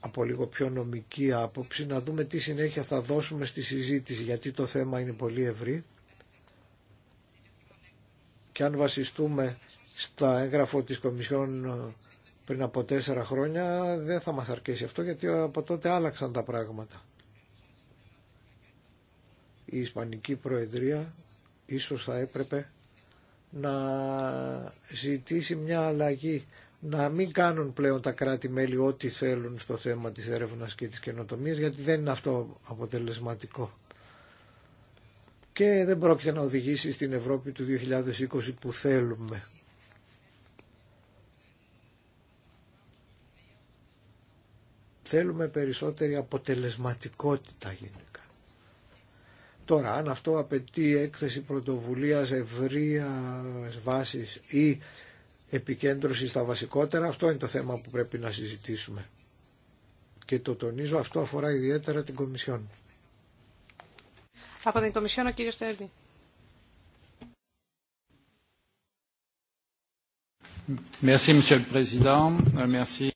από λίγο πιο νομική άποψη να δούμε τι συνέχεια θα δώσουμε στη συζήτηση γιατί το θέμα είναι πολύ ευρύ και αν βασιστούμε στα έγγραφο της Κομισιόν ε, πριν από τέσσερα χρόνια δεν θα μας αρκέσει αυτό γιατί από τότε άλλαξαν τα πράγματα. Η Ισπανική Προεδρία ίσως θα έπρεπε να ζητήσει μια αλλαγή να μην κάνουν πλέον τα κράτη-μέλη ό,τι θέλουν στο θέμα της έρευνας και της καινοτομίας γιατί δεν είναι αυτό αποτελεσματικό και δεν πρόκειται να οδηγήσει στην Ευρώπη του 2020 που θέλουμε. Θέλουμε περισσότερη αποτελεσματικότητα γενικά. Τώρα, αν αυτό απαιτεί έκθεση πρωτοβουλίας ευρεία, βάσης ή επικέντρωση στα βασικότερα, αυτό είναι το θέμα που πρέπει να συζητήσουμε. Και το τονίζω, αυτό αφορά ιδιαίτερα την Κομισιόν. Από την Κομισιόν ο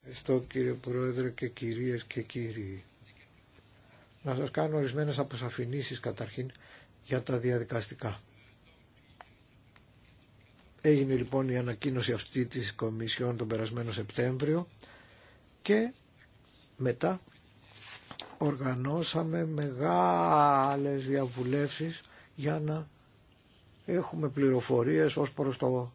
Ευχαριστώ κύριε Πρόεδρε και κυρίες και κύριοι. Να σα κάνω ορισμένε αποσαφηνήσει καταρχήν για τα διαδικαστικά. Έγινε λοιπόν η ανακοίνωση αυτή της Κομισιόν τον περασμένο Σεπτέμβριο και μετά οργανώσαμε μεγάλες διαβουλεύσεις για να έχουμε πληροφορίες ως προς το,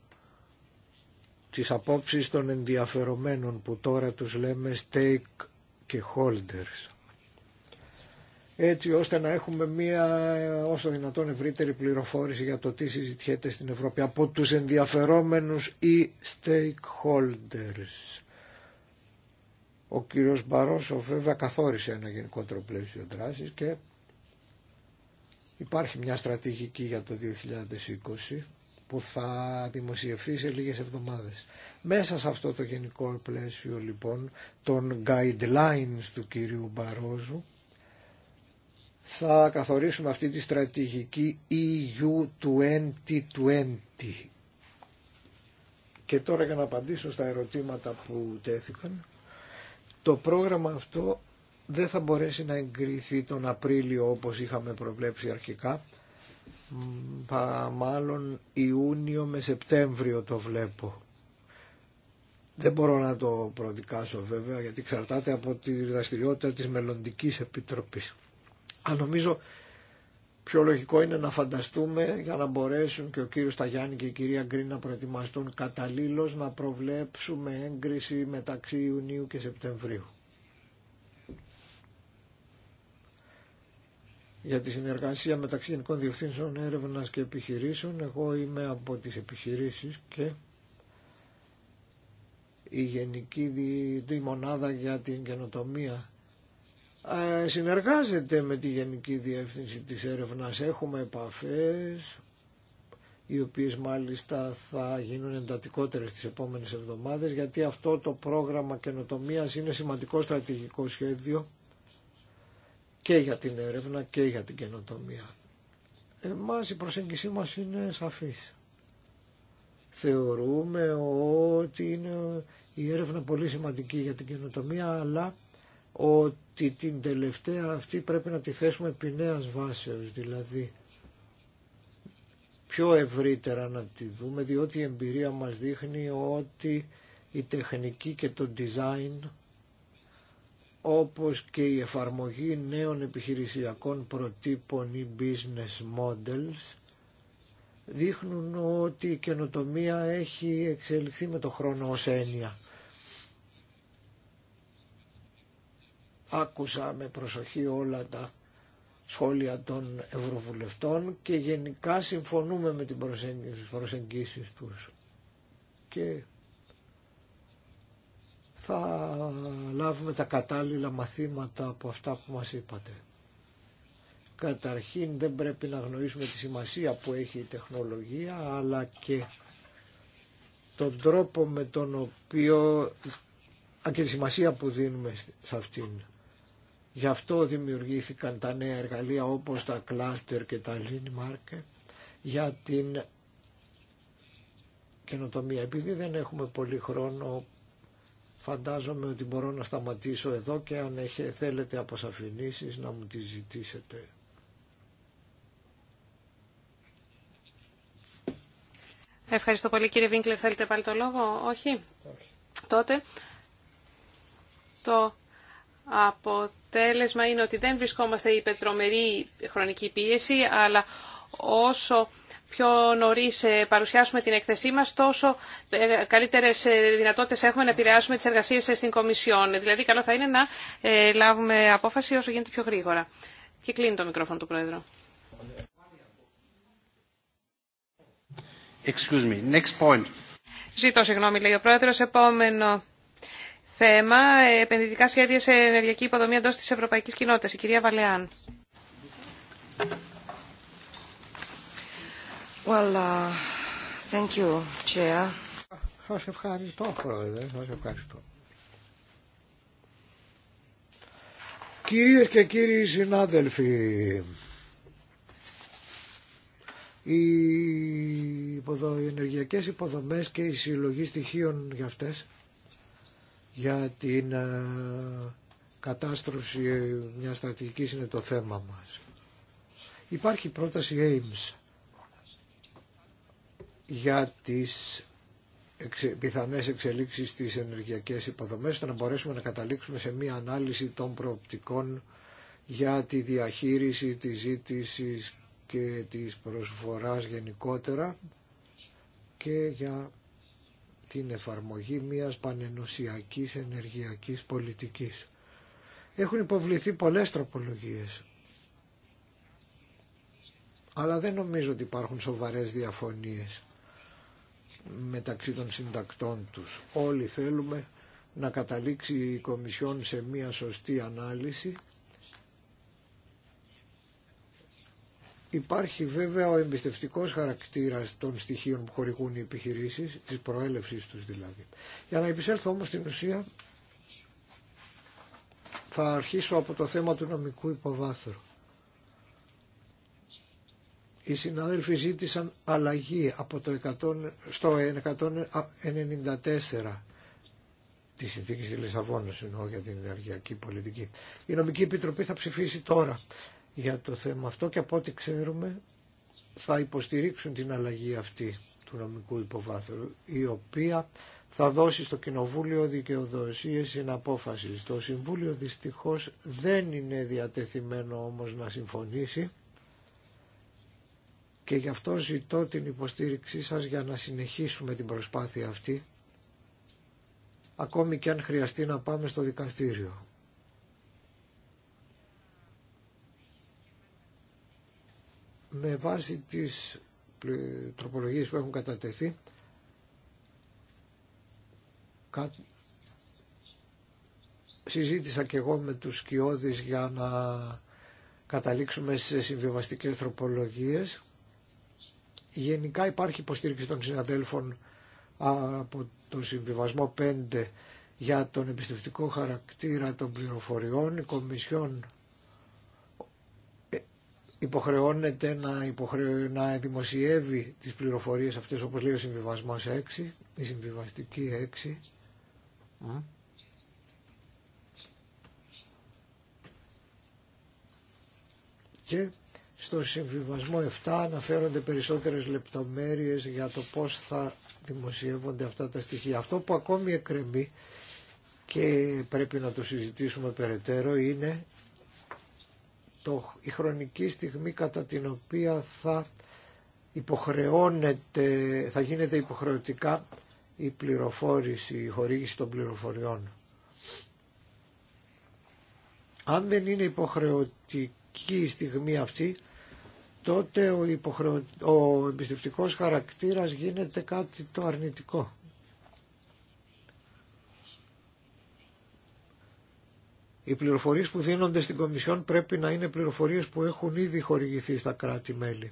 τις απόψεις των ενδιαφερομένων που τώρα τους λέμε stake και holders. Έτσι ώστε να έχουμε μία όσο δυνατόν ευρύτερη πληροφόρηση για το τι συζητιέται στην Ευρώπη από τους ενδιαφερόμενους ή stakeholders. Ο κύριος Μπαρόσο βέβαια καθόρισε ένα γενικότερο πλαίσιο δράσης και υπάρχει μια στρατηγική για το 2020 που θα δημοσιευθεί σε λίγες εβδομάδες. Μέσα σε αυτό το γενικό πλαίσιο λοιπόν των guidelines του κυρίου Μπαρόζου θα καθορίσουμε αυτή τη στρατηγική EU 2020. Και τώρα για να απαντήσω στα ερωτήματα που τέθηκαν. Το πρόγραμμα αυτό δεν θα μπορέσει να εγκριθεί τον Απρίλιο όπως είχαμε προβλέψει αρχικά. Μάλλον Ιούνιο με Σεπτέμβριο το βλέπω. Δεν μπορώ να το προδικάσω βέβαια γιατί εξαρτάται από τη δραστηριότητα της μελλοντική Επιτροπής. Αν νομίζω πιο λογικό είναι να φανταστούμε για να μπορέσουν και ο κύριος Σταγιάννη και η κυρία Γκριν να προετοιμαστούν καταλήλως να προβλέψουμε έγκριση μεταξύ Ιουνίου και Σεπτεμβρίου. Για τη συνεργασία μεταξύ Γενικών Διευθύνσεων Έρευνας και Επιχειρήσεων, εγώ είμαι από τις επιχειρήσεις και η Γενική Μονάδα για την Καινοτομία ε, συνεργάζεται με τη Γενική Διεύθυνση της Έρευνας. Έχουμε επαφές, οι οποίες μάλιστα θα γίνουν εντατικότερες τις επόμενες εβδομάδες, γιατί αυτό το πρόγραμμα καινοτομία είναι σημαντικό στρατηγικό σχέδιο και για την έρευνα και για την καινοτομία. Εμάς η προσέγγιση μας είναι σαφής. Θεωρούμε ότι είναι η έρευνα πολύ σημαντική για την καινοτομία, αλλά ότι την τελευταία αυτή πρέπει να τη θέσουμε νέας βάσεως, δηλαδή πιο ευρύτερα να τη δούμε, διότι η εμπειρία μας δείχνει ότι η τεχνική και το design όπως και η εφαρμογή νέων επιχειρησιακών προτύπων ή business models δείχνουν ότι η καινοτομία έχει εξελιχθεί με το χρόνο ως έννοια. άκουσα με προσοχή όλα τα σχόλια των Ευρωβουλευτών και γενικά συμφωνούμε με την προσεγγίσεις τους. Και θα λάβουμε τα κατάλληλα μαθήματα από αυτά που μας είπατε. Καταρχήν δεν πρέπει να γνωρίσουμε τη σημασία που έχει η τεχνολογία αλλά και τον τρόπο με τον οποίο και τη σημασία που δίνουμε σε αυτήν. Γι' αυτό δημιουργήθηκαν τα νέα εργαλεία όπως τα κλάστερ και τα lean market για την καινοτομία. Επειδή δεν έχουμε πολύ χρόνο φαντάζομαι ότι μπορώ να σταματήσω εδώ και αν θέλετε αποσαφηνήσεις να μου τις ζητήσετε. Ευχαριστώ πολύ κύριε Βίνκλερ. Θέλετε πάλι το λόγο, όχι. όχι. Τότε το από αποτέλεσμα είναι ότι δεν βρισκόμαστε υπετρομερή χρονική πίεση, αλλά όσο πιο νωρί ε, παρουσιάσουμε την έκθεσή μα, τόσο ε, καλύτερε δυνατότητε έχουμε να επηρεάσουμε τι εργασίε ε, στην Κομισιόν. Δηλαδή, καλό θα είναι να λάβουμε απόφαση όσο γίνεται πιο γρήγορα. Και κλείνει το μικρόφωνο του Πρόεδρου. Ζήτω συγγνώμη, λέει ο Πρόεδρος. Επόμενο θέμα, επενδυτικά σχέδια σε ενεργειακή υποδομή εντό τη Ευρωπαϊκή Κοινότητα. Η κυρία Βαλεάν. Well, uh, thank you, Chair. Σας ευχαριστώ, Πρόεδρε. Σα ευχαριστώ. Κυρίες και κύριοι συνάδελφοι, οι, υποδο... οι ενεργειακές υποδομές και η συλλογή στοιχείων για αυτές για την ε, κατάστρωση μια στρατηγικής είναι το θέμα μας. Υπάρχει πρόταση AIMS για τις πιθανές εξελίξεις στις ενεργειακές υποδομές ώστε να μπορέσουμε να καταλήξουμε σε μια ανάλυση των προοπτικών για τη διαχείριση της ζήτησης και της προσφοράς γενικότερα και για την εφαρμογή μιας πανενωσιακής ενεργειακής πολιτικής. Έχουν υποβληθεί πολλές τροπολογίες, αλλά δεν νομίζω ότι υπάρχουν σοβαρές διαφωνίες μεταξύ των συντακτών τους. Όλοι θέλουμε να καταλήξει η Κομισιόν σε μια σωστή ανάλυση Υπάρχει βέβαια ο εμπιστευτικός χαρακτήρας των στοιχείων που χορηγούν οι επιχειρήσεις, της προέλευσης τους δηλαδή. Για να επισέλθω όμως στην ουσία, θα αρχίσω από το θέμα του νομικού υποβάθρου. Οι συνάδελφοι ζήτησαν αλλαγή από το 100, στο 194 τη συνθήκη τη Λισαβόνα, εννοώ για την ενεργειακή πολιτική. Η νομική επιτροπή θα ψηφίσει τώρα για το θέμα αυτό και από ό,τι ξέρουμε θα υποστηρίξουν την αλλαγή αυτή του νομικού υποβάθρου η οποία θα δώσει στο Κοινοβούλιο δικαιοδοσίες απόφαση. Το Συμβούλιο δυστυχώς δεν είναι διατεθειμένο όμως να συμφωνήσει και γι' αυτό ζητώ την υποστήριξή σας για να συνεχίσουμε την προσπάθεια αυτή ακόμη και αν χρειαστεί να πάμε στο δικαστήριο. με βάση τις τροπολογίες που έχουν κατατεθεί συζήτησα και εγώ με τους σκιώδεις για να καταλήξουμε σε συμβιβαστικές τροπολογίες. Γενικά υπάρχει υποστήριξη των συναδέλφων από το συμβιβασμό 5 για τον εμπιστευτικό χαρακτήρα των πληροφοριών. Η Κομισιόν υποχρεώνεται να, υποχρεω... να δημοσιεύει τις πληροφορίες αυτές όπως λέει ο συμβιβασμός 6, η συμβιβαστική 6. Και στο συμβιβασμό 7 αναφέρονται περισσότερες λεπτομέρειες για το πώς θα δημοσιεύονται αυτά τα στοιχεία. Αυτό που ακόμη εκκρεμεί και πρέπει να το συζητήσουμε περαιτέρω είναι το, η χρονική στιγμή κατά την οποία θα υποχρεώνεται, θα γίνεται υποχρεωτικά η πληροφόρηση, η χορήγηση των πληροφοριών. Αν δεν είναι υποχρεωτική η στιγμή αυτή, τότε ο, υποχρεω... ο εμπιστευτικός χαρακτήρας γίνεται κάτι το αρνητικό. Οι πληροφορίες που δίνονται στην Κομισιόν πρέπει να είναι πληροφορίες που έχουν ήδη χορηγηθεί στα κράτη-μέλη.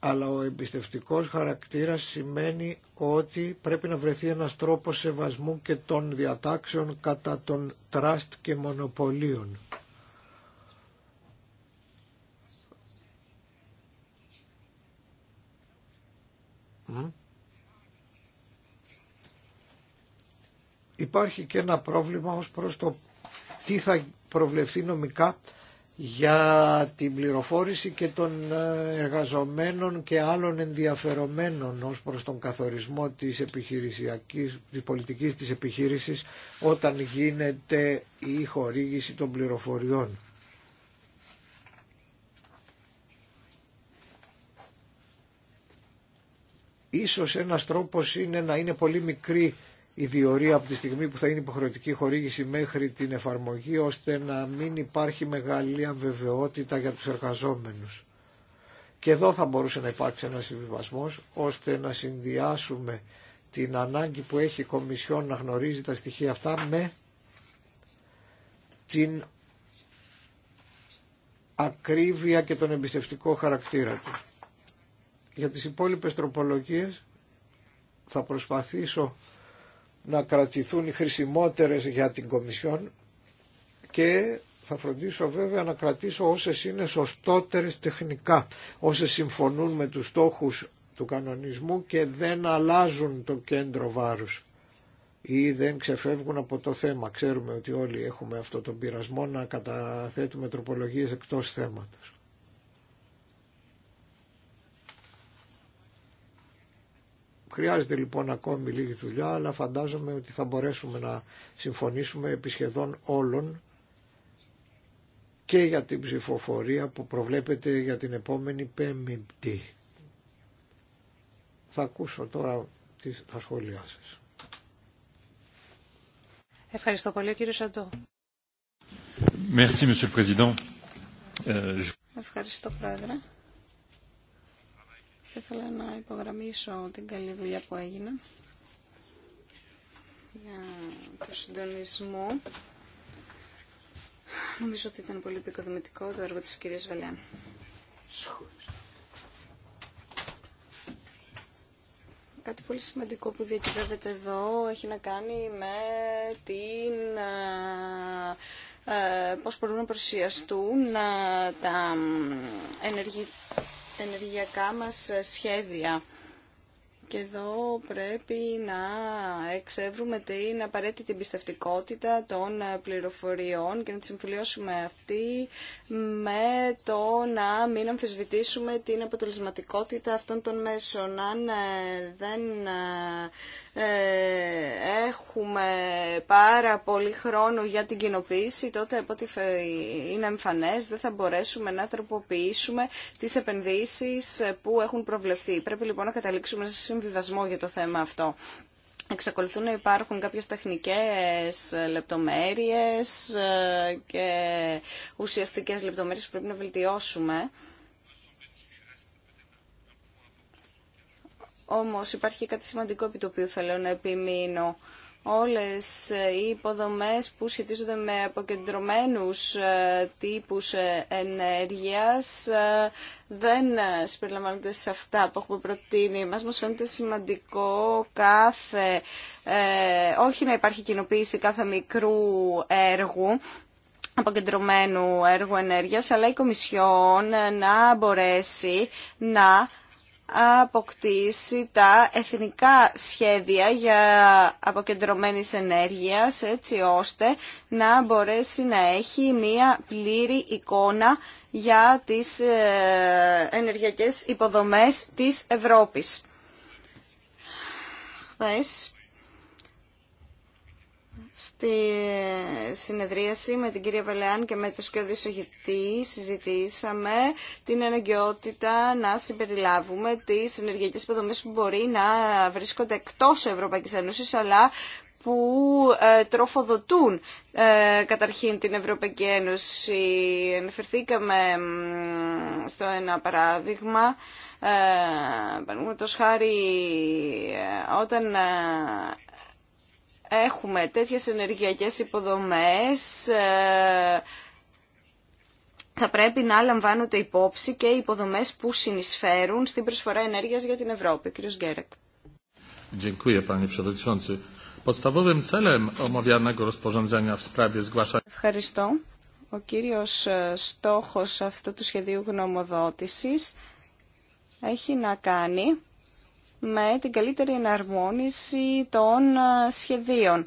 Αλλά ο εμπιστευτικός χαρακτήρας σημαίνει ότι πρέπει να βρεθεί ένας τρόπος σεβασμού και των διατάξεων κατά των τραστ και μονοπωλίων. Υπάρχει και ένα πρόβλημα ως προς το τι θα προβλεφθεί νομικά για την πληροφόρηση και των ε, εργαζομένων και άλλων ενδιαφερομένων ως προς τον καθορισμό της, επιχειρησιακής, της πολιτικής της επιχείρησης όταν γίνεται η χορήγηση των πληροφοριών. Ίσως ένας τρόπος είναι να είναι πολύ μικρή η διορία από τη στιγμή που θα είναι υποχρεωτική χορήγηση μέχρι την εφαρμογή ώστε να μην υπάρχει μεγάλη αμβεβαιότητα για τους εργαζόμενους. Και εδώ θα μπορούσε να υπάρξει ένας συμβιβασμός ώστε να συνδυάσουμε την ανάγκη που έχει η Κομισιόν να γνωρίζει τα στοιχεία αυτά με την ακρίβεια και τον εμπιστευτικό χαρακτήρα του. Για τις υπόλοιπες τροπολογίες θα προσπαθήσω να κρατηθούν οι χρησιμότερες για την Κομισιόν και θα φροντίσω βέβαια να κρατήσω όσες είναι σωστότερες τεχνικά, όσες συμφωνούν με τους στόχους του κανονισμού και δεν αλλάζουν το κέντρο βάρους ή δεν ξεφεύγουν από το θέμα. Ξέρουμε ότι όλοι έχουμε αυτό τον πειρασμό να καταθέτουμε τροπολογίες εκτός θέματος. Χρειάζεται λοιπόν ακόμη λίγη δουλειά, αλλά φαντάζομαι ότι θα μπορέσουμε να συμφωνήσουμε επί σχεδόν όλων και για την ψηφοφορία που προβλέπεται για την επόμενη πέμπτη. Θα ακούσω τώρα τα σχόλιά σας. Ευχαριστώ πολύ κύριε Σαντό. Ε, Ευχαριστώ πρόεδρε. Θα ήθελα να υπογραμμίσω την καλή δουλειά που έγινε για το συντονισμό. Νομίζω ότι ήταν πολύ επικοδομητικό το έργο της κυρίας Βελέαν. Κάτι πολύ σημαντικό που διακυβεύεται εδώ έχει να κάνει με την πώς μπορούν να παρουσιαστούν τα ενεργή ενεργειακά μας ε, σχέδια. Και εδώ πρέπει να εξεύρουμε την απαραίτητη εμπιστευτικότητα των πληροφοριών και να τη συμφιλιώσουμε αυτή με το να μην αμφισβητήσουμε την αποτελεσματικότητα αυτών των μέσων. Αν ε, δεν ε, έχουμε πάρα πολύ χρόνο για την κοινοποίηση, τότε από είναι εμφανές δεν θα μπορέσουμε να τροποποιήσουμε τις επενδύσεις που έχουν προβλεφθεί. Πρέπει λοιπόν να καταλήξουμε σε διδασμό για το θέμα αυτό. Εξακολουθούν να υπάρχουν κάποιες τεχνικές λεπτομέρειες ε, και ουσιαστικές λεπτομέρειες που πρέπει να βελτιώσουμε. Όμως υπάρχει κάτι σημαντικό επί το οποίο θέλω να επιμείνω όλες οι υποδομές που σχετίζονται με αποκεντρωμένους ε, τύπους ε, ενέργειας ε, δεν συμπεριλαμβάνονται σε αυτά που έχουμε προτείνει. Μας μας φαίνεται σημαντικό κάθε, όχι να υπάρχει κοινοποίηση κάθε μικρού έργου, αποκεντρωμένου έργου ενέργειας, αλλά η Κομισιόν να μπορέσει να αποκτήσει τα εθνικά σχέδια για αποκεντρωμένης ενέργειας έτσι ώστε να μπορέσει να έχει μία πλήρη εικόνα για τις ε, ενεργειακές υποδομές της Ευρώπης. Χθες Στη συνεδρίαση με την κυρία Βελεάν και με το σκιώδη σογητή συζητήσαμε την αναγκαιότητα να συμπεριλάβουμε τις ενεργειακές υποδομές που μπορεί να βρίσκονται εκτός Ευρωπαϊκής Ένωσης αλλά που ε, τροφοδοτούν ε, καταρχήν την Ευρωπαϊκή Ένωση. Ενφερθήκαμε στο ένα παράδειγμα, ε, χάρη ε, όταν έχουμε τέτοιες ενεργειακές υποδομές, ε, θα πρέπει να λαμβάνονται υπόψη και οι υποδομές που συνεισφέρουν στην προσφορά ενέργειας για την Ευρώπη. Κ. Γκέρεκ. Ευχαριστώ. Ο κύριος ε, στόχος αυτού του σχεδίου γνωμοδότησης έχει να κάνει με την καλύτερη εναρμόνιση των ε, σχεδίων.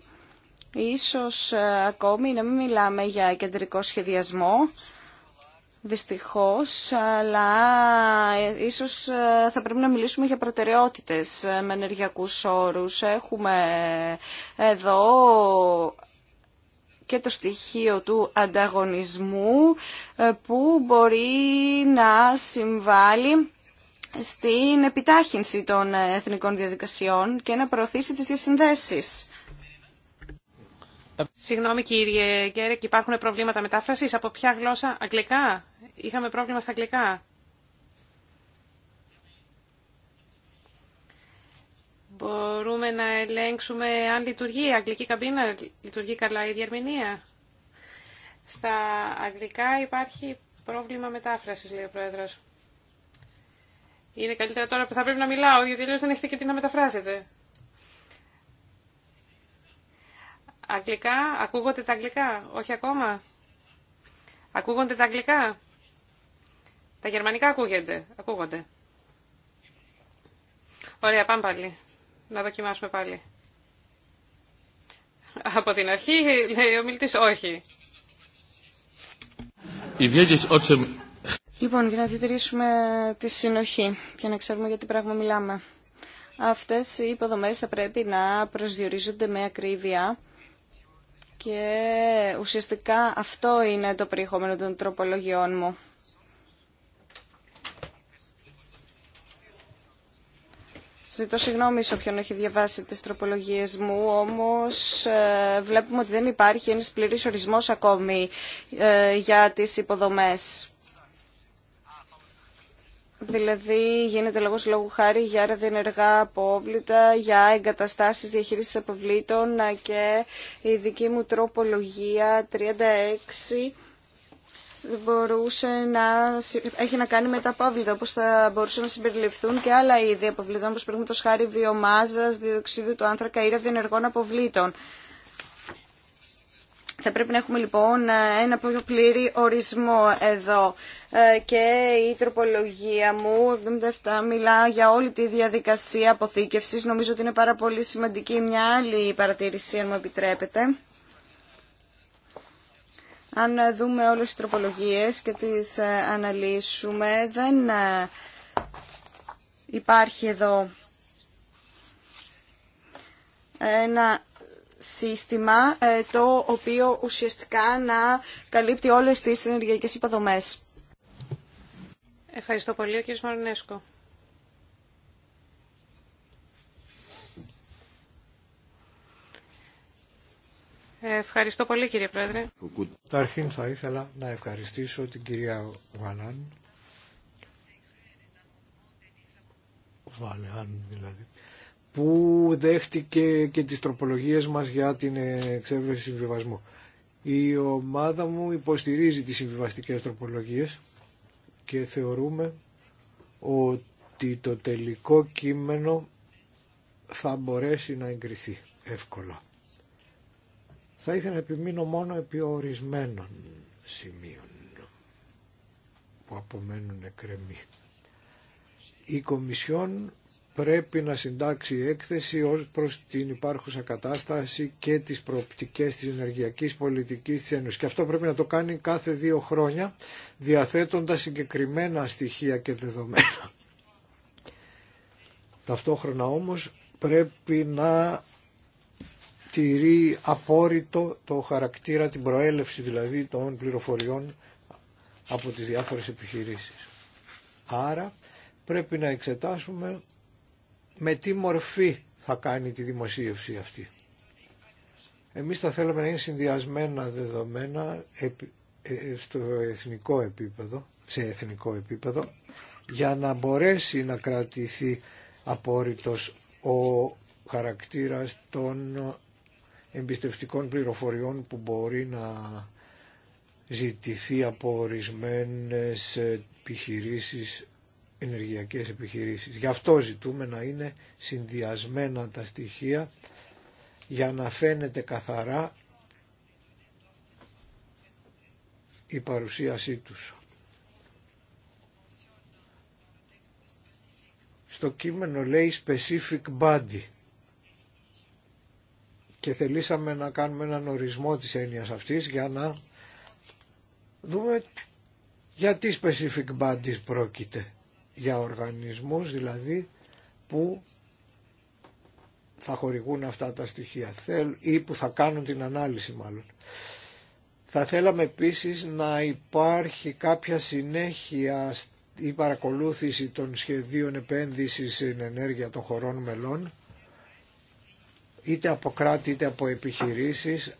Ίσως ε, ακόμη να μην μιλάμε για κεντρικό σχεδιασμό, δυστυχώς, αλλά ε, ίσως θα πρέπει να μιλήσουμε για προτεραιότητες με ενεργειακούς όρους. Έχουμε εδώ και το στοιχείο του ανταγωνισμού που μπορεί να συμβάλλει στην επιτάχυνση των εθνικών διαδικασιών και να προωθήσει τις διασυνδέσεις. Συγγνώμη κύριε Γκέρεκ, υπάρχουν προβλήματα μετάφρασης. Από ποια γλώσσα, αγγλικά, είχαμε πρόβλημα στα αγγλικά. Μπορούμε να ελέγξουμε αν λειτουργεί η αγγλική καμπίνα, λειτουργεί καλά η διερμηνία. Στα αγγλικά υπάρχει πρόβλημα μετάφρασης, λέει ο Πρόεδρος. Είναι καλύτερα τώρα που θα πρέπει να μιλάω, γιατί αλλιώ δεν έχετε και τι να μεταφράσετε. Αγγλικά, ακούγονται τα αγγλικά, όχι ακόμα. Ακούγονται τα αγγλικά. Τα γερμανικά ακούγεται, ακούγονται. Ωραία, πάμε πάλι. Να δοκιμάσουμε πάλι. Από την αρχή λέει ο μιλητής όχι. Λοιπόν, για να διατηρήσουμε τη συνοχή και να ξέρουμε για τι πράγμα μιλάμε. Αυτές οι υποδομές θα πρέπει να προσδιορίζονται με ακρίβεια και ουσιαστικά αυτό είναι το περιεχόμενο των τροπολογιών μου. Ζητώ συγγνώμη σε όποιον έχει διαβάσει τις τροπολογίες μου, όμως ε, βλέπουμε ότι δεν υπάρχει ένας πλήρης ορισμός ακόμη ε, για τις υποδομές Δηλαδή γίνεται λόγος λόγου χάρη για ραδιενεργά απόβλητα, για εγκαταστάσεις διαχείρισης αποβλήτων και η δική μου τροπολογία 36 μπορούσε να έχει να κάνει με τα απόβλητα, όπως θα μπορούσαν να συμπεριληφθούν και άλλα είδη αποβλήτων, όπως το χάρη βιομάζας, διοξίδου του άνθρακα ή ραδιενεργών αποβλήτων. Θα πρέπει να έχουμε λοιπόν ένα πολύ πλήρη ορισμό εδώ. Ε, και η τροπολογία μου 77 μιλά για όλη τη διαδικασία αποθήκευσης. Νομίζω ότι είναι πάρα πολύ σημαντική μια άλλη παρατήρηση, αν μου επιτρέπετε. Αν δούμε όλες τις τροπολογίες και τις ε, αναλύσουμε, δεν ε, υπάρχει εδώ ένα σύστημα ε, το οποίο ουσιαστικά να καλύπτει όλες τις ενεργειακές υποδομές. Ευχαριστώ πολύ, κύριε Μαρνέσκο Ευχαριστώ πολύ κύριε Πρόεδρε. Καταρχήν θα ήθελα να ευχαριστήσω την κυρία Βαλάν, Βαλάν δηλαδή, που δέχτηκε και τις τροπολογίες μας για την εξέβρεση συμβιβασμού. Η ομάδα μου υποστηρίζει τις συμβιβαστικές τροπολογίες και θεωρούμε ότι το τελικό κείμενο θα μπορέσει να εγκριθεί εύκολα. Θα ήθελα να επιμείνω μόνο επί ορισμένων σημείων που απομένουν εκρεμή. Η Κομισιόν πρέπει να συντάξει έκθεση ως προς την υπάρχουσα κατάσταση και τις προοπτικές της ενεργειακής πολιτικής της Ένωσης. Και αυτό πρέπει να το κάνει κάθε δύο χρόνια διαθέτοντας συγκεκριμένα στοιχεία και δεδομένα. Ταυτόχρονα όμως πρέπει να τηρεί απόρριτο το χαρακτήρα, την προέλευση δηλαδή των πληροφοριών από τις διάφορες επιχειρήσεις. Άρα πρέπει να εξετάσουμε με τι μορφή θα κάνει τη δημοσίευση αυτή. Εμείς θα θέλαμε να είναι συνδυασμένα δεδομένα ε, ε, στο εθνικό επίπεδο, σε εθνικό επίπεδο, για να μπορέσει να κρατηθεί απόρριτος ο χαρακτήρας των εμπιστευτικών πληροφοριών που μπορεί να ζητηθεί από ορισμένε επιχειρήσεις ενεργειακές επιχειρήσεις. Γι' αυτό ζητούμε να είναι συνδυασμένα τα στοιχεία για να φαίνεται καθαρά η παρουσίασή τους. Στο κείμενο λέει specific body και θελήσαμε να κάνουμε έναν ορισμό της έννοιας αυτής για να δούμε γιατί specific bodies πρόκειται για οργανισμούς δηλαδή που θα χορηγούν αυτά τα στοιχεία ή που θα κάνουν την ανάλυση μάλλον. Θα θέλαμε επίσης να υπάρχει κάποια συνέχεια ή παρακολούθηση των σχεδίων επένδυσης στην ενέργεια των χωρών μελών είτε από κράτη είτε από επιχειρήσεις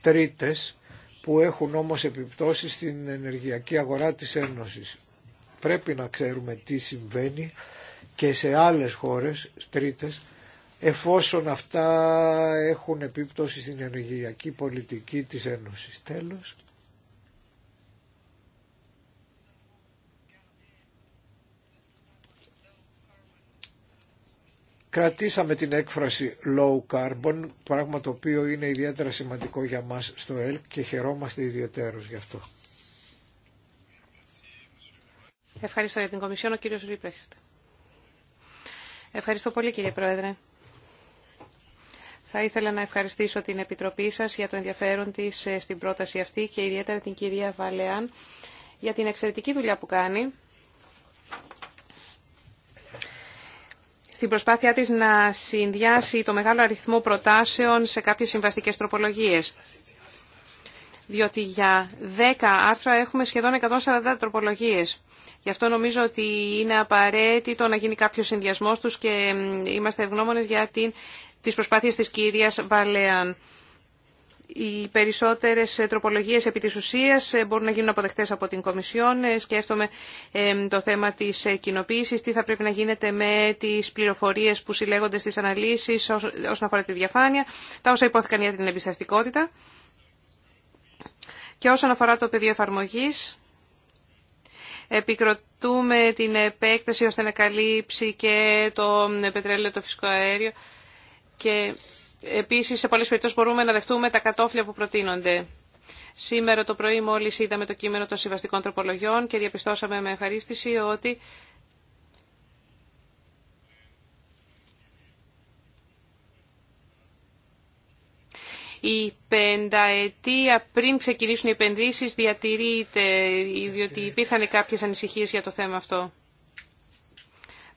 τρίτες που έχουν όμως επιπτώσεις στην ενεργειακή αγορά της Ένωσης πρέπει να ξέρουμε τι συμβαίνει και σε άλλες χώρες, τρίτες, εφόσον αυτά έχουν επίπτωση στην ενεργειακή πολιτική της Ένωσης. Τέλος. Κρατήσαμε την έκφραση low carbon, πράγμα το οποίο είναι ιδιαίτερα σημαντικό για μας στο ΕΛΚ και χαιρόμαστε ιδιαίτερως γι' αυτό. Ευχαριστώ για την Κομισιόν, ο κύριος Ρίπρεχτ. Ευχαριστώ πολύ κύριε Πρόεδρε. Θα ήθελα να ευχαριστήσω την Επιτροπή σας για το ενδιαφέρον της ε, στην πρόταση αυτή και ιδιαίτερα την κυρία Βαλεάν για την εξαιρετική δουλειά που κάνει στην προσπάθειά της να συνδυάσει το μεγάλο αριθμό προτάσεων σε κάποιες συμβαστικές τροπολογίες. Διότι για 10 άρθρα έχουμε σχεδόν 140 τροπολογίες. Γι' αυτό νομίζω ότι είναι απαραίτητο να γίνει κάποιο συνδυασμό τους και είμαστε ευγνώμονες για την, τις προσπάθειες της κυρίας Βαλέαν. Οι περισσότερε τροπολογίε επί τη ουσία ε, μπορούν να γίνουν αποδεκτές από την Κομισιόν. Ε, σκέφτομαι ε, το θέμα τη κοινοποίηση, τι θα πρέπει να γίνεται με τι πληροφορίε που συλλέγονται στι αναλύσει όσον αφορά τη διαφάνεια, τα όσα υπόθηκαν για την εμπιστευτικότητα. Και όσον αφορά το πεδίο εφαρμογής, επικροτούμε την επέκταση ώστε να καλύψει και το πετρέλαιο, το φυσικό αέριο και επίσης σε πολλές περιπτώσεις μπορούμε να δεχτούμε τα κατόφλια που προτείνονται. Σήμερα το πρωί μόλις είδαμε το κείμενο των συμβαστικών τροπολογιών και διαπιστώσαμε με ευχαρίστηση ότι Η πενταετία πριν ξεκινήσουν οι επενδύσεις διατηρείται, διότι υπήρχαν κάποιες ανησυχίες για το θέμα αυτό.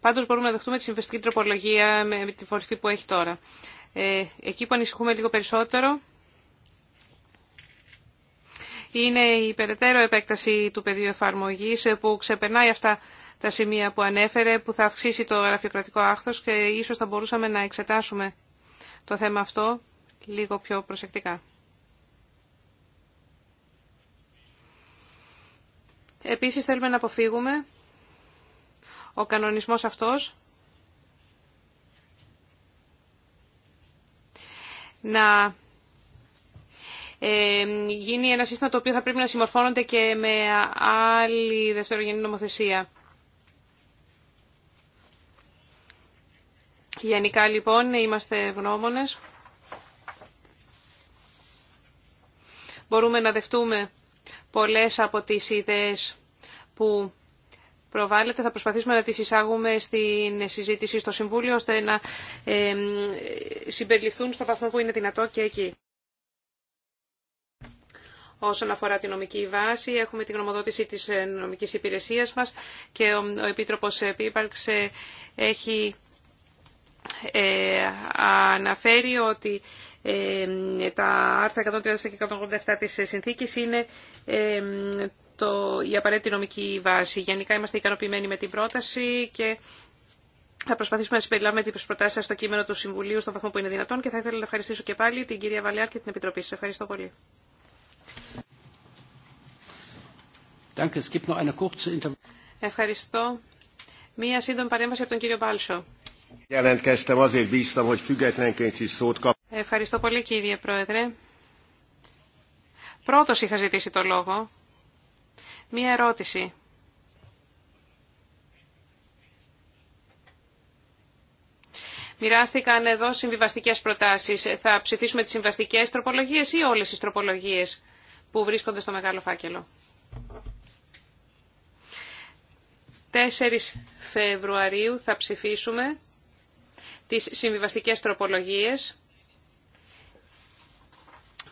Πάντως μπορούμε να δεχτούμε τη συμβεστική τροπολογία με τη φορφή που έχει τώρα. Ε, εκεί που ανησυχούμε λίγο περισσότερο είναι η περαιτέρω επέκταση του πεδίου εφαρμογής ε, που ξεπερνάει αυτά τα σημεία που ανέφερε, που θα αυξήσει το γραφειοκρατικό άχθος και ίσως θα μπορούσαμε να εξετάσουμε το θέμα αυτό λίγο πιο προσεκτικά. Επίσης θέλουμε να αποφύγουμε ο κανονισμός αυτός να ε, γίνει ένα σύστημα το οποίο θα πρέπει να συμμορφώνονται και με άλλη δευτερογενή νομοθεσία. Γενικά λοιπόν είμαστε ευγνώμονες. Μπορούμε να δεχτούμε πολλές από τις ιδέες που προβάλλεται. Θα προσπαθήσουμε να τις εισάγουμε στην συζήτηση στο Συμβούλιο, ώστε να συμπεριληφθούν στο βαθμό που είναι δυνατό και εκεί. Όσον αφορά τη νομική βάση, έχουμε την γνωμοδότηση της νομικής υπηρεσίας μας και ο, ο Επίτροπος Πίπαρξ έχει ε, αναφέρει ότι ε, τα άρθρα 137 και 187 της συνθήκης είναι ε, το, η απαραίτητη νομική βάση. Γενικά είμαστε ικανοποιημένοι με την πρόταση και θα προσπαθήσουμε να συμπεριλάβουμε τι προτάσει στο κείμενο του Συμβουλίου στον βαθμό που είναι δυνατόν και θα ήθελα να ευχαριστήσω και πάλι την κυρία Βαλιάρ και την Επιτροπή. Σας ευχαριστώ πολύ. Ευχαριστώ. Μία σύντομη παρέμβαση από τον κύριο Μπάλσο. Ευχαριστώ πολύ κύριε Πρόεδρε. Πρώτος είχα ζητήσει το λόγο. Μία ερώτηση. Μοιράστηκαν εδώ συμβιβαστικές προτάσεις. Θα ψηφίσουμε τις συμβαστικές τροπολογίες ή όλες τις τροπολογίες που βρίσκονται στο μεγάλο φάκελο. 4 Φεβρουαρίου θα ψηφίσουμε τις συμβιβαστικές τροπολογίες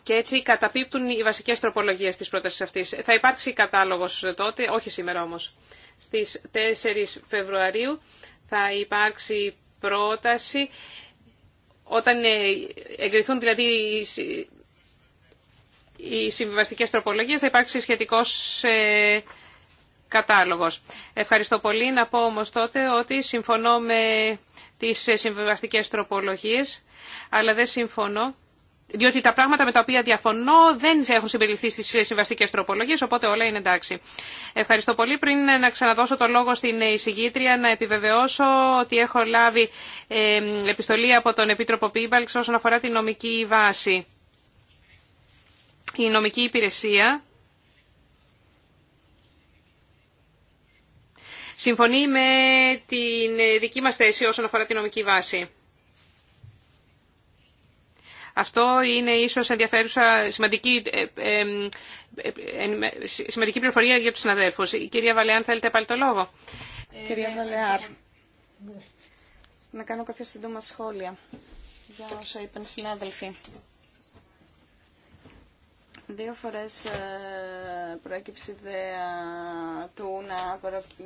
και έτσι καταπίπτουν οι βασικές τροπολογίες της πρότασης αυτής. Θα υπάρξει κατάλογος τότε, όχι σήμερα όμως. Στις 4 Φεβρουαρίου θα υπάρξει πρόταση όταν ε, εγκριθούν δηλαδή οι συμβιβαστικές τροπολογίες θα υπάρξει σχετικός ε, κατάλογος. Ευχαριστώ πολύ. Να πω όμως τότε ότι συμφωνώ με τις ε, συμβιβαστικέ τροπολογίες, αλλά δεν συμφωνώ, διότι τα πράγματα με τα οποία διαφωνώ δεν έχουν συμπεριληφθεί στις ε, συμβαστικές τροπολογίες, οπότε όλα είναι εντάξει. Ευχαριστώ πολύ. Πριν ε, να ξαναδώσω το λόγο στην εισηγήτρια, να επιβεβαιώσω ότι έχω λάβει επιστολή από τον Επίτροπο Πίμπαλξ όσον αφορά τη νομική βάση. Η νομική υπηρεσία συμφωνεί με την δική μας θέση όσον αφορά τη νομική βάση. Αυτό είναι ίσως ενδιαφέρουσα σημαντική, ε, ε, ε, ε πληροφορία για τους συναδέλφους. Η κυρία Βαλεάν, θέλετε πάλι το λόγο. Κυρία Βαλεάρ, να κάνω κάποια σύντομα σχόλια για όσα είπαν συνάδελφοι. Δύο φορές ε, προέκυψε ιδέα του να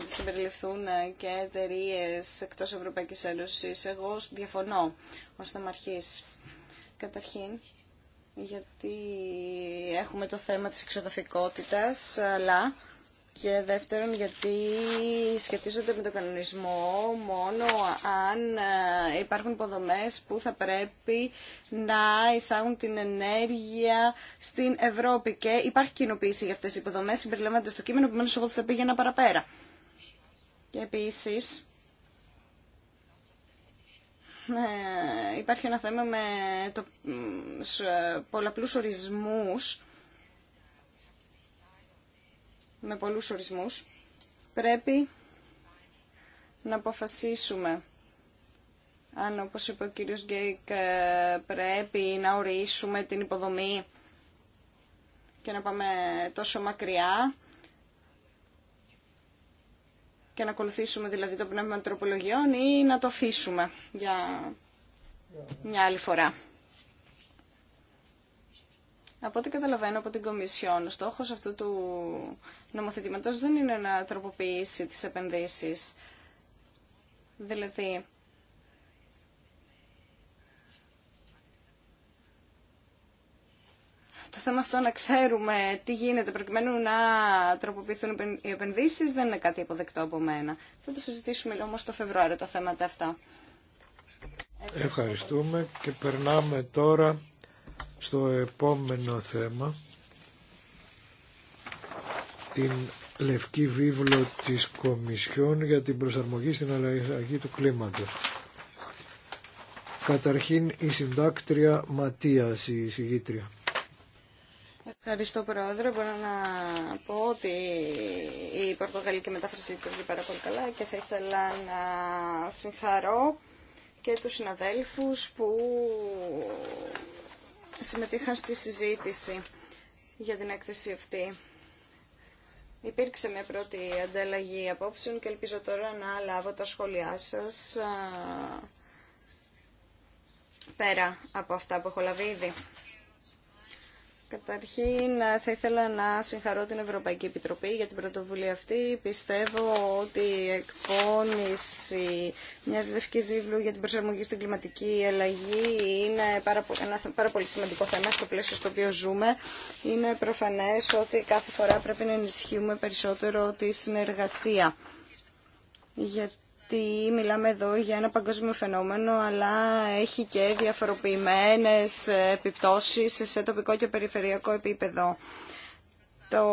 συμπεριληφθούν ε, και εταιρείε εκτός Ευρωπαϊκής Ένωσης. Εγώ διαφωνώ ως θεμαρχής. Καταρχήν, γιατί έχουμε το θέμα της εξοδοφικότητας, αλλά και δεύτερον γιατί σχετίζονται με τον κανονισμό μόνο αν ε, υπάρχουν υποδομές που θα πρέπει να εισάγουν την ενέργεια στην Ευρώπη και υπάρχει κοινοποίηση για αυτές οι υποδομές συμπεριλαμβάνονται στο κείμενο που εγώ θα πήγαινα παραπέρα. Και επίσης ε, υπάρχει ένα θέμα με το, ε, πολλαπλούς ορισμούς με πολλούς ορισμούς, πρέπει να αποφασίσουμε αν, όπως είπε ο κύριος Γκέικ, ε, πρέπει να ορίσουμε την υποδομή και να πάμε τόσο μακριά και να ακολουθήσουμε δηλαδή το πνεύμα τροπολογιών ή να το αφήσουμε για μια άλλη φορά. Από ό,τι καταλαβαίνω από την Κομισιόν, ο στόχο αυτού του νομοθετηματό δεν είναι να τροποποιήσει τις επενδύσεις. Δηλαδή, το θέμα αυτό να ξέρουμε τι γίνεται προκειμένου να τροποποιηθούν οι επενδύσεις δεν είναι κάτι αποδεκτό από μένα. Θα το συζητήσουμε λοιπόν, όμως το Φεβρουάριο τα θέματα αυτά. Ευχαριστούμε και περνάμε τώρα στο επόμενο θέμα την λευκή βίβλο της Κομισιόν για την προσαρμογή στην αλλαγή του κλίματος. Καταρχήν η συντάκτρια Ματίας, η συγγήτρια. Ευχαριστώ Πρόεδρε. Μπορώ να πω ότι η πορτογαλική μετάφραση λειτουργεί πάρα πολύ καλά και θα ήθελα να συγχαρώ και τους συναδέλφους που συμμετείχαν στη συζήτηση για την έκθεση αυτή. Υπήρξε μια πρώτη ανταλλαγή απόψεων και ελπίζω τώρα να λάβω τα σχόλιά σας πέρα από αυτά που έχω λάβει ήδη. Καταρχήν θα ήθελα να συγχαρώ την Ευρωπαϊκή Επιτροπή για την πρωτοβουλία αυτή. Πιστεύω ότι η εκπόνηση μιας λευκής δίβλου για την προσαρμογή στην κλιματική αλλαγή είναι πάρα, ένα πάρα πολύ σημαντικό θέμα στο πλαίσιο στο οποίο ζούμε. Είναι προφανές ότι κάθε φορά πρέπει να ενισχύουμε περισσότερο τη συνεργασία ότι μιλάμε εδώ για ένα παγκόσμιο φαινόμενο, αλλά έχει και διαφοροποιημένες επιπτώσεις σε τοπικό και περιφερειακό επίπεδο. Το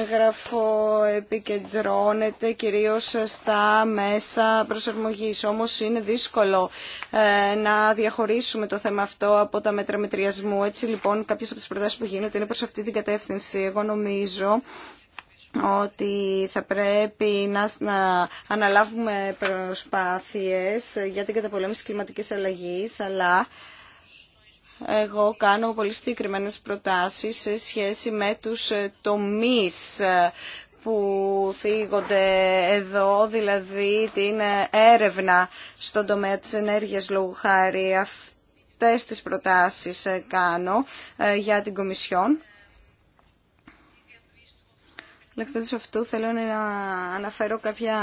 έγγραφο επικεντρώνεται κυρίως στα μέσα προσαρμογής, όμως είναι δύσκολο ε, να διαχωρίσουμε το θέμα αυτό από τα μέτρα μετριασμού. Έτσι λοιπόν κάποιες από τις προτάσεις που γίνονται είναι προς αυτή την κατεύθυνση. Εγώ νομίζω ότι θα πρέπει να, αναλάβουμε προσπάθειες για την καταπολέμηση κλιματικής αλλαγής, αλλά εγώ κάνω πολύ συγκεκριμένε προτάσεις σε σχέση με τους ε, τομείς ε, που φύγονται εδώ, δηλαδή την ε, έρευνα στον τομέα της ενέργειας λόγου χάρη. Αυτές τις προτάσεις κάνω για την Κομισιόν σε αυτού θέλω να αναφέρω κάποια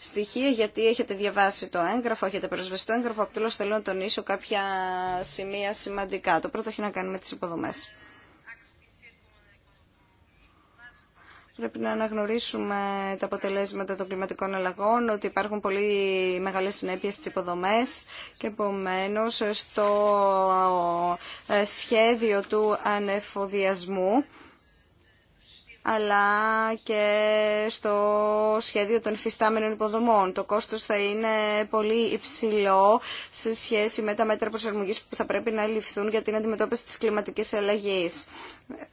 στοιχεία γιατί έχετε διαβάσει το έγγραφο, έχετε προσβεστεί το έγγραφο, απλώς θέλω να τονίσω κάποια σημεία σημαντικά. Το πρώτο έχει να κάνει με τις υποδομές. Πρέπει να αναγνωρίσουμε τα αποτελέσματα των κλιματικών αλλαγών, ότι υπάρχουν πολύ μεγάλες συνέπειες στις υποδομές και επομένως στο ε, σχέδιο του ανεφοδιασμού αλλά και στο σχέδιο των υφιστάμενων υποδομών. Το κόστος θα είναι πολύ υψηλό σε σχέση με τα μέτρα προσαρμογής που θα πρέπει να ληφθούν για την αντιμετώπιση της κλιματικής αλλαγής.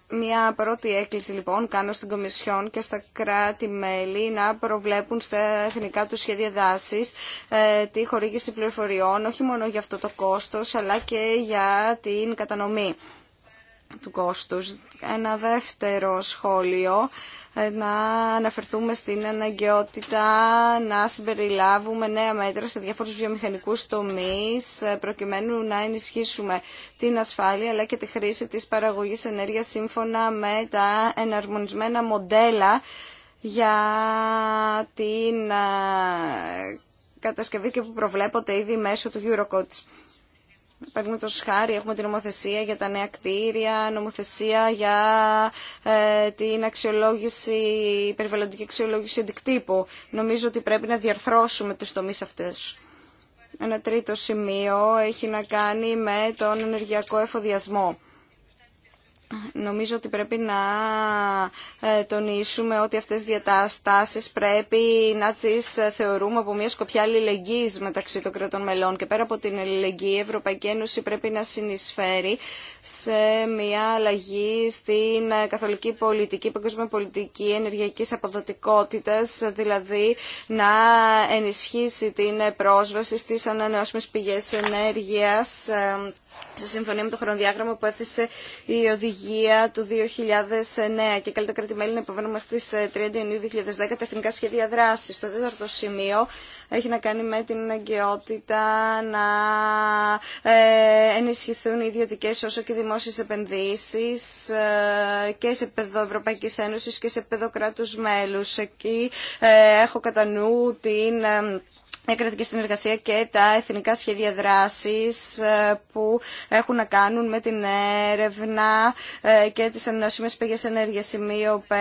Μια πρώτη έκκληση λοιπόν κάνω στην Κομισιόν και στα κράτη-μέλη να προβλέπουν στα εθνικά του σχέδια δάση ε, τη χορήγηση πληροφοριών όχι μόνο για αυτό το κόστος αλλά και για την κατανομή του κόστους. Ένα δεύτερο σχόλιο, ε, να αναφερθούμε στην αναγκαιότητα να συμπεριλάβουμε νέα μέτρα σε διάφορους βιομηχανικούς τομείς, ε, προκειμένου να ενισχύσουμε την ασφάλεια αλλά και τη χρήση της παραγωγής ενέργειας σύμφωνα με τα εναρμονισμένα μοντέλα για την ε, κατασκευή και που προβλέπονται ήδη μέσω του Eurocodes. Παραδείγματο χάρη έχουμε την νομοθεσία για τα νέα κτίρια, νομοθεσία για ε, την αξιολόγηση, περιβαλλοντική αξιολόγηση αντικτύπου. Νομίζω ότι πρέπει να διαρθρώσουμε τους τομείς αυτές. Ένα τρίτο σημείο έχει να κάνει με τον ενεργειακό εφοδιασμό. Νομίζω ότι πρέπει να ε, τονίσουμε ότι αυτές οι διατάστασεις πρέπει να τις ε, θεωρούμε από μια σκοπιά αλληλεγγύης μεταξύ των κρατών μελών και πέρα από την αλληλεγγύη η Ευρωπαϊκή Ένωση πρέπει να συνεισφέρει σε μια αλλαγή στην ε, καθολική πολιτική, παγκόσμια πολιτική ενεργειακής αποδοτικότητας, δηλαδή να ενισχύσει την πρόσβαση στις ανανεώσιμες πηγές ενέργειας σε συμφωνία με το χρονοδιάγραμμα που έθεσε η οδηγία του 2009 και καλύτερα κρατημέλη μελη να υποβαίνουν μέχρι τις 30 ε, Ιουνίου 2010 τα εθνικά σχέδια δράσης. Το τέταρτο σημείο έχει να κάνει με την αγκαιότητα να ε, ενισχυθούν οι ιδιωτικέ όσο και οι δημόσιες επενδύσεις ε, και σε επίπεδο ευρωπαϊκή Ένωσης και σε επίπεδο κράτους μέλους. Εκεί έχω κατά νου την η κρατική συνεργασία και τα εθνικά σχέδια δράσης ε, που έχουν να κάνουν με την έρευνα ε, και τις ανανεώσιμες πηγές ενέργειας. Σημείο 5.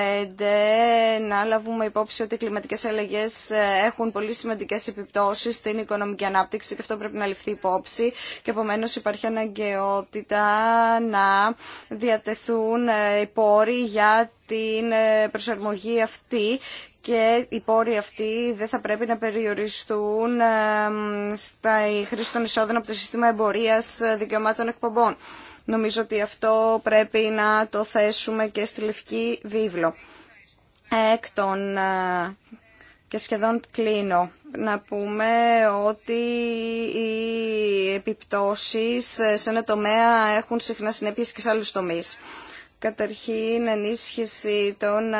Να λάβουμε υπόψη ότι οι κλιματικές αλλαγές ε, έχουν πολύ σημαντικές επιπτώσεις στην οικονομική ανάπτυξη και αυτό πρέπει να ληφθεί υπόψη και επομένω υπάρχει αναγκαιότητα να διατεθούν οι πόροι για την προσαρμογή αυτή και οι πόροι αυτοί δεν θα πρέπει να περιοριστούν ε, στα χρήση των εισόδων από το σύστημα εμπορίας ε, δικαιωμάτων εκπομπών. Νομίζω ότι αυτό πρέπει να το θέσουμε και στη Λευκή Βίβλο. Έκτον ε, και σχεδόν κλείνω. Να πούμε ότι οι επιπτώσεις σε ένα τομέα έχουν συχνά συνέπειες και σε άλλους τομείς. Καταρχήν, ενίσχυση των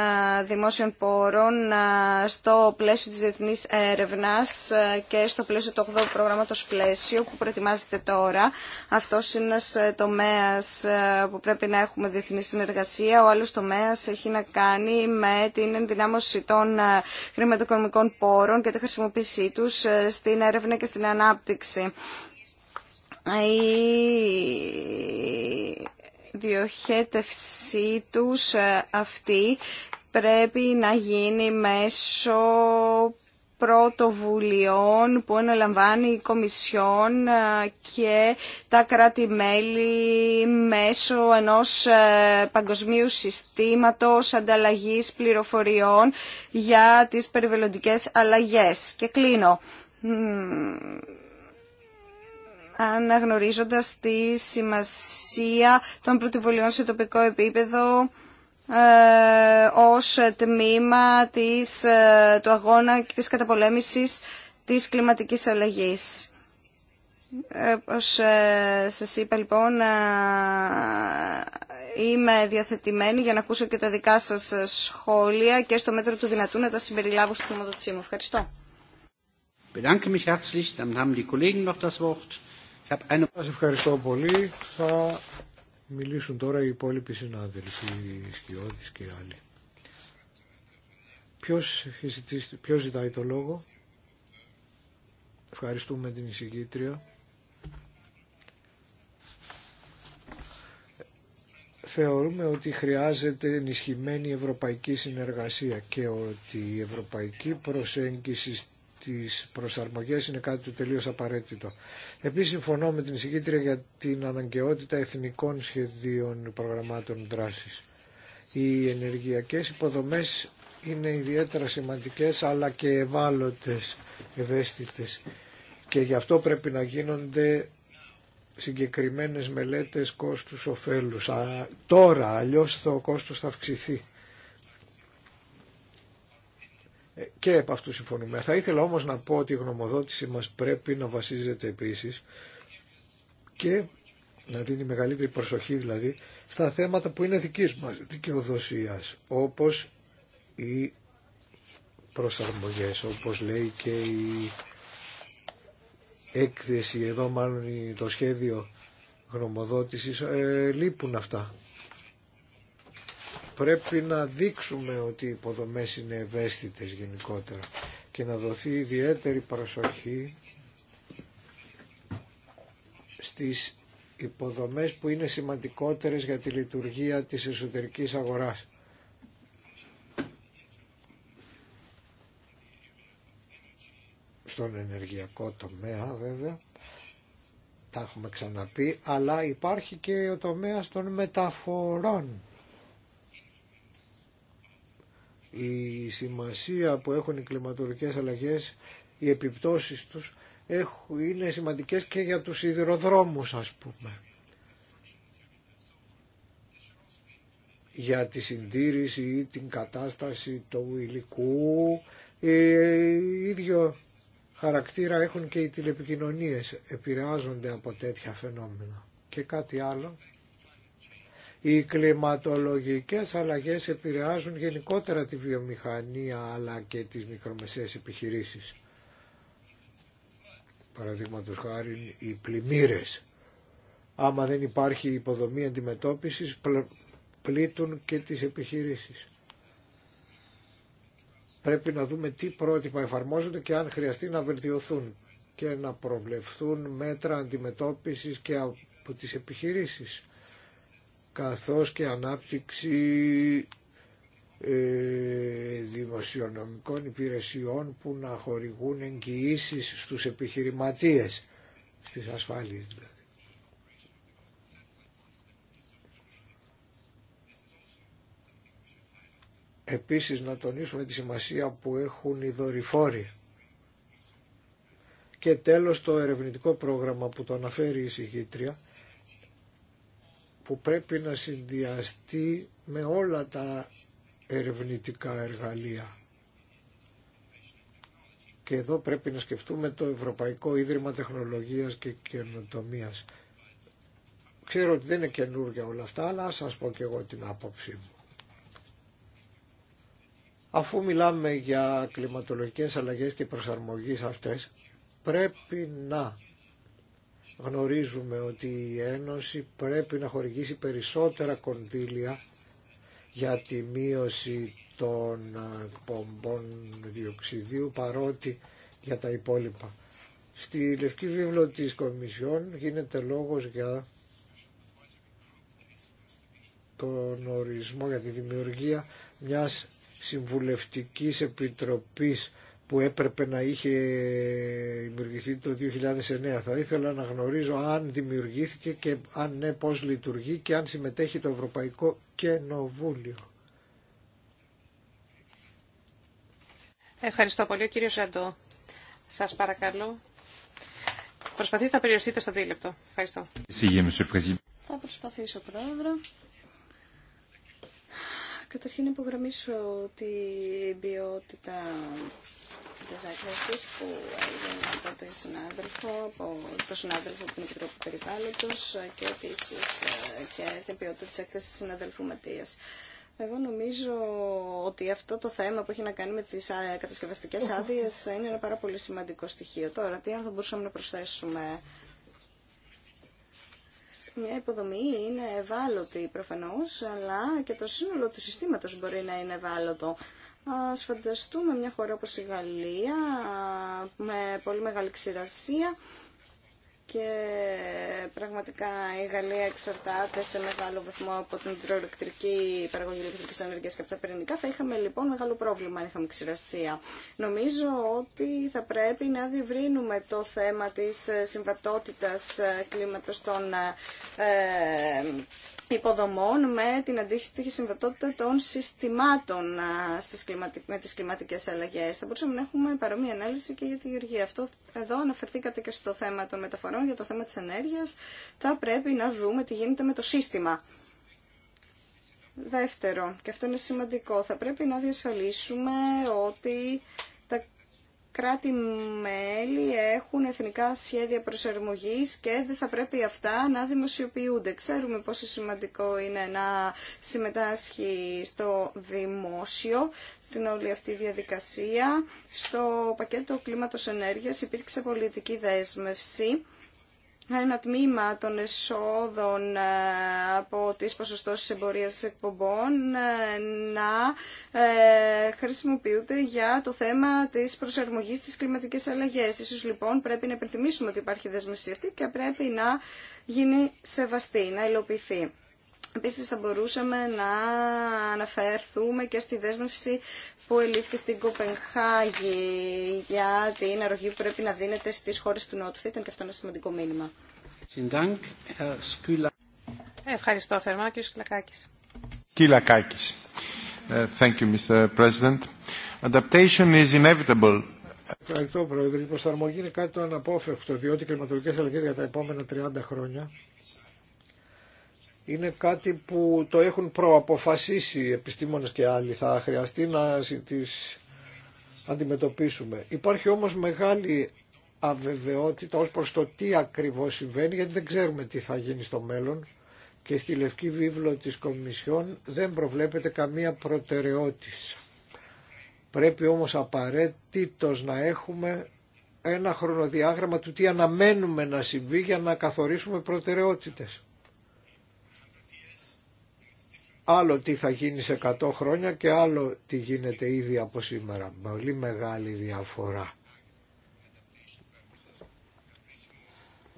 δημόσιων πόρων στο πλαίσιο της διεθνής έρευνας και στο πλαίσιο του 8ου προγράμματος πλαίσιο που προετοιμάζεται τώρα. Αυτό είναι ένας ε, τομέας ε, που πρέπει να έχουμε διεθνή συνεργασία. Ο άλλος τομέας έχει να κάνει με την ενδυνάμωση των ε, χρηματοοικονομικών πόρων και τη χρησιμοποίησή τους στην έρευνα και στην ανάπτυξη διοχέτευσή τους ε, αυτή πρέπει να γίνει μέσω πρωτοβουλειών που αναλαμβάνει η Κομισιόν ε, και τα κράτη-μέλη μέσω ενός ε, παγκοσμίου συστήματος ανταλλαγής πληροφοριών για τις περιβαλλοντικές αλλαγές. Και κλείνω αναγνωρίζοντας τη σημασία των πρωτοβουλειών σε τοπικό επίπεδο ε, ως τμήμα της, ε, του αγώνα και της καταπολέμησης της κλιματικής αλλαγής. Όπως ε, σας είπα λοιπόν, είμαι διαθετημένη για να ακούσω και τα δικά σας σχόλια και στο μέτρο του δυνατού να τα συμπεριλάβω στην χρηματοδοτησή μου. Ευχαριστώ. Bedanke mich herzlich. Dann haben die σας ευχαριστώ πολύ. Θα μιλήσουν τώρα οι υπόλοιποι συνάδελφοι, οι Σκιώδης και άλλοι. Ποιος, ζητάει το λόγο. Ευχαριστούμε την εισηγήτρια. Θεωρούμε ότι χρειάζεται ενισχυμένη ευρωπαϊκή συνεργασία και ότι η ευρωπαϊκή προσέγγιση τις προσαρμογές είναι κάτι το τελείως απαραίτητο. Επίσης συμφωνώ με την συγκίτρια για την αναγκαιότητα εθνικών σχεδίων προγραμμάτων δράσης. Οι ενεργειακές υποδομές είναι ιδιαίτερα σημαντικές αλλά και ευάλωτες, ευαίσθητες και γι' αυτό πρέπει να γίνονται συγκεκριμένες μελέτες κόστους-οφέλους. Τώρα, αλλιώς το κόστος θα αυξηθεί. Ε, και επ' αυτού συμφωνούμε. Θα ήθελα όμως να πω ότι η γνωμοδότηση μας πρέπει να βασίζεται επίσης και να δίνει μεγαλύτερη προσοχή δηλαδή στα θέματα που είναι δικής μας δικαιοδοσίας όπως οι προσαρμογές όπως λέει και η έκθεση εδώ μάλλον το σχέδιο γνωμοδότησης ε, λείπουν αυτά πρέπει να δείξουμε ότι οι υποδομές είναι ευαίσθητες γενικότερα και να δοθεί ιδιαίτερη προσοχή στις υποδομές που είναι σημαντικότερες για τη λειτουργία της εσωτερικής αγοράς. Στον ενεργειακό τομέα βέβαια, τα έχουμε ξαναπεί, αλλά υπάρχει και ο τομέας των μεταφορών η σημασία που έχουν οι κλιματολογικές αλλαγές, οι επιπτώσεις τους έχουν, είναι σημαντικές και για τους σιδηροδρόμους ας πούμε. για τη συντήρηση ή την κατάσταση του υλικού. Ε, ίδιο χαρακτήρα έχουν και οι τηλεπικοινωνίες, επηρεάζονται από τέτοια φαινόμενα. Και κάτι άλλο οι κλιματολογικές αλλαγές επηρεάζουν γενικότερα τη βιομηχανία αλλά και τις μικρομεσαίες επιχειρήσεις. Παραδείγματος χάρη οι πλημμύρες. Άμα δεν υπάρχει υποδομή αντιμετώπισης πλήττουν και τις επιχειρήσεις. Πρέπει να δούμε τι πρότυπα εφαρμόζονται και αν χρειαστεί να βελτιωθούν και να προβλεφθούν μέτρα αντιμετώπισης και από τις επιχειρήσεις καθώς και ανάπτυξη ε, δημοσιονομικών υπηρεσιών που να χορηγούν εγγυήσεις στους επιχειρηματίες, στις ασφάλειες δηλαδή. Επίσης να τονίσουμε τη σημασία που έχουν οι δορυφόροι. Και τέλος το ερευνητικό πρόγραμμα που το αναφέρει η συγκήτρια που πρέπει να συνδυαστεί με όλα τα ερευνητικά εργαλεία. Και εδώ πρέπει να σκεφτούμε το Ευρωπαϊκό Ίδρυμα Τεχνολογίας και Καινοτομίας. Ξέρω ότι δεν είναι καινούργια όλα αυτά, αλλά σας πω και εγώ την άποψή μου. Αφού μιλάμε για κλιματολογικές αλλαγές και προσαρμογή αυτές, πρέπει να γνωρίζουμε ότι η Ένωση πρέπει να χορηγήσει περισσότερα κονδύλια για τη μείωση των πομπών διοξιδίου παρότι για τα υπόλοιπα. Στη Λευκή Βίβλο της Κομισιόν γίνεται λόγος για τον ορισμό για τη δημιουργία μιας συμβουλευτικής επιτροπής που έπρεπε να είχε δημιουργηθεί το 2009. Θα ήθελα να γνωρίζω αν δημιουργήθηκε και αν ναι πώς λειτουργεί και αν συμμετέχει το Ευρωπαϊκό Κενοβούλιο. Ευχαριστώ πολύ κύριο Ζαντό. Σας παρακαλώ. Προσπαθήστε να περιοριστείτε στο δίλεπτο. Ευχαριστώ. Θα προσπαθήσω, Πρόεδρε. Καταρχήν υπογραμμίσω την ποιότητα σχετικές έκθεσεις που έγινε από τον συνάδελφο, από τον συνάδελφο του Επιτροπή Περιβάλλοντος και επίσης ε, και την ποιότητα της έκθεσης της συναδέλφου Ματίας. Εγώ νομίζω ότι αυτό το θέμα που έχει να κάνει με τις ε, κατασκευαστικές άδειες είναι ένα πάρα πολύ σημαντικό στοιχείο. Τώρα, τι αν θα μπορούσαμε να προσθέσουμε μια υποδομή είναι ευάλωτη προφανώς, αλλά και το σύνολο του συστήματος μπορεί να είναι ευάλωτο. Ας φανταστούμε μια χώρα όπως η Γαλλία με πολύ μεγάλη ξηρασία και πραγματικά η Γαλλία εξαρτάται σε μεγάλο βαθμό από την υδροελεκτρική παραγωγή ηλεκτρικής ενέργειας και από τα πυρηνικά. Θα είχαμε λοιπόν μεγάλο πρόβλημα αν είχαμε ξηρασία. Νομίζω ότι θα πρέπει να διευρύνουμε το θέμα της συμβατότητας κλίματος των ε, υποδομών με την αντίστοιχη συμβατότητα των συστημάτων στις κλιματικ... με τις κλιματικές αλλαγές. Θα μπορούσαμε να έχουμε παρόμοια ανάλυση και για τη Γεωργία. Αυτό εδώ αναφερθήκατε και στο θέμα των μεταφορών, για το θέμα της ενέργειας. Θα πρέπει να δούμε τι γίνεται με το σύστημα. Δεύτερον, και αυτό είναι σημαντικό, θα πρέπει να διασφαλίσουμε ότι κράτη-μέλη έχουν εθνικά σχέδια προσερμογής και δεν θα πρέπει αυτά να δημοσιοποιούνται. Ξέρουμε πόσο σημαντικό είναι να συμμετάσχει στο δημόσιο, στην όλη αυτή διαδικασία. Στο πακέτο κλίματος ενέργειας υπήρξε πολιτική δέσμευση ένα τμήμα των εσόδων ε, από τις ποσοστώσεις εμπορίας εκπομπών ε, να ε, χρησιμοποιούνται για το θέμα της προσαρμογής της κλιματικής αλλαγές. Ίσως λοιπόν πρέπει να υπενθυμίσουμε ότι υπάρχει δέσμευση αυτή και πρέπει να γίνει σεβαστή, να υλοποιηθεί. Επίσης θα μπορούσαμε να αναφερθούμε και στη δέσμευση που ελήφθη στην Κοπενχάγη για την αρρωγή που πρέπει να δίνεται στις χώρες του Νότου. Θα ήταν και αυτό ένα σημαντικό μήνυμα. Ευχαριστώ θερμά κύριε Σκυλακάκης. Κυλακάκης. Ε, thank Adaptation is inevitable. Ευχαριστώ, Πρόεδρε. Η προσαρμογή είναι κάτι το αναπόφευκτο, διότι οι κλιματολογικές αλλαγές για τα επόμενα 30 χρόνια είναι κάτι που το έχουν προαποφασίσει οι επιστήμονες και άλλοι. Θα χρειαστεί να τις αντιμετωπίσουμε. Υπάρχει όμως μεγάλη αβεβαιότητα ως προς το τι ακριβώς συμβαίνει γιατί δεν ξέρουμε τι θα γίνει στο μέλλον και στη Λευκή Βίβλο της Κομισιόν δεν προβλέπεται καμία προτεραιότητα Πρέπει όμως απαραίτητος να έχουμε ένα χρονοδιάγραμμα του τι αναμένουμε να συμβεί για να καθορίσουμε προτεραιότητες άλλο τι θα γίνει σε 100 χρόνια και άλλο τι γίνεται ήδη από σήμερα. Πολύ μεγάλη διαφορά.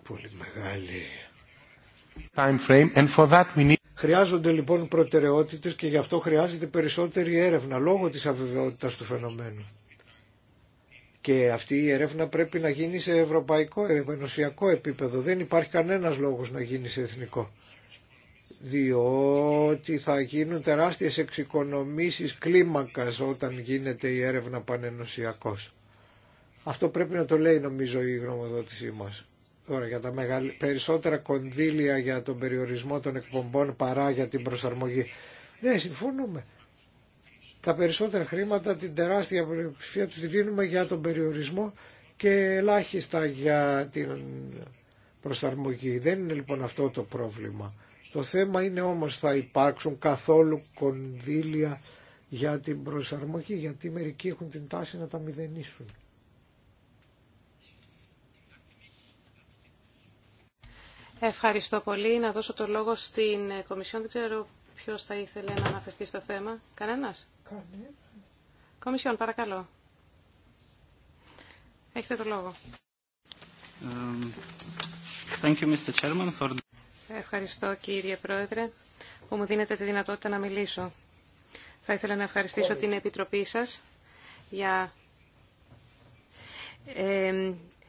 Πολύ μεγάλη. Time frame and for that we need... Χρειάζονται λοιπόν προτεραιότητες και γι' αυτό χρειάζεται περισσότερη έρευνα λόγω της αβεβαιότητας του φαινομένου. Και αυτή η έρευνα πρέπει να γίνει σε ευρωπαϊκό, ενωσιακό επίπεδο. Δεν υπάρχει κανένας λόγος να γίνει σε εθνικό διότι θα γίνουν τεράστιες εξοικονομήσεις κλίμακας όταν γίνεται η έρευνα πανενωσιακός. Αυτό πρέπει να το λέει νομίζω η γνωμοδότησή μας. Τώρα για τα περισσότερα κονδύλια για τον περιορισμό των εκπομπών παρά για την προσαρμογή. Ναι, συμφωνούμε. Τα περισσότερα χρήματα, την τεράστια πλειοψηφία τους δίνουμε για τον περιορισμό και ελάχιστα για την προσαρμογή. Δεν είναι λοιπόν αυτό το πρόβλημα. Το θέμα είναι όμως θα υπάρξουν καθόλου κονδύλια για την προσαρμογή, γιατί μερικοί έχουν την τάση να τα μηδενίσουν. Ευχαριστώ πολύ. Να δώσω το λόγο στην Κομισιόν. Δεν ξέρω ποιος θα ήθελε να αναφερθεί στο θέμα. Κανένας? Κανένα. Κομισιόν, παρακαλώ. Έχετε το λόγο. Um, thank you, Mr. Chairman, for... Ευχαριστώ κύριε Πρόεδρε που μου δίνετε τη δυνατότητα να μιλήσω. Θα ήθελα να ευχαριστήσω την Επιτροπή σας για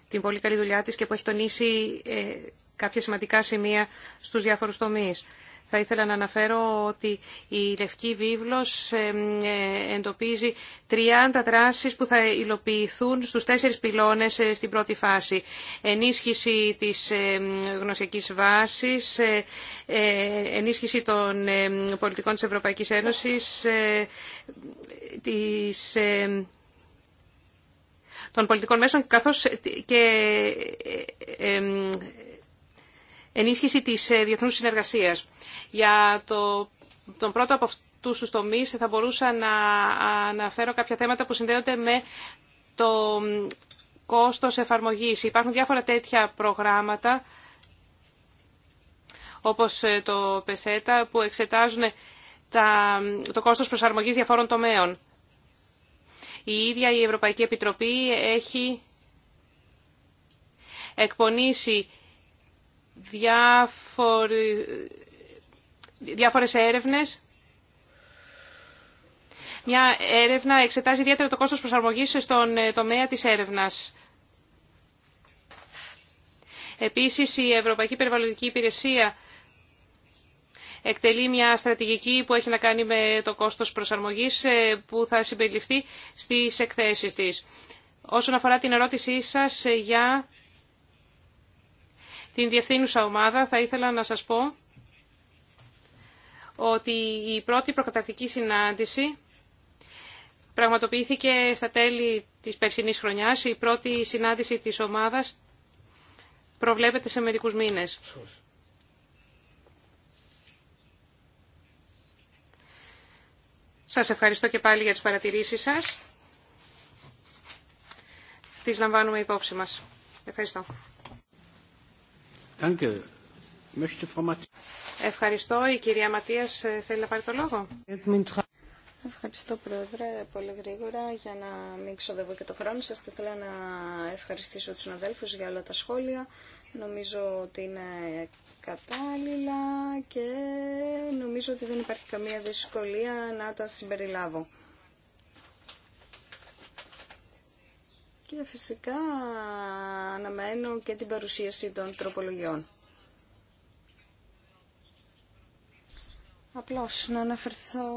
την πολύ καλή δουλειά της και που έχει τονίσει ε, κάποια σημαντικά σημεία στους διάφορους τομείς. Θα ήθελα να αναφέρω ότι η Λευκή Βίβλος ε, εντοπίζει 30 δράσεις που θα υλοποιηθούν στους τέσσερις πυλώνες ε, στην πρώτη φάση. Ενίσχυση της γνωσιακής βάσης, ε, ενίσχυση των πολιτικών της Ευρωπαϊκής Ένωσης, της των πολιτικών μέσων καθώς και ενίσχυση της ε, διεθνούς συνεργασίας. Για το, τον πρώτο από αυτούς τους τομείς θα μπορούσα να αναφέρω κάποια θέματα που συνδέονται με το κόστος εφαρμογής. Υπάρχουν διάφορα τέτοια προγράμματα, όπως ε, το ΠΕΣΕΤΑ, που εξετάζουν ε, τα, το κόστος προσαρμογής διαφόρων τομέων. Η ίδια η Ευρωπαϊκή Επιτροπή έχει εκπονήσει Διάφορε διάφορες έρευνες. Μια έρευνα εξετάζει ιδιαίτερα το κόστος προσαρμογής στον ε, τομέα της έρευνας. Επίσης, η Ευρωπαϊκή Περιβαλλοντική Υπηρεσία εκτελεί μια στρατηγική που έχει να κάνει με το κόστος προσαρμογής ε, που θα συμπεριληφθεί στις εκθέσεις της. Όσον αφορά την ερώτησή σας για την διευθύνουσα ομάδα, θα ήθελα να σας πω ότι η πρώτη προκαταρκτική συνάντηση πραγματοποιήθηκε στα τέλη της περσινής χρονιάς. Η πρώτη συνάντηση της ομάδας προβλέπεται σε μερικούς μήνες. Σας ευχαριστώ και πάλι για τις παρατηρήσεις σας. Τις λαμβάνουμε υπόψη μας. Ευχαριστώ. Ευχαριστώ. Η κυρία Ματίας ε, θέλει να πάρει το λόγο. Ευχαριστώ Πρόεδρε, πολύ γρήγορα για να μην ξοδεύω και το χρόνο σας. Θα ήθελα να ευχαριστήσω τους συναδέλφους για όλα τα σχόλια. Νομίζω ότι είναι κατάλληλα και νομίζω ότι δεν υπάρχει καμία δυσκολία να τα συμπεριλάβω. και φυσικά αναμένω και την παρουσίαση των τροπολογιών. Απλώς να αναφερθώ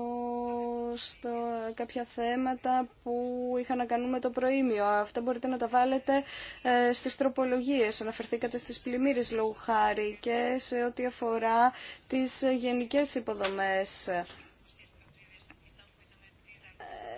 στο κάποια θέματα που είχα να κάνουν με το προήμιο. Αυτά μπορείτε να τα βάλετε ε, στις τροπολογίες. Αναφερθήκατε στις πλημμύρες λόγου χάρη και σε ό,τι αφορά τις γενικές υποδομές.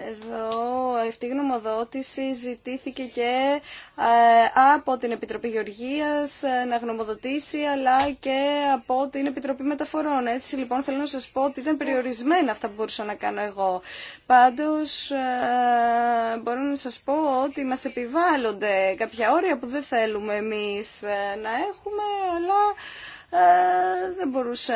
Εδώ αυτή η γνωμοδότηση ζητήθηκε και ε, από την Επιτροπή Γεωργίας ε, να γνωμοδοτήσει αλλά και από την Επιτροπή Μεταφορών. Έτσι λοιπόν θέλω να σας πω ότι ήταν περιορισμένα αυτά που μπορούσα να κάνω εγώ. Πάντως ε, μπορώ να σας πω ότι μας επιβάλλονται κάποια όρια που δεν θέλουμε εμείς να έχουμε αλλά ε, δεν μπορούσα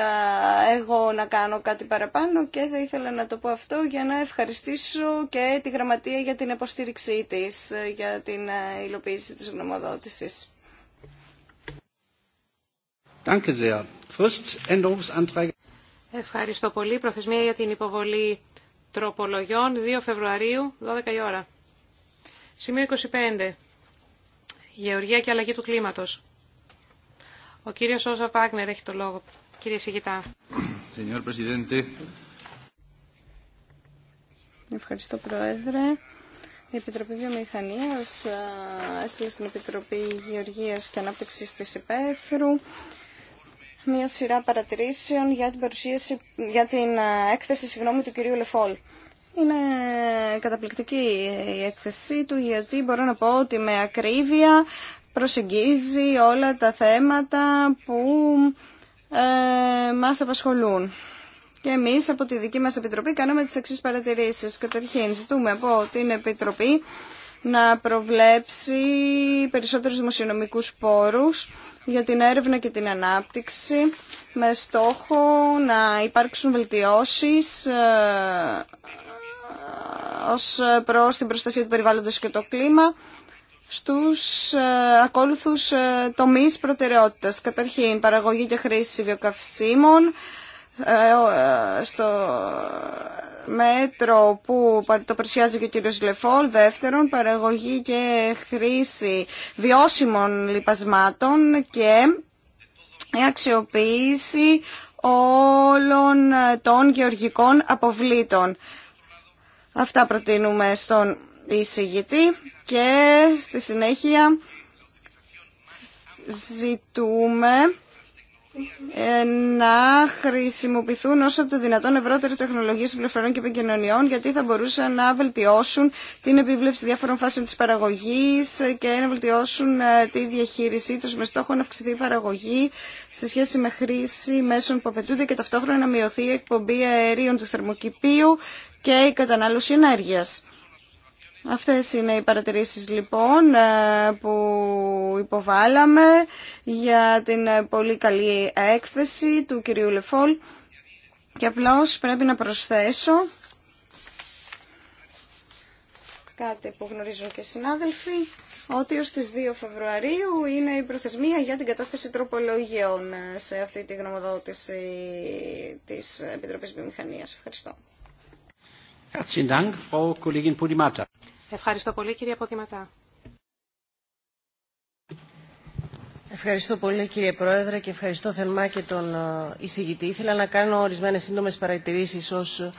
εγώ να κάνω κάτι παραπάνω και θα ήθελα να το πω αυτό για να ευχαριστήσω και τη Γραμματεία για την υποστήριξή της, ε, για την ε, υλοποίηση της γνωμοδότησης. Ευχαριστώ πολύ. Προθεσμία για την υποβολή τροπολογιών 2 Φεβρουαρίου, 12 η ώρα. Σημείο 25. Γεωργία και αλλαγή του κλίματος. Ο κύριος Όζα Βάγνερ έχει το λόγο. Κύριε Σιγητά. Ευχαριστώ Πρόεδρε. Η Επιτροπή Βιομηχανίας ε, έστειλε στην Επιτροπή Γεωργίας και Ανάπτυξης της Υπέθρου μια σειρά παρατηρήσεων για την, παρουσίαση, για την ε, έκθεση συγγνώμη, του κυρίου Λεφόλ. Είναι καταπληκτική η έκθεσή του γιατί μπορώ να πω ότι με ακρίβεια προσεγγίζει όλα τα θέματα που ε, μας απασχολούν. Και εμείς από τη δική μας Επιτροπή κάναμε τις εξής παρατηρήσεις. Καταρχήν ζητούμε από την Επιτροπή να προβλέψει περισσότερους δημοσιονομικούς πόρους για την έρευνα και την ανάπτυξη με στόχο να υπάρξουν βελτιώσεις ε, ως προς την προστασία του περιβάλλοντος και το κλίμα στους ε, ακόλουθους ε, τομείς προτεραιότητας. Καταρχήν, παραγωγή και χρήση βιοκαυσίμων, ε, ε, στο μέτρο που το παρουσιάζει και ο κύριος Λεφόλ, δεύτερον παραγωγή και χρήση βιώσιμων λιπασμάτων και αξιοποίηση όλων των γεωργικών αποβλήτων. Αυτά προτείνουμε στον εισηγητή και στη συνέχεια ζητούμε ε, να χρησιμοποιηθούν όσο το δυνατόν ευρώτερη τεχνολογία των πληροφοριών και επικοινωνιών, γιατί θα μπορούσαν να βελτιώσουν την επίβλεψη διάφορων φάσεων τη παραγωγή και να βελτιώσουν ε, τη διαχείρισή του με στόχο να αυξηθεί η παραγωγή σε σχέση με χρήση μέσων που απαιτούνται και ταυτόχρονα να μειωθεί η εκπομπή αερίων του θερμοκηπίου και η κατανάλωση ενέργεια. Αυτές είναι οι παρατηρήσεις λοιπόν ε, που υποβάλαμε για την πολύ καλή έκθεση του κυρίου Λεφόλ και απλώς πρέπει να προσθέσω κάτι που γνωρίζουν και συνάδελφοι ότι ως τις 2 Φεβρουαρίου είναι η προθεσμία για την κατάθεση τροπολογιών σε αυτή τη γνωμοδότηση της Επιτροπής Βιομηχανίας. Ευχαριστώ. Ευχαριστώ πολύ κυρία Ποδηματά. Ευχαριστώ πολύ κύριε Πρόεδρε και ευχαριστώ θερμά και τον ε, εισηγητή. Ήθελα να κάνω ορισμένες σύντομες παρατηρήσεις ως ε,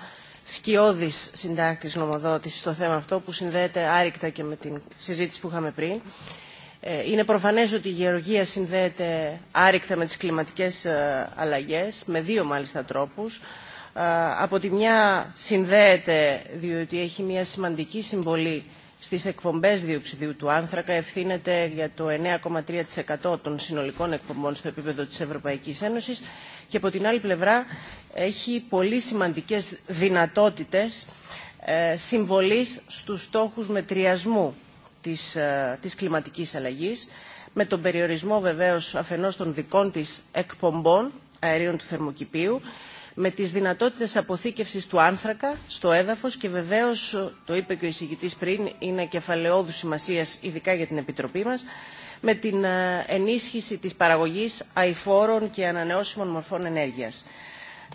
σκιώδης συντάκτης νομοδότησης στο θέμα αυτό που συνδέεται άρρηκτα και με την συζήτηση που είχαμε πριν. Ε, είναι προφανές ότι η γεωργία συνδέεται άρρηκτα με τις κλιματικές αλλαγές, με δύο μάλιστα τρόπους. Ε, από τη μια συνδέεται διότι έχει μια σημαντική συμβολή στις εκπομπές διοξιδίου του άνθρακα, ευθύνεται για το 9,3% των συνολικών εκπομπών στο επίπεδο της Ευρωπαϊκής Ένωσης και από την άλλη πλευρά έχει πολύ σημαντικές δυνατότητες ε, συμβολής στους στόχους μετριασμού της, ε, της κλιματικής αλλαγής, με τον περιορισμό βεβαίως αφενός των δικών της εκπομπών αερίων του θερμοκηπίου με τις δυνατότητες αποθήκευσης του άνθρακα στο έδαφος και βεβαίως, το είπε και ο εισηγητής πριν, είναι κεφαλαιόδου σημασίας ειδικά για την Επιτροπή μας, με την ε, ενίσχυση της παραγωγής αϊφόρων και ανανεώσιμων μορφών ενέργειας.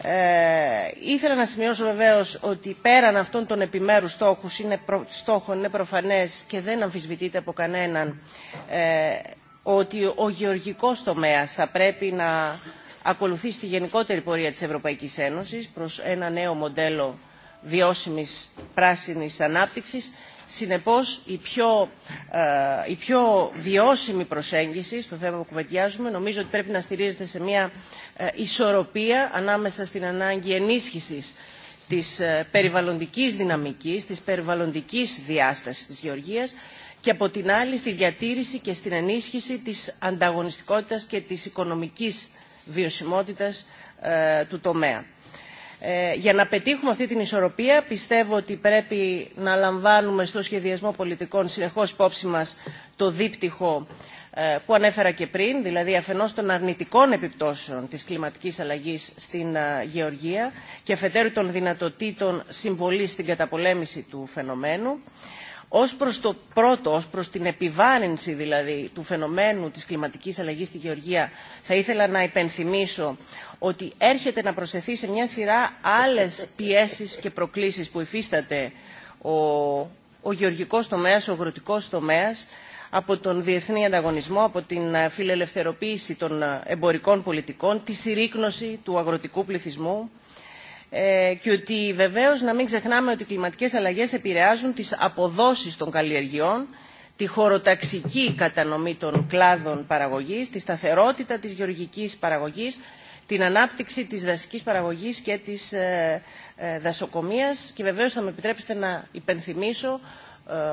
Ε, ήθελα να σημειώσω βεβαίως ότι πέραν αυτών των επιμέρους στόχων είναι προ, στόχων είναι προφανές και δεν αμφισβητείται από κανέναν ε, ότι ο γεωργικός τομέας θα πρέπει να ακολουθεί στη γενικότερη πορεία της Ευρωπαϊκής Ένωσης προς ένα νέο μοντέλο βιώσιμης πράσινης ανάπτυξης. Συνεπώς, η πιο, ε, η πιο βιώσιμη προσέγγιση στο θέμα που κουβεντιάζουμε νομίζω ότι πρέπει να στηρίζεται σε μια ε, ισορροπία ανάμεσα στην ανάγκη ενίσχυσης της ε, περιβαλλοντικής δυναμικής, της περιβαλλοντικής διάστασης της γεωργίας και από την άλλη στη διατήρηση και στην ενίσχυση της ανταγωνιστικότητας και της οικονομικής βιωσιμότητας ε, του τομέα. Ε, για να πετύχουμε αυτή την ισορροπία πιστεύω ότι πρέπει να λαμβάνουμε στο σχεδιασμό πολιτικών συνεχώς υπόψη μας το δίπτυχο ε, που ανέφερα και πριν, δηλαδή αφενός των αρνητικών επιπτώσεων της κλιματικής αλλαγής στην γεωργία και αφετέρου των δυνατοτήτων συμβολής στην καταπολέμηση του φαινομένου ως προς το πρώτο, ως προς την επιβάρυνση δηλαδή του φαινομένου της κλιματικής αλλαγής στη Γεωργία, θα ήθελα να υπενθυμίσω ότι έρχεται να προσθεθεί σε μια σειρά άλλες πιέσεις και προκλήσεις που υφίσταται ο, ο γεωργικός τομέας, ο αγροτικός τομέας, από τον διεθνή ανταγωνισμό, από την φιλελευθερωποίηση των εμπορικών πολιτικών, τη συρρήκνωση του αγροτικού πληθυσμού, ε, και ότι βεβαίως να μην ξεχνάμε ότι οι κλιματικές αλλαγές επηρεάζουν τις αποδόσεις των καλλιεργειών, τη χωροταξική κατανομή των κλάδων παραγωγής, τη σταθερότητα της γεωργικής παραγωγής, την ανάπτυξη της δασικής παραγωγής και της ε, ε, δασοκομείας και βεβαίως θα με επιτρέψετε να υπενθυμίσω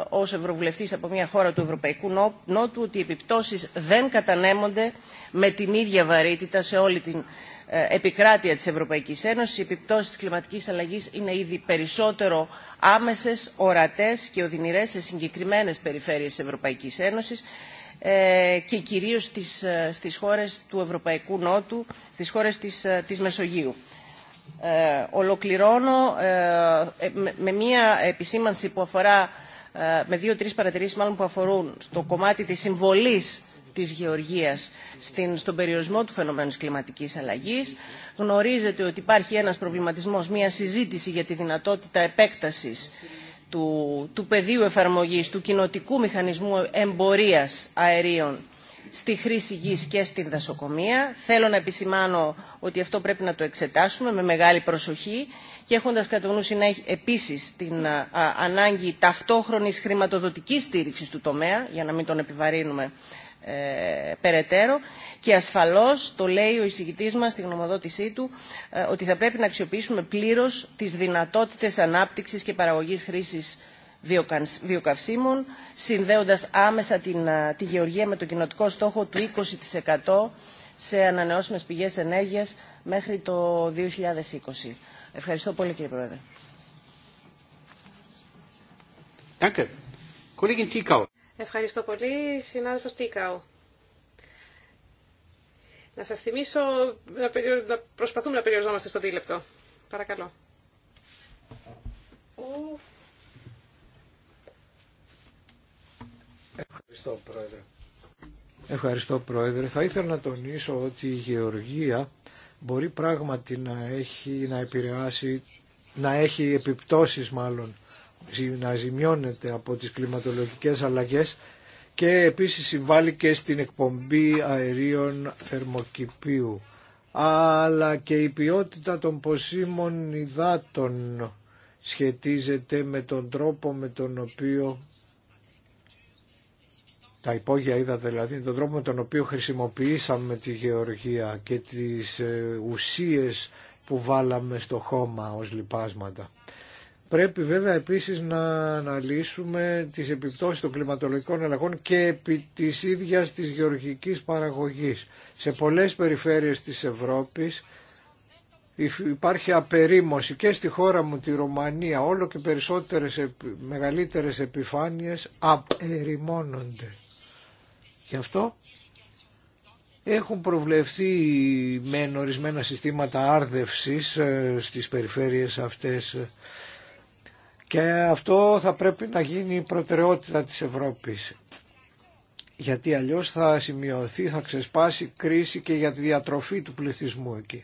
ως Ευρωβουλευτής από μια χώρα του Ευρωπαϊκού Νότου ότι οι επιπτώσεις δεν κατανέμονται με την ίδια βαρύτητα σε όλη την ε, επικράτεια της Ευρωπαϊκής Ένωσης. Οι επιπτώσεις της κλιματικής αλλαγής είναι ήδη περισσότερο άμεσες, ορατές και οδυνηρές σε συγκεκριμένες περιφέρειες της Ευρωπαϊκής Ένωσης ε, και κυρίως στις, ε, στις χώρες του Ευρωπαϊκού Νότου, στις χώρες της, της Μεσογείου. ολοκληρώνω με, μία επισήμανση που αφορά, με δύο-τρεις παρατηρήσεις μάλλον που αφορούν στο κομμάτι της συμβολής της γεωργίας στην, στον περιορισμό του φαινομένου της κλιματικής αλλαγής. Γνωρίζετε ότι υπάρχει ένας προβληματισμός, μια συζήτηση για τη δυνατότητα επέκτασης του, του πεδίου εφαρμογής του κοινοτικού μηχανισμού εμπορίας αερίων στη χρήση γης και στην δασοκομεία. Θέλω να επισημάνω ότι αυτό πρέπει να το εξετάσουμε με μεγάλη προσοχή και έχοντας κατά έχει επίσης την ανάγκη ταυτόχρονης χρηματοδοτικής στήριξης του τομέα, για να μην τον επιβαρύνουμε ε, περαιτέρω και ασφαλώς το λέει ο εισηγητής μας στη γνωμοδότησή του ε, ότι θα πρέπει να αξιοποιήσουμε πλήρως τις δυνατότητες ανάπτυξης και παραγωγής χρήσης βιοκαυσίμων, συνδέοντας άμεσα την, τη γεωργία με το κοινοτικό στόχο του 20% σε ανανεώσιμες πηγές ενέργειας μέχρι το 2020. Ευχαριστώ πολύ κύριε Πρόεδρε. Ευχαριστώ πολύ, συνάδελφος Τίκαου. Να σας θυμίσω να, να προσπαθούμε να περιοριζόμαστε στο δίλεπτο. Παρακαλώ. Ευχαριστώ, Πρόεδρε. Ευχαριστώ, Πρόεδρε. Θα ήθελα να τονίσω ότι η γεωργία μπορεί πράγματι να έχει, να επηρεάσει, να έχει επιπτώσεις μάλλον να ζημιώνεται από τις κλιματολογικές αλλαγές και επίσης συμβάλλει και στην εκπομπή αερίων θερμοκηπίου αλλά και η ποιότητα των ποσίμων υδάτων σχετίζεται με τον τρόπο με τον οποίο τα υπόγεια είδα δηλαδή τον τρόπο με τον οποίο χρησιμοποιήσαμε τη γεωργία και τις ε, ουσίες που βάλαμε στο χώμα ως λιπάσματα. Πρέπει βέβαια επίσης να αναλύσουμε τις επιπτώσεις των κλιματολογικών αλλαγών και επί της ίδιας της γεωργικής παραγωγής. Σε πολλές περιφέρειες της Ευρώπης υπάρχει απερίμωση και στη χώρα μου τη Ρωμανία όλο και περισσότερες μεγαλύτερες επιφάνειες απεριμώνονται. Γι' αυτό έχουν προβλεφθεί με ορισμένα συστήματα άρδευσης ε, στις περιφέρειες αυτές ε, και αυτό θα πρέπει να γίνει η προτεραιότητα της Ευρώπης. Γιατί αλλιώς θα σημειωθεί, θα ξεσπάσει κρίση και για τη διατροφή του πληθυσμού εκεί.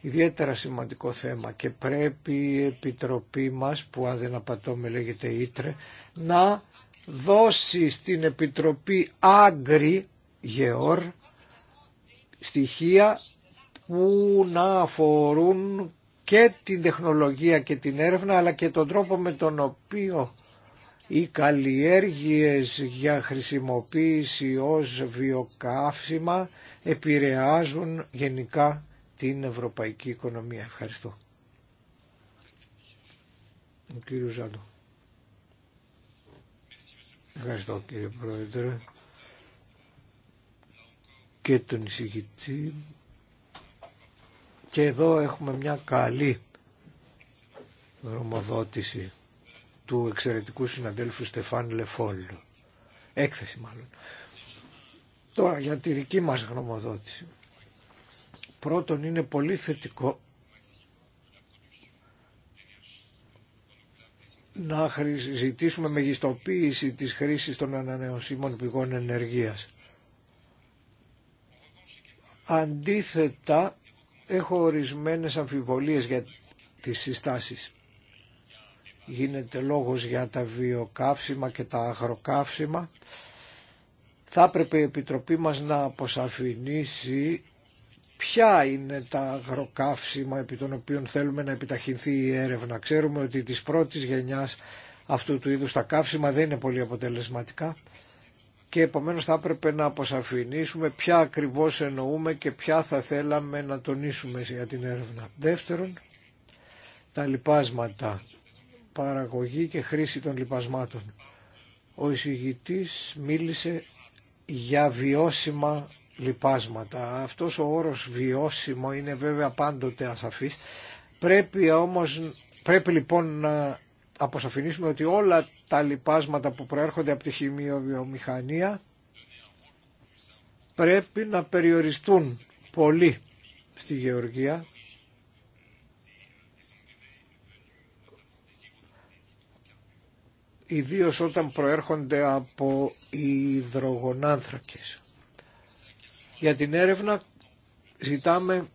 Ιδιαίτερα σημαντικό θέμα και πρέπει η Επιτροπή μας, που αν δεν με λέγεται Ήτρε, να δώσει στην Επιτροπή Άγκρη Γεώρ στοιχεία που να αφορούν και την τεχνολογία και την έρευνα αλλά και τον τρόπο με τον οποίο οι καλλιέργειες για χρησιμοποίηση ως βιοκαύσιμα επηρεάζουν γενικά την ευρωπαϊκή οικονομία. Ευχαριστώ. Ο κύριος Ζάντο. Ευχαριστώ κύριε Πρόεδρε και τον εισηγητή και εδώ έχουμε μια καλή δρομοδότηση του εξαιρετικού συναντέλφου Στεφάν Λεφόλ. Έκθεση μάλλον. Τώρα για τη δική μας γνωμοδότηση. Πρώτον είναι πολύ θετικό να ζητήσουμε μεγιστοποίηση της χρήσης των ανανεωσίμων πηγών ενεργείας. Αντίθετα Έχω ορισμένες αμφιβολίες για τις συστάσεις. Γίνεται λόγος για τα βιοκαύσιμα και τα αγροκαύσιμα. Θα έπρεπε η Επιτροπή μας να αποσαφηνίσει ποια είναι τα αγροκαύσιμα επί των οποίων θέλουμε να επιταχυνθεί η έρευνα. Ξέρουμε ότι της πρώτης γενιάς αυτού του είδους τα καύσιμα δεν είναι πολύ αποτελεσματικά και επομένως θα έπρεπε να αποσαφηνίσουμε ποια ακριβώς εννοούμε και ποια θα θέλαμε να τονίσουμε για την έρευνα. Δεύτερον, τα λοιπάσματα, παραγωγή και χρήση των λοιπασμάτων. Ο εισηγητής μίλησε για βιώσιμα λοιπάσματα. Αυτός ο όρος βιώσιμο είναι βέβαια πάντοτε ασαφής. Πρέπει όμως, πρέπει λοιπόν να αποσαφηνίσουμε ότι όλα τα λοιπάσματα που προέρχονται από τη χημειοβιομηχανία πρέπει να περιοριστούν πολύ στη γεωργία ιδίως όταν προέρχονται από υδρογονάνθρακες. Για την έρευνα ζητάμε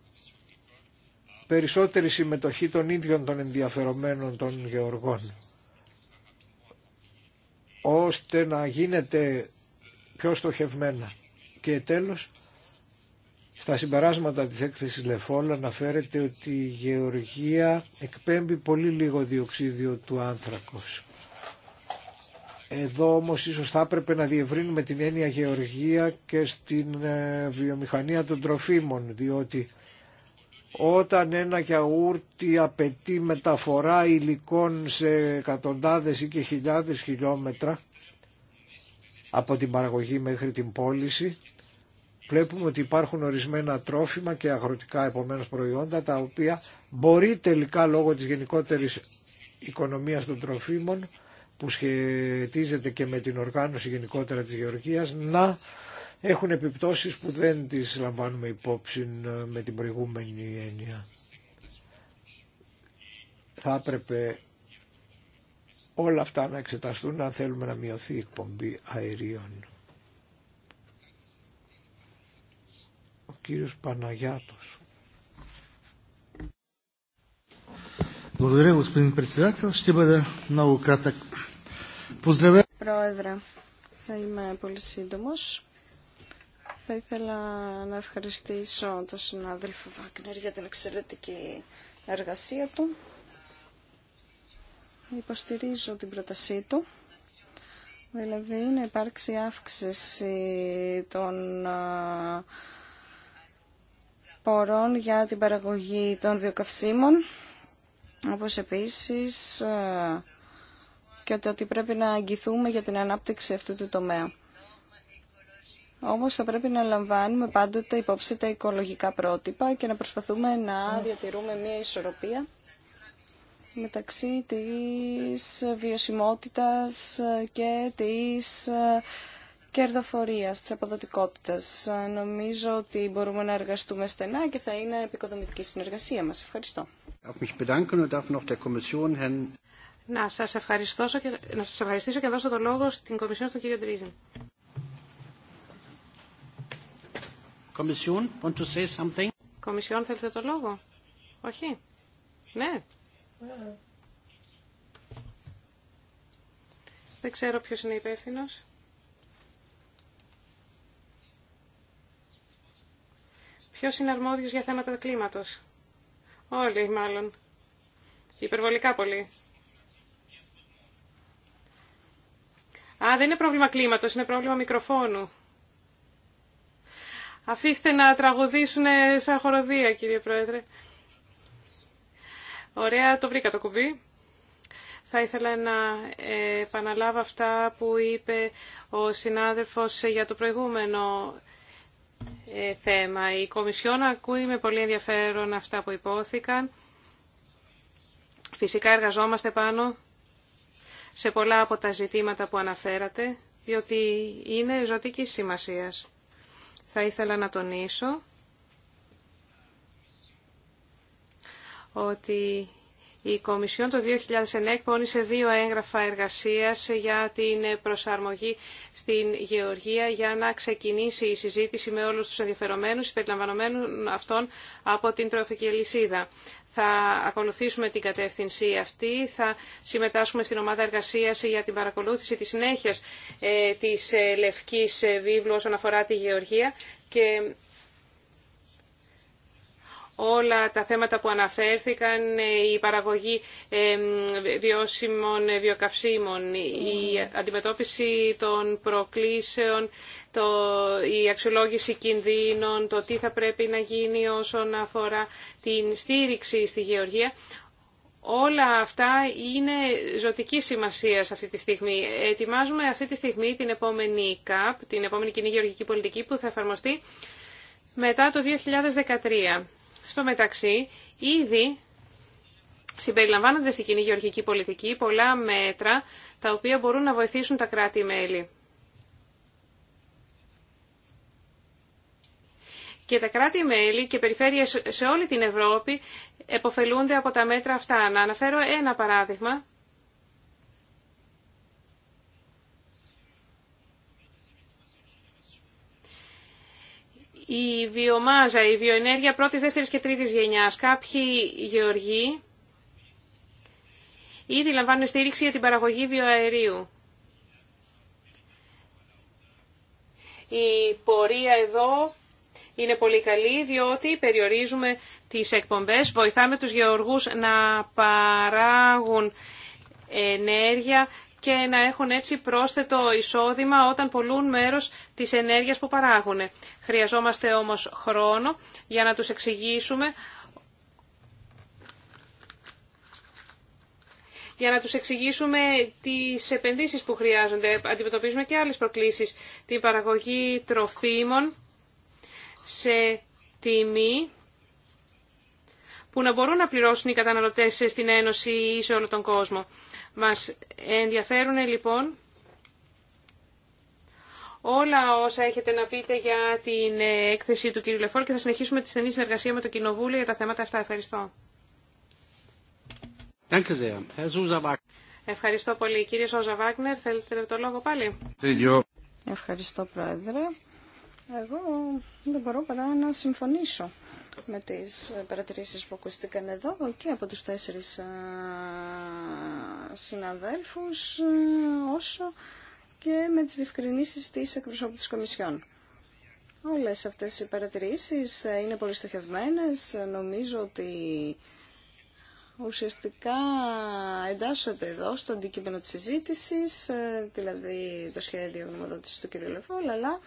περισσότερη συμμετοχή των ίδιων των ενδιαφερομένων των γεωργών ώστε να γίνεται πιο στοχευμένα. Και τέλος, στα συμπεράσματα της έκθεσης Λεφόλ αναφέρεται ότι η γεωργία εκπέμπει πολύ λίγο διοξίδιο του άνθρακος. Εδώ όμως ίσως θα έπρεπε να διευρύνουμε την έννοια γεωργία και στην ε, βιομηχανία των τροφίμων, διότι όταν ένα γιαούρτι απαιτεί μεταφορά υλικών σε εκατοντάδες ή και χιλιάδες χιλιόμετρα από την παραγωγή μέχρι την πώληση, βλέπουμε ότι υπάρχουν ορισμένα τρόφιμα και αγροτικά επομένως προϊόντα τα οποία μπορεί τελικά λόγω της γενικότερης οικονομίας των τροφίμων που σχετίζεται και με την οργάνωση γενικότερα της γεωργίας να έχουν επιπτώσεις που δεν τις λαμβάνουμε υπόψη ε, με την προηγούμενη έννοια. Θα έπρεπε όλα αυτά να εξεταστούν αν θέλουμε να μειωθεί η εκπομπή αερίων. Ο κύριος Παναγιάτος. Πρόεδρε, θα είμαι πολύ σύντομος. Θα ήθελα να ευχαριστήσω τον συνάδελφο Βάκνερ για την εξαιρετική εργασία του. Υποστηρίζω την πρότασή του, δηλαδή να υπάρξει αύξηση των πορών για την παραγωγή των βιοκαυσίμων, όπως επίσης και ότι πρέπει να αγγιθούμε για την ανάπτυξη αυτού του τομέα. Όμως θα πρέπει να λαμβάνουμε πάντοτε υπόψη τα οικολογικά πρότυπα και να προσπαθούμε να διατηρούμε μια ισορροπία μεταξύ της βιωσιμότητας και της κερδοφορίας, της αποδοτικότητας. Νομίζω ότι μπορούμε να εργαστούμε στενά και θα είναι επικοδομητική συνεργασία μας. Ευχαριστώ. Να σας ευχαριστήσω και να δώσω το λόγο στην Κομισιόν στον κύριο Τρίζεν. Κομισιόν, θέλετε το λόγο? Όχι. Ναι. Δεν ξέρω ποιος είναι υπεύθυνο. Ποιος είναι αρμόδιος για θέματα κλίματος. Όλοι μάλλον. Υπερβολικά πολύ. Α, δεν είναι πρόβλημα κλίματος, είναι πρόβλημα μικροφόνου. Αφήστε να τραγουδήσουν σαν χοροδία, κύριε Πρόεδρε. Ωραία, το βρήκα το κουμπί. Θα ήθελα να επαναλάβω αυτά που είπε ο συνάδελφος για το προηγούμενο ε, θέμα. Η Κομισιόν ακούει με πολύ ενδιαφέρον αυτά που υπόθηκαν. Φυσικά εργαζόμαστε πάνω σε πολλά από τα ζητήματα που αναφέρατε, διότι είναι ζωτική σημασίας θα ήθελα να τονίσω ότι η Κομισιόν το 2009 εκπώνησε δύο έγγραφα εργασίας για την προσαρμογή στην Γεωργία για να ξεκινήσει η συζήτηση με όλους τους ενδιαφερομένους, περιλαμβανομένων αυτών από την τροφική λυσίδα. Θα ακολουθήσουμε την κατεύθυνση αυτή, θα συμμετάσχουμε στην ομάδα εργασίας για την παρακολούθηση της συνέχειας ε, της ε, Λευκής Βίβλου όσον αφορά τη Γεωργία και όλα τα θέματα που αναφέρθηκαν, η παραγωγή βιώσιμων βιοκαυσίμων, η αντιμετώπιση των προκλήσεων, το, η αξιολόγηση κινδύνων, το τι θα πρέπει να γίνει όσον αφορά την στήριξη στη γεωργία. Όλα αυτά είναι ζωτική σημασία αυτή τη στιγμή. Ετοιμάζουμε αυτή τη στιγμή την επόμενη ΚΑΠ, την επόμενη κοινή γεωργική πολιτική που θα εφαρμοστεί μετά το 2013. Στο μεταξύ, ήδη συμπεριλαμβάνονται στην κοινή γεωργική πολιτική πολλά μέτρα τα οποία μπορούν να βοηθήσουν τα κράτη-μέλη. Και τα κράτη-μέλη και περιφέρειες σε όλη την Ευρώπη εποφελούνται από τα μέτρα αυτά. Να αναφέρω ένα παράδειγμα η βιομάζα, η βιοενέργεια πρώτης, δεύτερης και τρίτης γενιάς. Κάποιοι γεωργοί ήδη λαμβάνουν στήριξη για την παραγωγή βιοαερίου. Η πορεία εδώ είναι πολύ καλή διότι περιορίζουμε τις εκπομπές, βοηθάμε τους γεωργούς να παράγουν ενέργεια και να έχουν έτσι πρόσθετο εισόδημα όταν πολλούν μέρος της ενέργειας που παράγουν. Χρειαζόμαστε όμως χρόνο για να τους εξηγήσουμε για να τους εξηγήσουμε τις επενδύσεις που χρειάζονται. Αντιμετωπίζουμε και άλλες προκλήσεις. Την παραγωγή τροφίμων σε τιμή που να μπορούν να πληρώσουν οι καταναλωτές στην Ένωση ή σε όλο τον κόσμο. Μας ενδιαφέρουν λοιπόν όλα όσα έχετε να πείτε για την ε, έκθεση του κ. Λεφόρ και θα συνεχίσουμε τη στενή συνεργασία με το Κοινοβούλιο για τα θέματα αυτά. Ευχαριστώ. Ευχαριστώ πολύ. Κύριε Σόζα Βάγνερ, θέλετε το λόγο πάλι. Ευχαριστώ, Πρόεδρε. Εγώ δεν μπορώ παρά να συμφωνήσω με τις ε, παρατηρήσεις που ακούστηκαν εδώ και από τους τέσσερις ε, συναδέλφους ε, όσο και με τις διευκρινήσεις της εκπροσώπου της Κομισιόν. Όλες αυτές οι παρατηρήσεις είναι πολύ στοχευμένες. Νομίζω ότι ουσιαστικά εντάσσονται εδώ στο αντικείμενο της συζήτησης, δηλαδή το σχέδιο γνωμοδότησης του κ. Λεφόλ, αλλά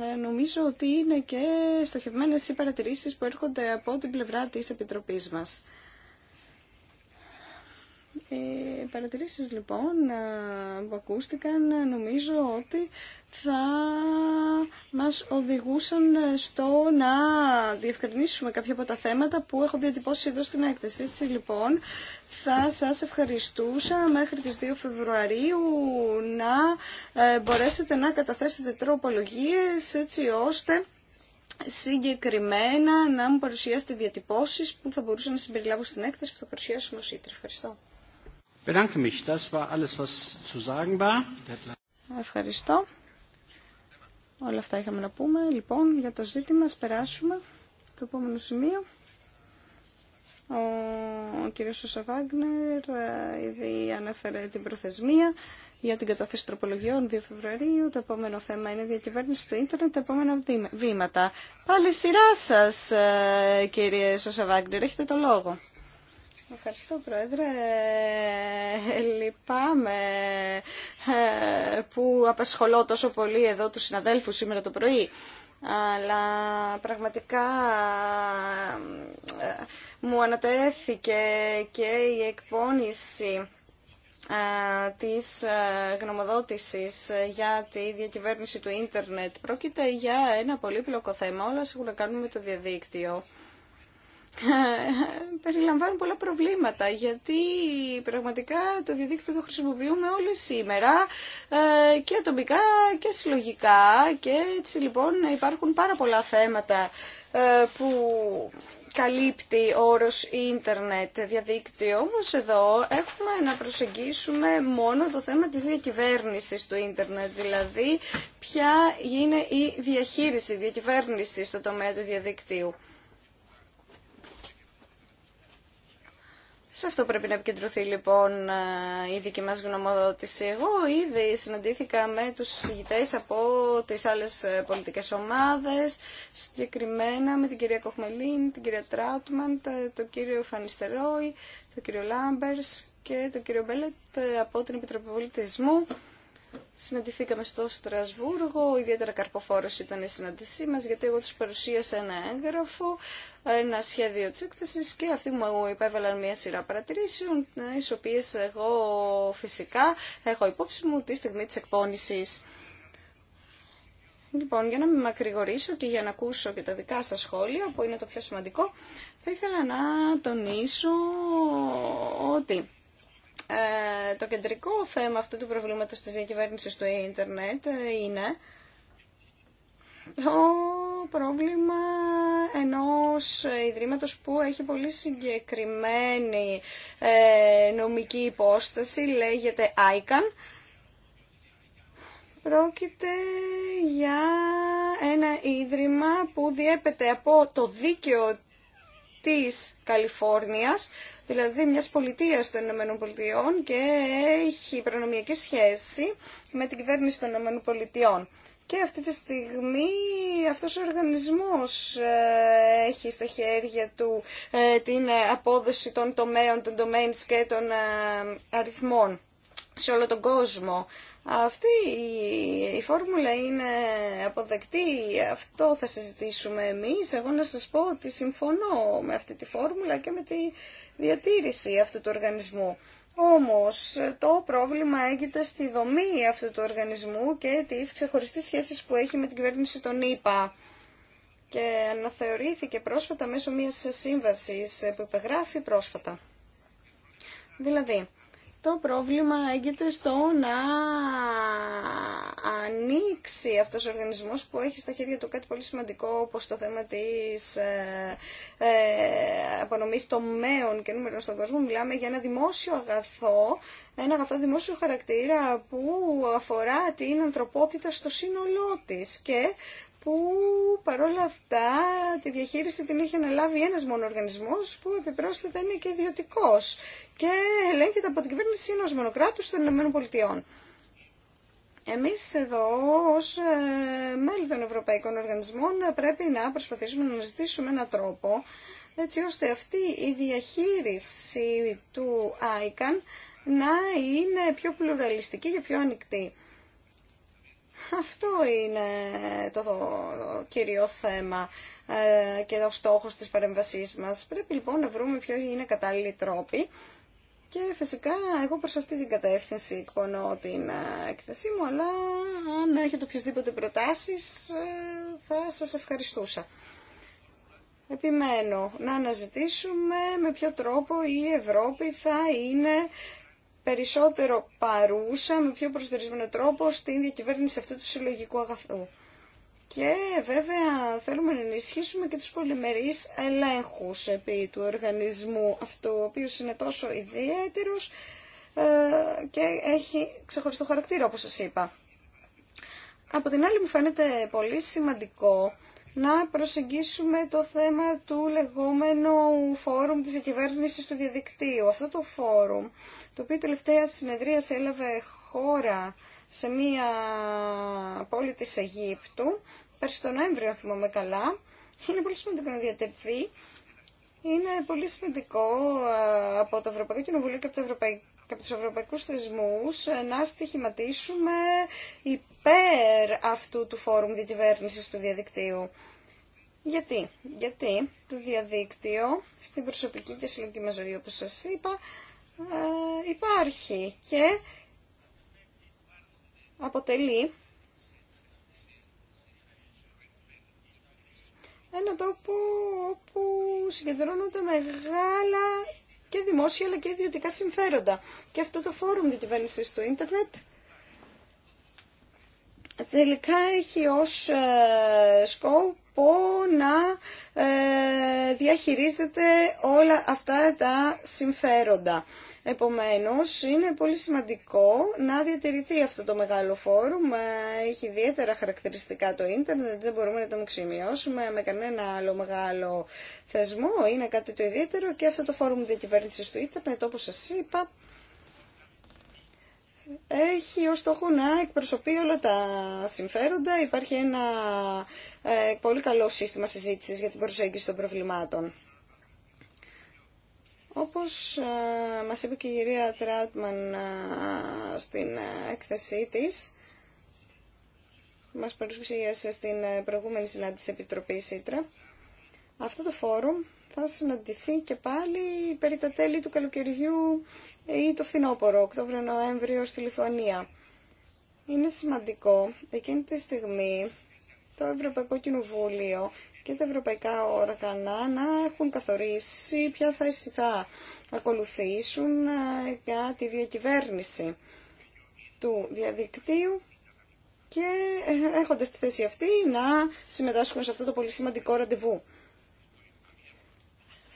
ε, νομίζω ότι είναι και στοχευμένες οι παρατηρήσεις που έρχονται από την πλευρά της Επιτροπής μας. Οι ε, παρατηρήσεις λοιπόν ε, που ακούστηκαν νομίζω ότι θα μας οδηγούσαν στο να διευκρινίσουμε κάποια από τα θέματα που έχω διατυπώσει εδώ στην έκθεση. Έτσι λοιπόν θα σας ευχαριστούσα μέχρι τις 2 Φεβρουαρίου να ε, μπορέσετε να καταθέσετε τροπολογίες έτσι ώστε συγκεκριμένα να μου παρουσιάσετε διατυπώσεις που θα μπορούσαν να συμπεριλάβω στην έκθεση που θα παρουσιάσουμε ως Ευχαριστώ. Ευχαριστώ. Όλα αυτά είχαμε να πούμε. Λοιπόν, για το ζήτημα, ας περάσουμε το επόμενο σημείο. Ο, ο κύριος Βάγνερ ε, ήδη ανέφερε την προθεσμία για την κατάθεση τροπολογιών 2 Φεβρουαρίου. Το επόμενο θέμα είναι η διακυβέρνηση του ίντερνετ, τα επόμενα βήματα. Πάλι σειρά σας, ε, κύριε Βάγνερ, έχετε το λόγο. Ευχαριστώ Πρόεδρε. Ε, λυπάμαι ε, που απασχολώ τόσο πολύ εδώ τους συναδέλφους σήμερα το πρωί. Αλλά πραγματικά ε, μου ανατέθηκε και η εκπόνηση της γνωμοδότησης για τη διακυβέρνηση του ίντερνετ. Πρόκειται για ένα πολύπλοκο θέμα, όλα έχουν να το διαδίκτυο. περιλαμβάνουν πολλά προβλήματα γιατί πραγματικά το διαδίκτυο το χρησιμοποιούμε όλοι σήμερα ε, και ατομικά και συλλογικά και έτσι λοιπόν υπάρχουν πάρα πολλά θέματα ε, που καλύπτει όρος ίντερνετ διαδίκτυο, όμως εδώ έχουμε να προσεγγίσουμε μόνο το θέμα της διακυβέρνησης του ίντερνετ, δηλαδή ποια είναι η διαχείριση, διακυβέρνηση στο τομέα του διαδικτύου. Σε αυτό πρέπει να επικεντρωθεί λοιπόν ε, η δική μας γνωμοδότηση. Εγώ ήδη συναντήθηκα με τους συζητητές από τις άλλες ε, πολιτικές ομάδες, συγκεκριμένα με την κυρία Κοχμελίν, την κυρία Τράουτμαν, τον κύριο Φανιστερόι, τον κύριο Λάμπερς και τον κύριο Μπέλετ ε, από την Επιτροπή Πολιτισμού Συναντηθήκαμε στο Στρασβούργο, ιδιαίτερα καρποφόρος ήταν η συναντησή μας, γιατί εγώ τους παρουσίασα ένα έγγραφο, ένα σχέδιο της έκθεσης και αυτοί μου υπέβαλαν μια σειρά παρατηρήσεων, τις οποίες εγώ φυσικά έχω υπόψη μου τη στιγμή της εκπόνησης. Λοιπόν, για να με μακρηγορήσω και για να ακούσω και τα δικά σας σχόλια, που είναι το πιο σημαντικό, θα ήθελα να τονίσω ότι ε, το κεντρικό θέμα αυτού του προβλήματος της διακυβέρνησης του ίντερνετ ε, είναι το πρόβλημα ενός ιδρύματος που έχει πολύ συγκεκριμένη ε, νομική υπόσταση, λέγεται ICAN. Πρόκειται για ένα ίδρυμα που διέπεται από το δίκαιο της Καλιφόρνιας, δηλαδή μιας πολιτείας των Ηνωμένων Πολιτειών και έχει προνομιακή σχέση με την κυβέρνηση των Ηνωμένων Πολιτειών. Και αυτή τη στιγμή αυτός ο οργανισμός ε, έχει στα χέρια του ε, την ε, απόδοση των τομέων, των domains και των αριθμών σε όλο τον κόσμο. Αυτή η φόρμουλα είναι αποδεκτή, αυτό θα συζητήσουμε εμείς. Εγώ να σας πω ότι συμφωνώ με αυτή τη φόρμουλα και με τη διατήρηση αυτού του οργανισμού. Όμως το πρόβλημα έγινε στη δομή αυτού του οργανισμού και τις ξεχωριστές σχέσεις που έχει με την κυβέρνηση των ΗΠΑ και αναθεωρήθηκε πρόσφατα μέσω μιας σύμβασης που υπεγράφει πρόσφατα. Δηλαδή, το πρόβλημα έγκυται στο να ανοίξει αυτός ο οργανισμός που έχει στα χέρια του κάτι πολύ σημαντικό όπως το θέμα της ε, ε, απονομής τομέων και νούμερων στον κόσμο. Μιλάμε για ένα δημόσιο αγαθό, ένα αγαθό δημόσιο χαρακτήρα που αφορά την ανθρωπότητα στο σύνολό της και που παρόλα αυτά τη διαχείριση την έχει αναλάβει ένας μόνο οργανισμός που επιπρόσθετα είναι και ιδιωτικό και ελέγχεται από την κυβέρνηση ενός μονοκράτους των ΗΠΑ. Εμείς εδώ ως ε, μέλη των Ευρωπαϊκών Οργανισμών πρέπει να προσπαθήσουμε να ζητήσουμε έναν τρόπο έτσι ώστε αυτή η διαχείριση του ICAN να είναι πιο πλουραλιστική και πιο ανοιχτή. Αυτό είναι το κύριο θέμα ε, και ο στόχος της παρέμβασής μας. Πρέπει λοιπόν να βρούμε ποιο είναι κατάλληλοι τρόποι και φυσικά εγώ προς αυτή την κατεύθυνση εκπονώ την ε, έκθεσή μου, αλλά αν έχετε οποιασδήποτε προτάσεις ε, θα σας ευχαριστούσα. Επιμένω να αναζητήσουμε με ποιο τρόπο η Ευρώπη θα είναι περισσότερο παρούσα, με πιο προσδιορισμένο τρόπο, στην διακυβέρνηση αυτού του συλλογικού αγαθού. Και βέβαια θέλουμε να ενισχύσουμε και τους πολυμερείς ελέγχους επί του οργανισμού αυτού, ο οποίος είναι τόσο ιδιαίτερος ε, και έχει ξεχωριστό χαρακτήρα, όπως σας είπα. Από την άλλη μου φαίνεται πολύ σημαντικό να προσεγγίσουμε το θέμα του λεγόμενου φόρουμ της κυβέρνηση του διαδικτύου. Αυτό το φόρουμ, το οποίο τελευταία συνεδρία έλαβε χώρα σε μία πόλη της Αιγύπτου, πέρσι τον Νοέμβριο, αν θυμάμαι καλά, είναι πολύ σημαντικό να διατηρηθεί. Είναι πολύ σημαντικό ε, από το Ευρωπαϊκό Κοινοβούλιο και από το Ευρωπαϊκό ευρωπαϊκούς θεσμούς ε, να στοιχηματίσουμε περ αυτού του φόρουμ διακυβέρνηση του διαδικτύου. Γιατί, γιατί το διαδίκτυο στην προσωπική και συλλογική μας ζωή, όπως σας είπα, ε, υπάρχει και αποτελεί ένα τόπο όπου συγκεντρώνονται μεγάλα και δημόσια αλλά και ιδιωτικά συμφέροντα. Και αυτό το φόρουμ διακυβέρνηση του ίντερνετ τελικά έχει ως ε, σκόπο να ε, διαχειρίζεται όλα αυτά τα συμφέροντα. Επομένως, είναι πολύ σημαντικό να διατηρηθεί αυτό το μεγάλο φόρουμ. Ε, έχει ιδιαίτερα χαρακτηριστικά το ίντερνετ, δεν μπορούμε να το ξημειώσουμε με κανένα άλλο μεγάλο θεσμό. Είναι κάτι το ιδιαίτερο και αυτό το φόρουμ διακυβέρνησης του ίντερνετ, όπως σας είπα, έχει ως στόχο να εκπροσωπεί όλα τα συμφέροντα. Υπάρχει ένα ε, πολύ καλό σύστημα συζήτησης για την προσέγγιση των προβλημάτων. Όπως ε, μας είπε και η κυρία Τράουτμαν ε, στην έκθεσή της, μας παρουσίασε στην προηγούμενη συνάντηση Επιτροπή Ήτρα, αυτό το φόρουμ θα συναντηθεί και πάλι περί τα τέλη του καλοκαιριού ή το φθινόπωρο, Οκτώβριο-Νοέμβριο στη Λιθουανία. Είναι σημαντικό εκείνη τη στιγμή το Ευρωπαϊκό Κοινοβούλιο και τα ευρωπαϊκά όργανα να έχουν καθορίσει ποια θέση θα ακολουθήσουν ε, για τη διακυβέρνηση του διαδικτύου και ε, έχοντας τη θέση αυτή να συμμετάσχουν σε αυτό το πολύ σημαντικό ραντεβού.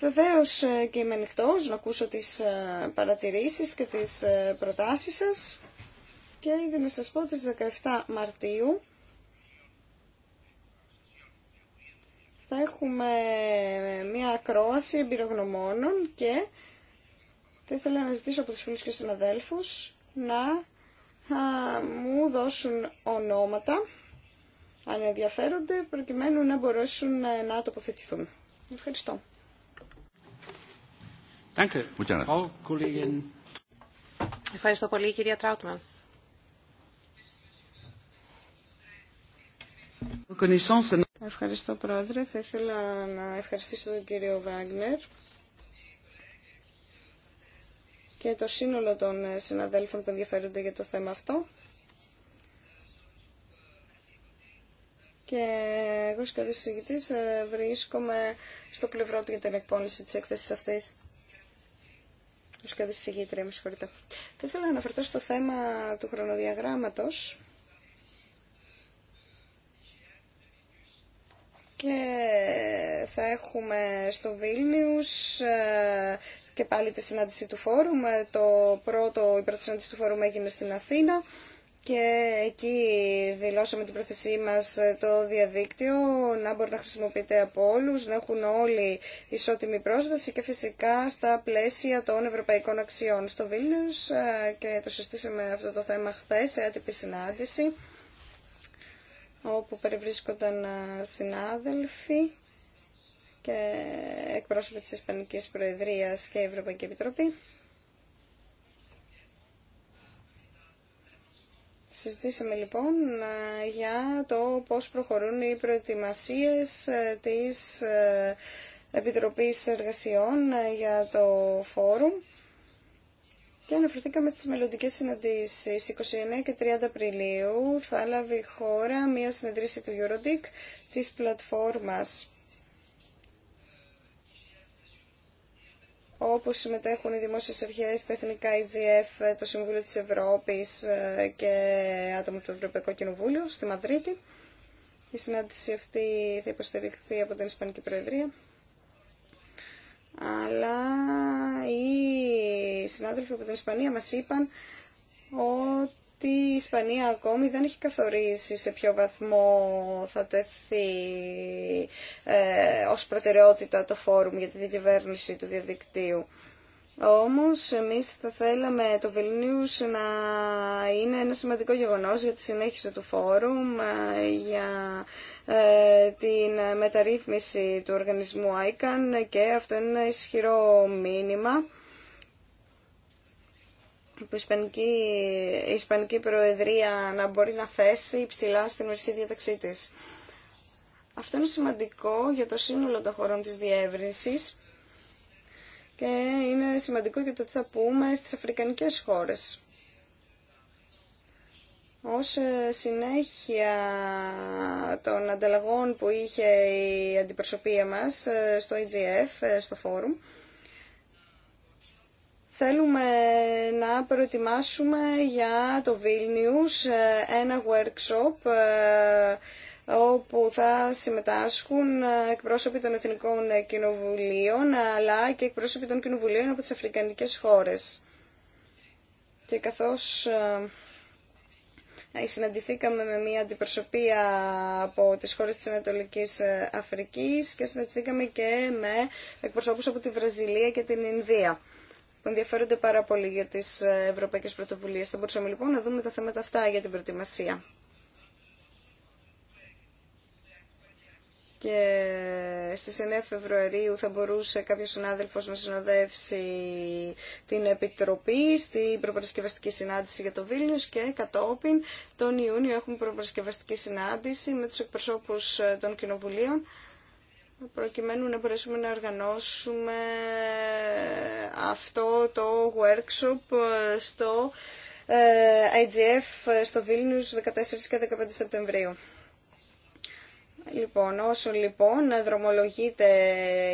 Βεβαίω ε, και είμαι ανοιχτό να ακούσω τις ε, παρατηρήσεις και τις ε, προτάσεις σας και ήδη να σα πω ότι 17 Μαρτίου θα έχουμε μια ακρόαση εμπειρογνωμόνων και θα ήθελα να ζητήσω από τους φίλους και συναδέλφους να μου δώσουν ονόματα αν ενδιαφέρονται προκειμένου να μπορέσουν να τοποθετηθούν. Ευχαριστώ. Ευχαριστώ πολύ, κυρία Τράουτμαν. Ευχαριστώ, Πρόεδρε. Θα ήθελα να ευχαριστήσω τον κύριο Βάγνερ και το σύνολο των συναδέλφων που ενδιαφέρονται για το θέμα αυτό. Και εγώ ως καλής ε, βρίσκομαι στο πλευρό του για την εκπόνηση της έκθεσης αυτής. Σκιώδη συγγήτρια, με συγχωρείτε. Θα ήθελα να αναφερθώ στο θέμα του χρονοδιαγράμματος και θα έχουμε στο Βίλνιους ε, και πάλι τη συνάντηση του φόρουμ. Ε, το πρώτο, η πρώτη συνάντηση του φόρουμ έγινε στην Αθήνα και εκεί δηλώσαμε την πρόθεσή μας ε, το διαδίκτυο να μπορεί να χρησιμοποιείται από όλους, να έχουν όλοι ισότιμη πρόσβαση και φυσικά στα πλαίσια των ευρωπαϊκών αξιών. Στο Βίλνιους ε, και το συστήσαμε αυτό το θέμα χθες σε άτυπη συνάντηση όπου περιβρίσκονταν ε, συνάδελφοι και εκπρόσωποι της Ισπανικής Προεδρίας και Ευρωπαϊκή Επιτροπή. Συζητήσαμε λοιπόν για το πώς προχωρούν οι προετοιμασίες ε, της ε, Επιτροπής Εργασιών ε, για το Φόρουμ και αναφερθήκαμε στις μελλοντικές συναντήσεις. 29 και 30 Απριλίου θα λάβει η χώρα μία συνεδρίαση του Eurodic της πλατφόρμας όπως συμμετέχουν οι δημόσιες αρχές, τα εθνικά IGF, το Συμβούλιο της Ευρώπης ε, και άτομα του Ευρωπαϊκού Κοινοβούλιο στη Μαδρίτη. Η συνάντηση αυτή θα υποστηριχθεί από την Ισπανική Προεδρία. Αλλά οι συνάδελφοι από την Ισπανία μας είπαν ότι Τη η Ισπανία ακόμη δεν έχει καθορίσει σε ποιο βαθμό θα τεθεί ε, ως προτεραιότητα το φόρουμ για τη διακυβέρνηση του διαδικτύου. Όμως εμείς θα θέλαμε το Βελνίους να είναι ένα σημαντικό γεγονός για τη συνέχιση του φόρουμ, ε, για ε, την μεταρρύθμιση του οργανισμού ICAN και αυτό είναι ένα ισχυρό μήνυμα που η Ισπανική, η Προεδρία να μπορεί να θέσει ψηλά στην μερική διάταξή της. Αυτό είναι σημαντικό για το σύνολο των χωρών της διεύρυνσης και είναι σημαντικό για το τι θα πούμε στις αφρικανικές χώρες. Ως ε, συνέχεια των ανταλλαγών που είχε η αντιπροσωπεία μας ε, στο IGF, e ε, στο φόρουμ, Θέλουμε να προετοιμάσουμε για το Vilnius ε, ένα workshop ε, όπου θα συμμετάσχουν ε, εκπρόσωποι των Εθνικών Κοινοβουλίων αλλά και εκπρόσωποι των Κοινοβουλίων από τις Αφρικανικές χώρες. Και καθώς συναντηθήκαμε με μια αντιπροσωπεία από τις χώρες της Ανατολικής Αφρικής και συναντηθήκαμε και με εκπροσώπους από τη Βραζιλία και την Ινδία που ενδιαφέρονται πάρα πολύ για τις ε, ευρωπαϊκές πρωτοβουλίες. Θα μπορούσαμε λοιπόν να δούμε τα θέματα αυτά για την προετοιμασία. και στις 9 Φεβρουαρίου θα μπορούσε κάποιος συνάδελφος να συνοδεύσει την Επιτροπή στην προπαρασκευαστική συνάντηση για το Βίλνιους και κατόπιν τον Ιούνιο έχουμε προπαρασκευαστική συνάντηση με τους εκπροσώπους ε, των κοινοβουλίων προκειμένου να μπορέσουμε να οργανώσουμε αυτό το workshop στο ε, IGF στο Βίλνιους 14 και 15 Σεπτεμβρίου. Λοιπόν, όσο λοιπόν δρομολογείται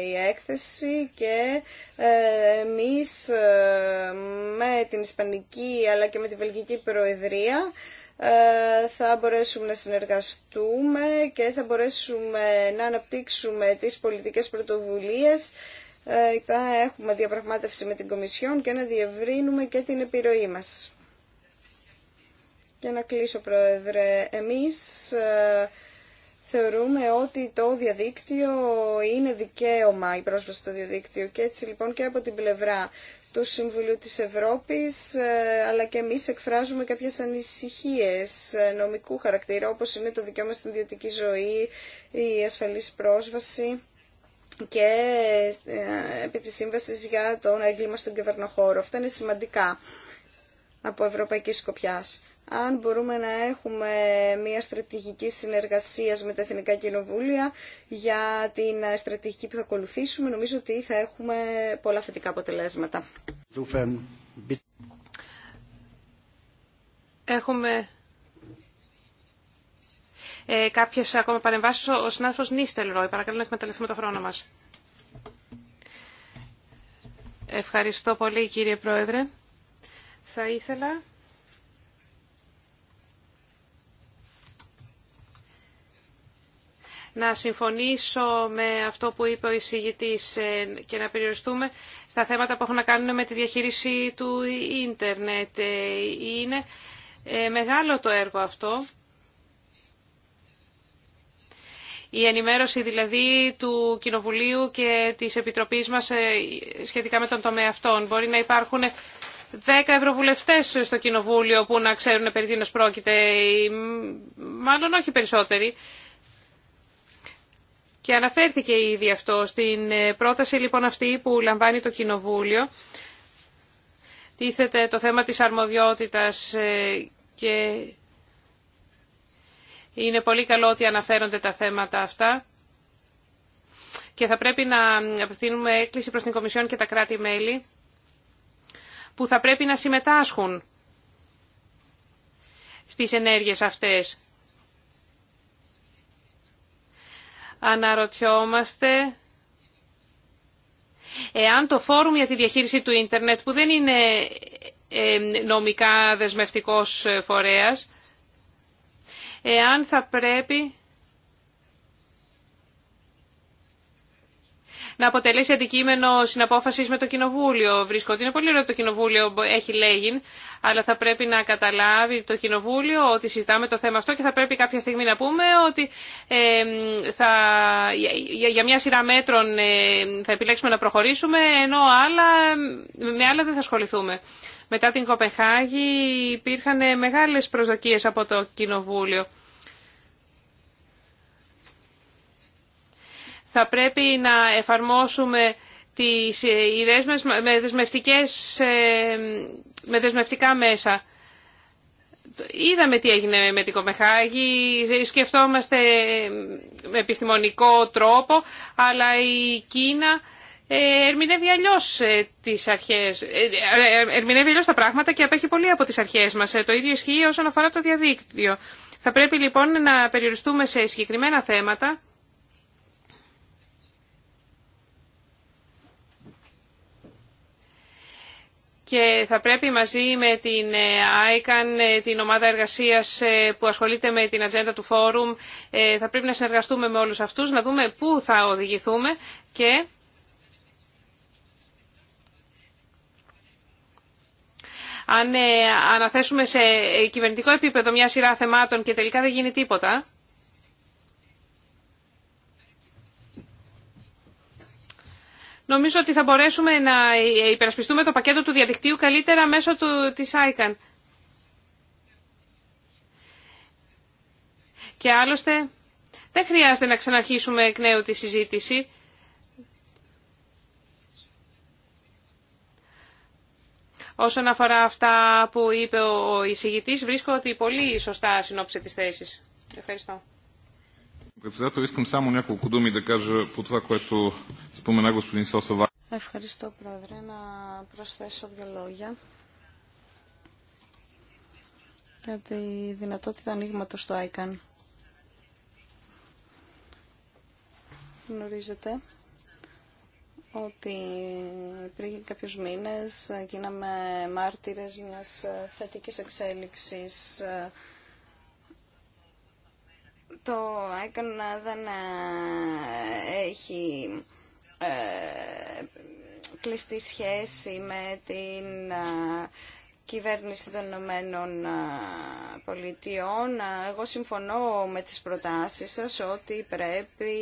η έκθεση και ε, εμείς ε, με την Ισπανική αλλά και με τη Βελγική Προεδρία ε, θα μπορέσουμε να συνεργαστούμε και θα μπορέσουμε να αναπτύξουμε τις πολιτικές πρωτοβουλίες ε, θα έχουμε διαπραγμάτευση με την Κομισιόν και να διευρύνουμε και την επιρροή μας. Για να κλείσω, Πρόεδρε, εμείς ε, θεωρούμε ότι το διαδίκτυο είναι δικαίωμα η πρόσβαση στο διαδίκτυο και έτσι λοιπόν και από την πλευρά του Συμβουλίου της Ευρώπης, ε, αλλά και εμείς εκφράζουμε κάποιες ανησυχίες ε, νομικού χαρακτήρα, όπως είναι το δικαίωμα στην ιδιωτική ζωή, η ασφαλής πρόσβαση και ε, επί της σύμβασης για τον έγκλημα στον κυβερνοχώρο. Αυτά είναι σημαντικά από ευρωπαϊκή σκοπιάς αν μπορούμε να έχουμε μια στρατηγική συνεργασία με τα Εθνικά Κοινοβούλια για την στρατηγική που θα ακολουθήσουμε, νομίζω ότι θα έχουμε πολλά θετικά αποτελέσματα. Έχουμε ε, κάποιες ακόμα παρεμβάσεις. Ο συνάδελφος Νίστελ Ρόι, παρακαλώ να εκμεταλλευτούμε το χρόνο μας. Ευχαριστώ πολύ κύριε Πρόεδρε. Θα ήθελα να συμφωνήσω με αυτό που είπε ο εισηγητής ε, και να περιοριστούμε στα θέματα που έχουν να κάνουν με τη διαχείριση του ίντερνετ. Ε, είναι ε, μεγάλο το έργο αυτό. Η ενημέρωση δηλαδή του Κοινοβουλίου και της Επιτροπής μας σχετικά με τον τομέα αυτών. Μπορεί να υπάρχουν δέκα ευρωβουλευτές στο Κοινοβούλιο που να ξέρουν περί τίνος πρόκειται, μάλλον όχι περισσότεροι. Και αναφέρθηκε ήδη αυτό στην ε, πρόταση λοιπόν αυτή που λαμβάνει το Κοινοβούλιο. Τίθεται το θέμα της αρμοδιότητας ε, και είναι πολύ καλό ότι αναφέρονται τα θέματα αυτά. Και θα πρέπει να απευθύνουμε έκκληση προς την Κομισιόν και τα κράτη-μέλη που θα πρέπει να συμμετάσχουν στις ενέργειες αυτές. αναρωτιόμαστε εάν το φόρουμ για τη διαχείριση του ίντερνετ που δεν είναι ε, νομικά δεσμευτικός φορέας, εάν θα πρέπει να αποτελέσει αντικείμενο συναπόφαση με το Κοινοβούλιο. Βρίσκω ότι είναι πολύ ωραίο το Κοινοβούλιο, έχει λέγει, αλλά θα πρέπει να καταλάβει το Κοινοβούλιο ότι συζητάμε το θέμα αυτό και θα πρέπει κάποια στιγμή να πούμε ότι για, μια σειρά μέτρων ε, θα επιλέξουμε να προχωρήσουμε, ενώ άλλα, με άλλα δεν θα ασχοληθούμε. Μετά την Κοπεχάγη υπήρχαν μεγάλες προσδοκίες από το Κοινοβούλιο. Θα πρέπει να εφαρμόσουμε τις ε, ιδέες μας με, δεσμευτικές, ε, δεσμευτικά μέσα. Είδαμε τι έγινε με την Κομεχάγη, σκεφτόμαστε με επιστημονικό τρόπο, αλλά η Κίνα ε, ερμηνεύει αλλιώ τις αρχές, ερμηνεύει αλλιώς τα πράγματα και απέχει πολύ από τις αρχές μας. Το ίδιο ισχύει όσον αφορά το διαδίκτυο. Θα πρέπει λοιπόν να περιοριστούμε σε συγκεκριμένα θέματα και θα πρέπει μαζί με την ICAN, ε, ε, την ομάδα εργασίας ε, που ασχολείται με την ατζέντα του φόρουμ, θα πρέπει να συνεργαστούμε με όλους αυτούς, να δούμε πού θα οδηγηθούμε και... Αν αναθέσουμε σε κυβερνητικό επίπεδο μια σειρά θεμάτων και τελικά δεν γίνει τίποτα, νομίζω ότι θα μπορέσουμε να υπερασπιστούμε το πακέτο του διαδικτύου καλύτερα μέσω του, της ICAN. Και άλλωστε δεν χρειάζεται να ξαναρχίσουμε εκ νέου τη συζήτηση. Όσον αφορά αυτά που είπε ο εισηγητής, βρίσκω ότι πολύ σωστά συνόψε τις θέσεις. Ευχαριστώ. Ευχαριστώ, Πρόεδρε. Να προσθέσω δύο λόγια για τη δυνατότητα ανοίγματο στο ICAN. Γνωρίζετε ότι πριν κάποιους μήνες γίναμε μάρτυρες μιας θετικής εξέλιξης το έκανα δεν ε, έχει ε, κλειστή σχέση με την ε, κυβέρνηση των Ηνωμένων Πολιτειών. Εγώ συμφωνώ με τις προτάσεις σας ότι πρέπει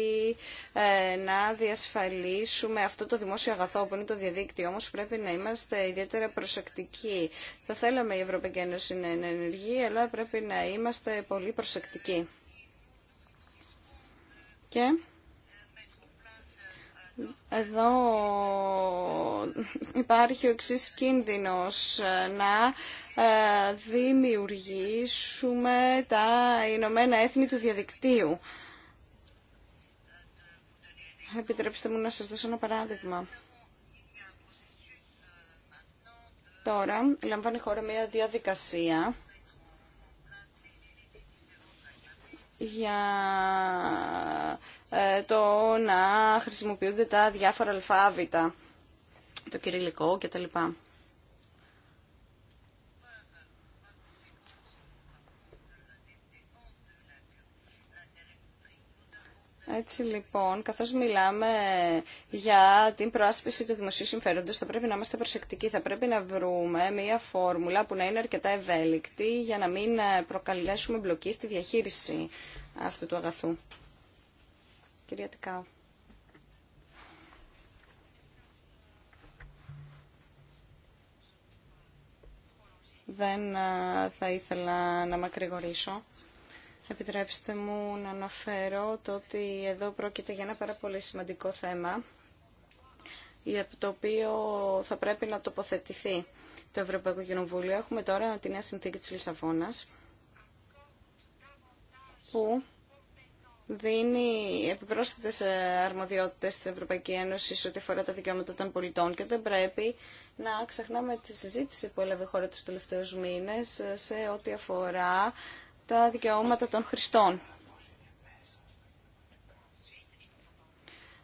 να διασφαλίσουμε αυτό το δημόσιο αγαθό που είναι το διαδίκτυο, όμως πρέπει να είμαστε ιδιαίτερα προσεκτικοί. Θα θέλαμε η Ευρωπαϊκή Ένωση να είναι ενεργή, αλλά πρέπει να είμαστε πολύ προσεκτικοί. Και εδώ υπάρχει ο εξής κίνδυνος να ε, δημιουργήσουμε τα Ηνωμένα Έθνη του διαδικτύου. Επιτρέψτε μου να σας δώσω ένα παράδειγμα. Τώρα λαμβάνει η χώρα μια διαδικασία για ε, το να χρησιμοποιούνται τα διάφορα αλφάβητα, το κυριλικό κτλ. Έτσι λοιπόν, καθώς μιλάμε για την προάσπιση του δημοσίου συμφέροντος, θα πρέπει να είμαστε προσεκτικοί, θα πρέπει να βρούμε μια φόρμουλα που να είναι αρκετά ευέλικτη για να μην ε, προκαλέσουμε μπλοκή στη διαχείριση αυτού του αγαθού. Κυρία Τικάου. Δεν ε, θα ήθελα να μακρηγορήσω. Επιτρέψτε μου να αναφέρω το ότι εδώ πρόκειται για ένα πάρα πολύ σημαντικό θέμα για το οποίο θα πρέπει να τοποθετηθεί το Ευρωπαϊκό Κοινοβούλιο. Έχουμε τώρα τη νέα συνθήκη της Λισαβόνας που δίνει επιπρόσθετες ε, αρμοδιότητες στην Ευρωπαϊκή Ένωση ό,τι αφορά τα δικαιώματα των πολιτών και δεν πρέπει να ξεχνάμε τη συζήτηση που έλαβε η χώρα τους τελευταίους μήνες ε, σε ό,τι αφορά τα δικαιώματα των χρηστών.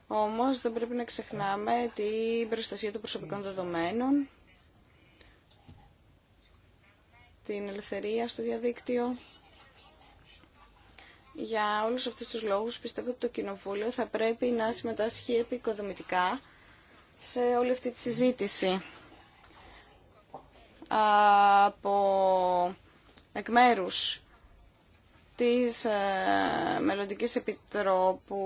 Όμως δεν πρέπει να ξεχνάμε την προστασία των προσωπικών δεδομένων, την ελευθερία στο διαδίκτυο. Για όλους αυτούς τους λόγους πιστεύω ότι το Κοινοβούλιο θα πρέπει να συμμετάσχει επικοδομητικά σε όλη αυτή τη συζήτηση. Από εκ μέρους της ε, Μελλοντικής Επιτρόπου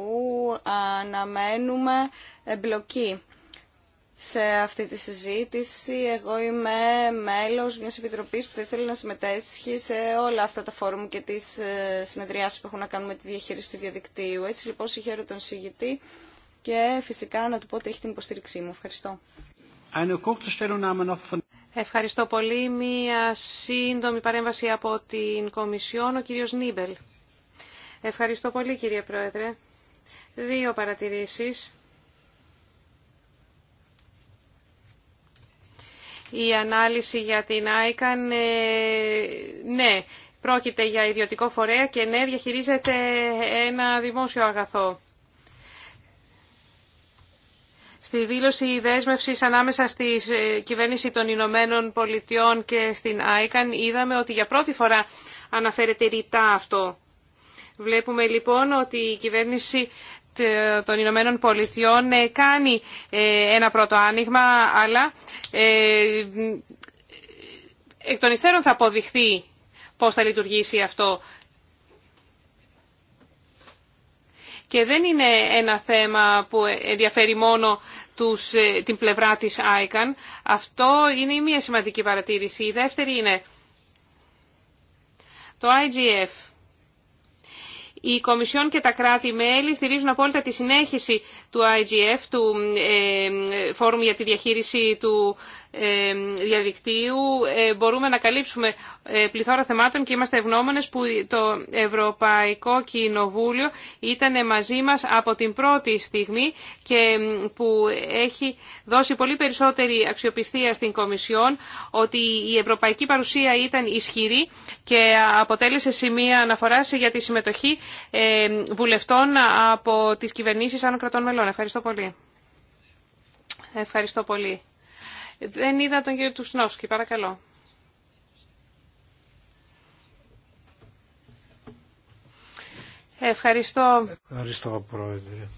αναμένουμε εμπλοκή σε αυτή τη συζήτηση. Εγώ είμαι μέλος μιας επιτροπής που θα ήθελε να συμμετέχει σε όλα αυτά τα φόρουμ και τις ε, συνεδριάσεις που έχουν να κάνουν με τη διαχείριση του διαδικτύου. Έτσι λοιπόν συγχαίρω τον συγητή και φυσικά να του πω ότι έχει την υποστήριξή μου. Ευχαριστώ. Ευχαριστώ πολύ. Μία σύντομη παρέμβαση από την Κομισιόν, ο κύριος Νίμπελ. Ευχαριστώ πολύ κύριε Πρόεδρε. Δύο παρατηρήσεις. Η ανάλυση για την ICAN, ε, ναι, πρόκειται για ιδιωτικό φορέα και ναι, διαχειρίζεται ένα δημόσιο αγαθό. Στη δήλωση δέσμευσης ανάμεσα στη ε, κυβέρνηση των Ηνωμένων Πολιτειών και στην ΆΙΚΑΝ είδαμε ότι για πρώτη φορά αναφέρεται ρητά αυτό. Βλέπουμε λοιπόν ότι η κυβέρνηση των Ηνωμένων Πολιτειών ε, κάνει ε, ένα πρώτο άνοιγμα, αλλά εκ των υστέρων θα αποδειχθεί πώς θα λειτουργήσει αυτό. και δεν είναι ένα θέμα που ενδιαφέρει μόνο τους, ε, την πλευρά της ICAN. Αυτό είναι η μία σημαντική παρατήρηση. Η δεύτερη είναι το IGF. Η Κομισιόν και τα κράτη-μέλη στηρίζουν απόλυτα τη συνέχιση του IGF, του ε, Φόρουμ για τη Διαχείριση του ε, Διαδικτύου, ε, μπορούμε να καλύψουμε πληθώρα θεμάτων και είμαστε ευγνώμενες που το Ευρωπαϊκό Κοινοβούλιο ήταν μαζί μας από την πρώτη στιγμή και που έχει δώσει πολύ περισσότερη αξιοπιστία στην Κομισιόν ότι η ευρωπαϊκή παρουσία ήταν ισχυρή και αποτέλεσε σημεία αναφοράς για τη συμμετοχή βουλευτών από τις κυβερνήσεις άνω κρατών μελών. Ευχαριστώ πολύ. Ευχαριστώ πολύ. Δεν είδα τον κύριο Τουσνόφσκι. Παρακαλώ. Ευχαριστώ. Ευχαριστώ, Πρόεδρε.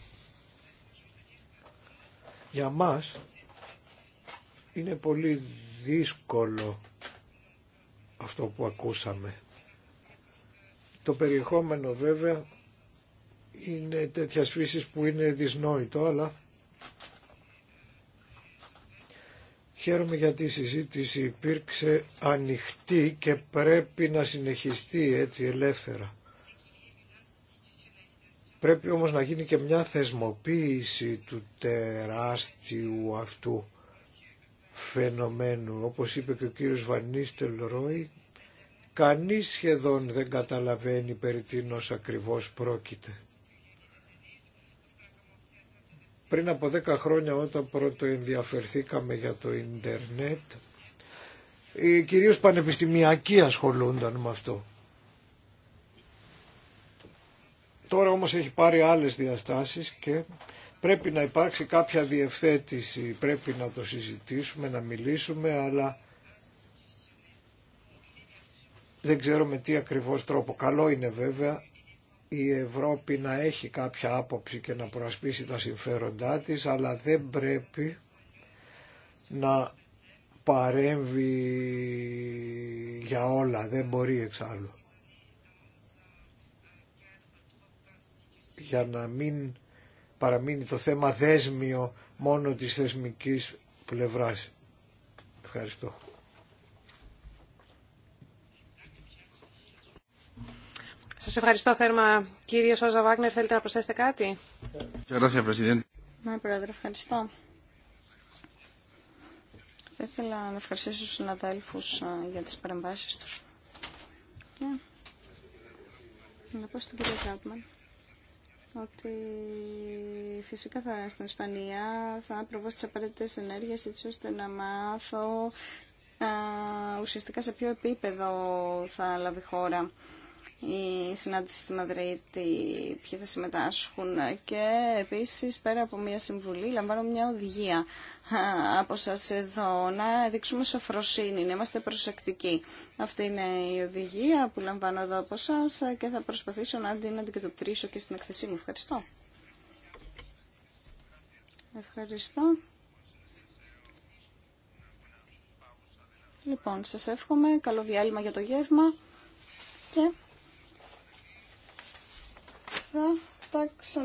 Για μας είναι πολύ δύσκολο αυτό που ακούσαμε. Το περιεχόμενο βέβαια είναι τέτοια φύση που είναι δυσνόητο, αλλά χαίρομαι γιατί η συζήτηση υπήρξε ανοιχτή και πρέπει να συνεχιστεί έτσι ελεύθερα. Πρέπει όμως να γίνει και μια θεσμοποίηση του τεράστιου αυτού φαινομένου. Όπως είπε και ο κύριος Βανίστελ Ρόι, κανείς σχεδόν δεν καταλαβαίνει περί τίνος ακριβώς πρόκειται. Πριν από 10 χρόνια όταν πρώτο ενδιαφερθήκαμε για το ίντερνετ, ε, κυρίως πανεπιστημιακοί ασχολούνταν με αυτό. Τώρα όμως έχει πάρει άλλες διαστάσεις και πρέπει να υπάρξει κάποια διευθέτηση, πρέπει να το συζητήσουμε, να μιλήσουμε, αλλά δεν ξέρω με τι ακριβώς τρόπο. Καλό είναι βέβαια η Ευρώπη να έχει κάποια άποψη και να προασπίσει τα συμφέροντά της, αλλά δεν πρέπει να παρέμβει για όλα, δεν μπορεί εξάλλου. Για να μην παραμείνει το θέμα δέσμιο μόνο της θεσμικής πλευράς. Ευχαριστώ. Σας ευχαριστώ θέρμα. Κύριε Σόζα Βάγνερ, θέλετε να προσθέσετε κάτι. Ναι, Πρόεδρε, ευχαριστώ. Θα ήθελα να ευχαριστήσω τους συναδέλφους για τις παρεμβάσεις τους. Να πω στην κυρία Κάπμαν ότι φυσικά θα στην Ισπανία θα προβώ τις απαραίτητες ενέργειες έτσι ώστε να μάθω α, ουσιαστικά σε ποιο επίπεδο θα λάβει χώρα η συνάντηση στη Μαδρίτη, ποιοι θα συμμετάσχουν και επίσης πέρα από μια συμβουλή λαμβάνω μια οδηγία από σας εδώ να δείξουμε σοφροσύνη, να είμαστε προσεκτικοί. Αυτή είναι η οδηγία που λαμβάνω εδώ από σας και θα προσπαθήσω να την αντικατοπτρίσω και στην εκθεσή μου. Ευχαριστώ. Ευχαριστώ. Λοιπόν, σας εύχομαι. Καλό διάλειμμα για το γεύμα. Και θα τα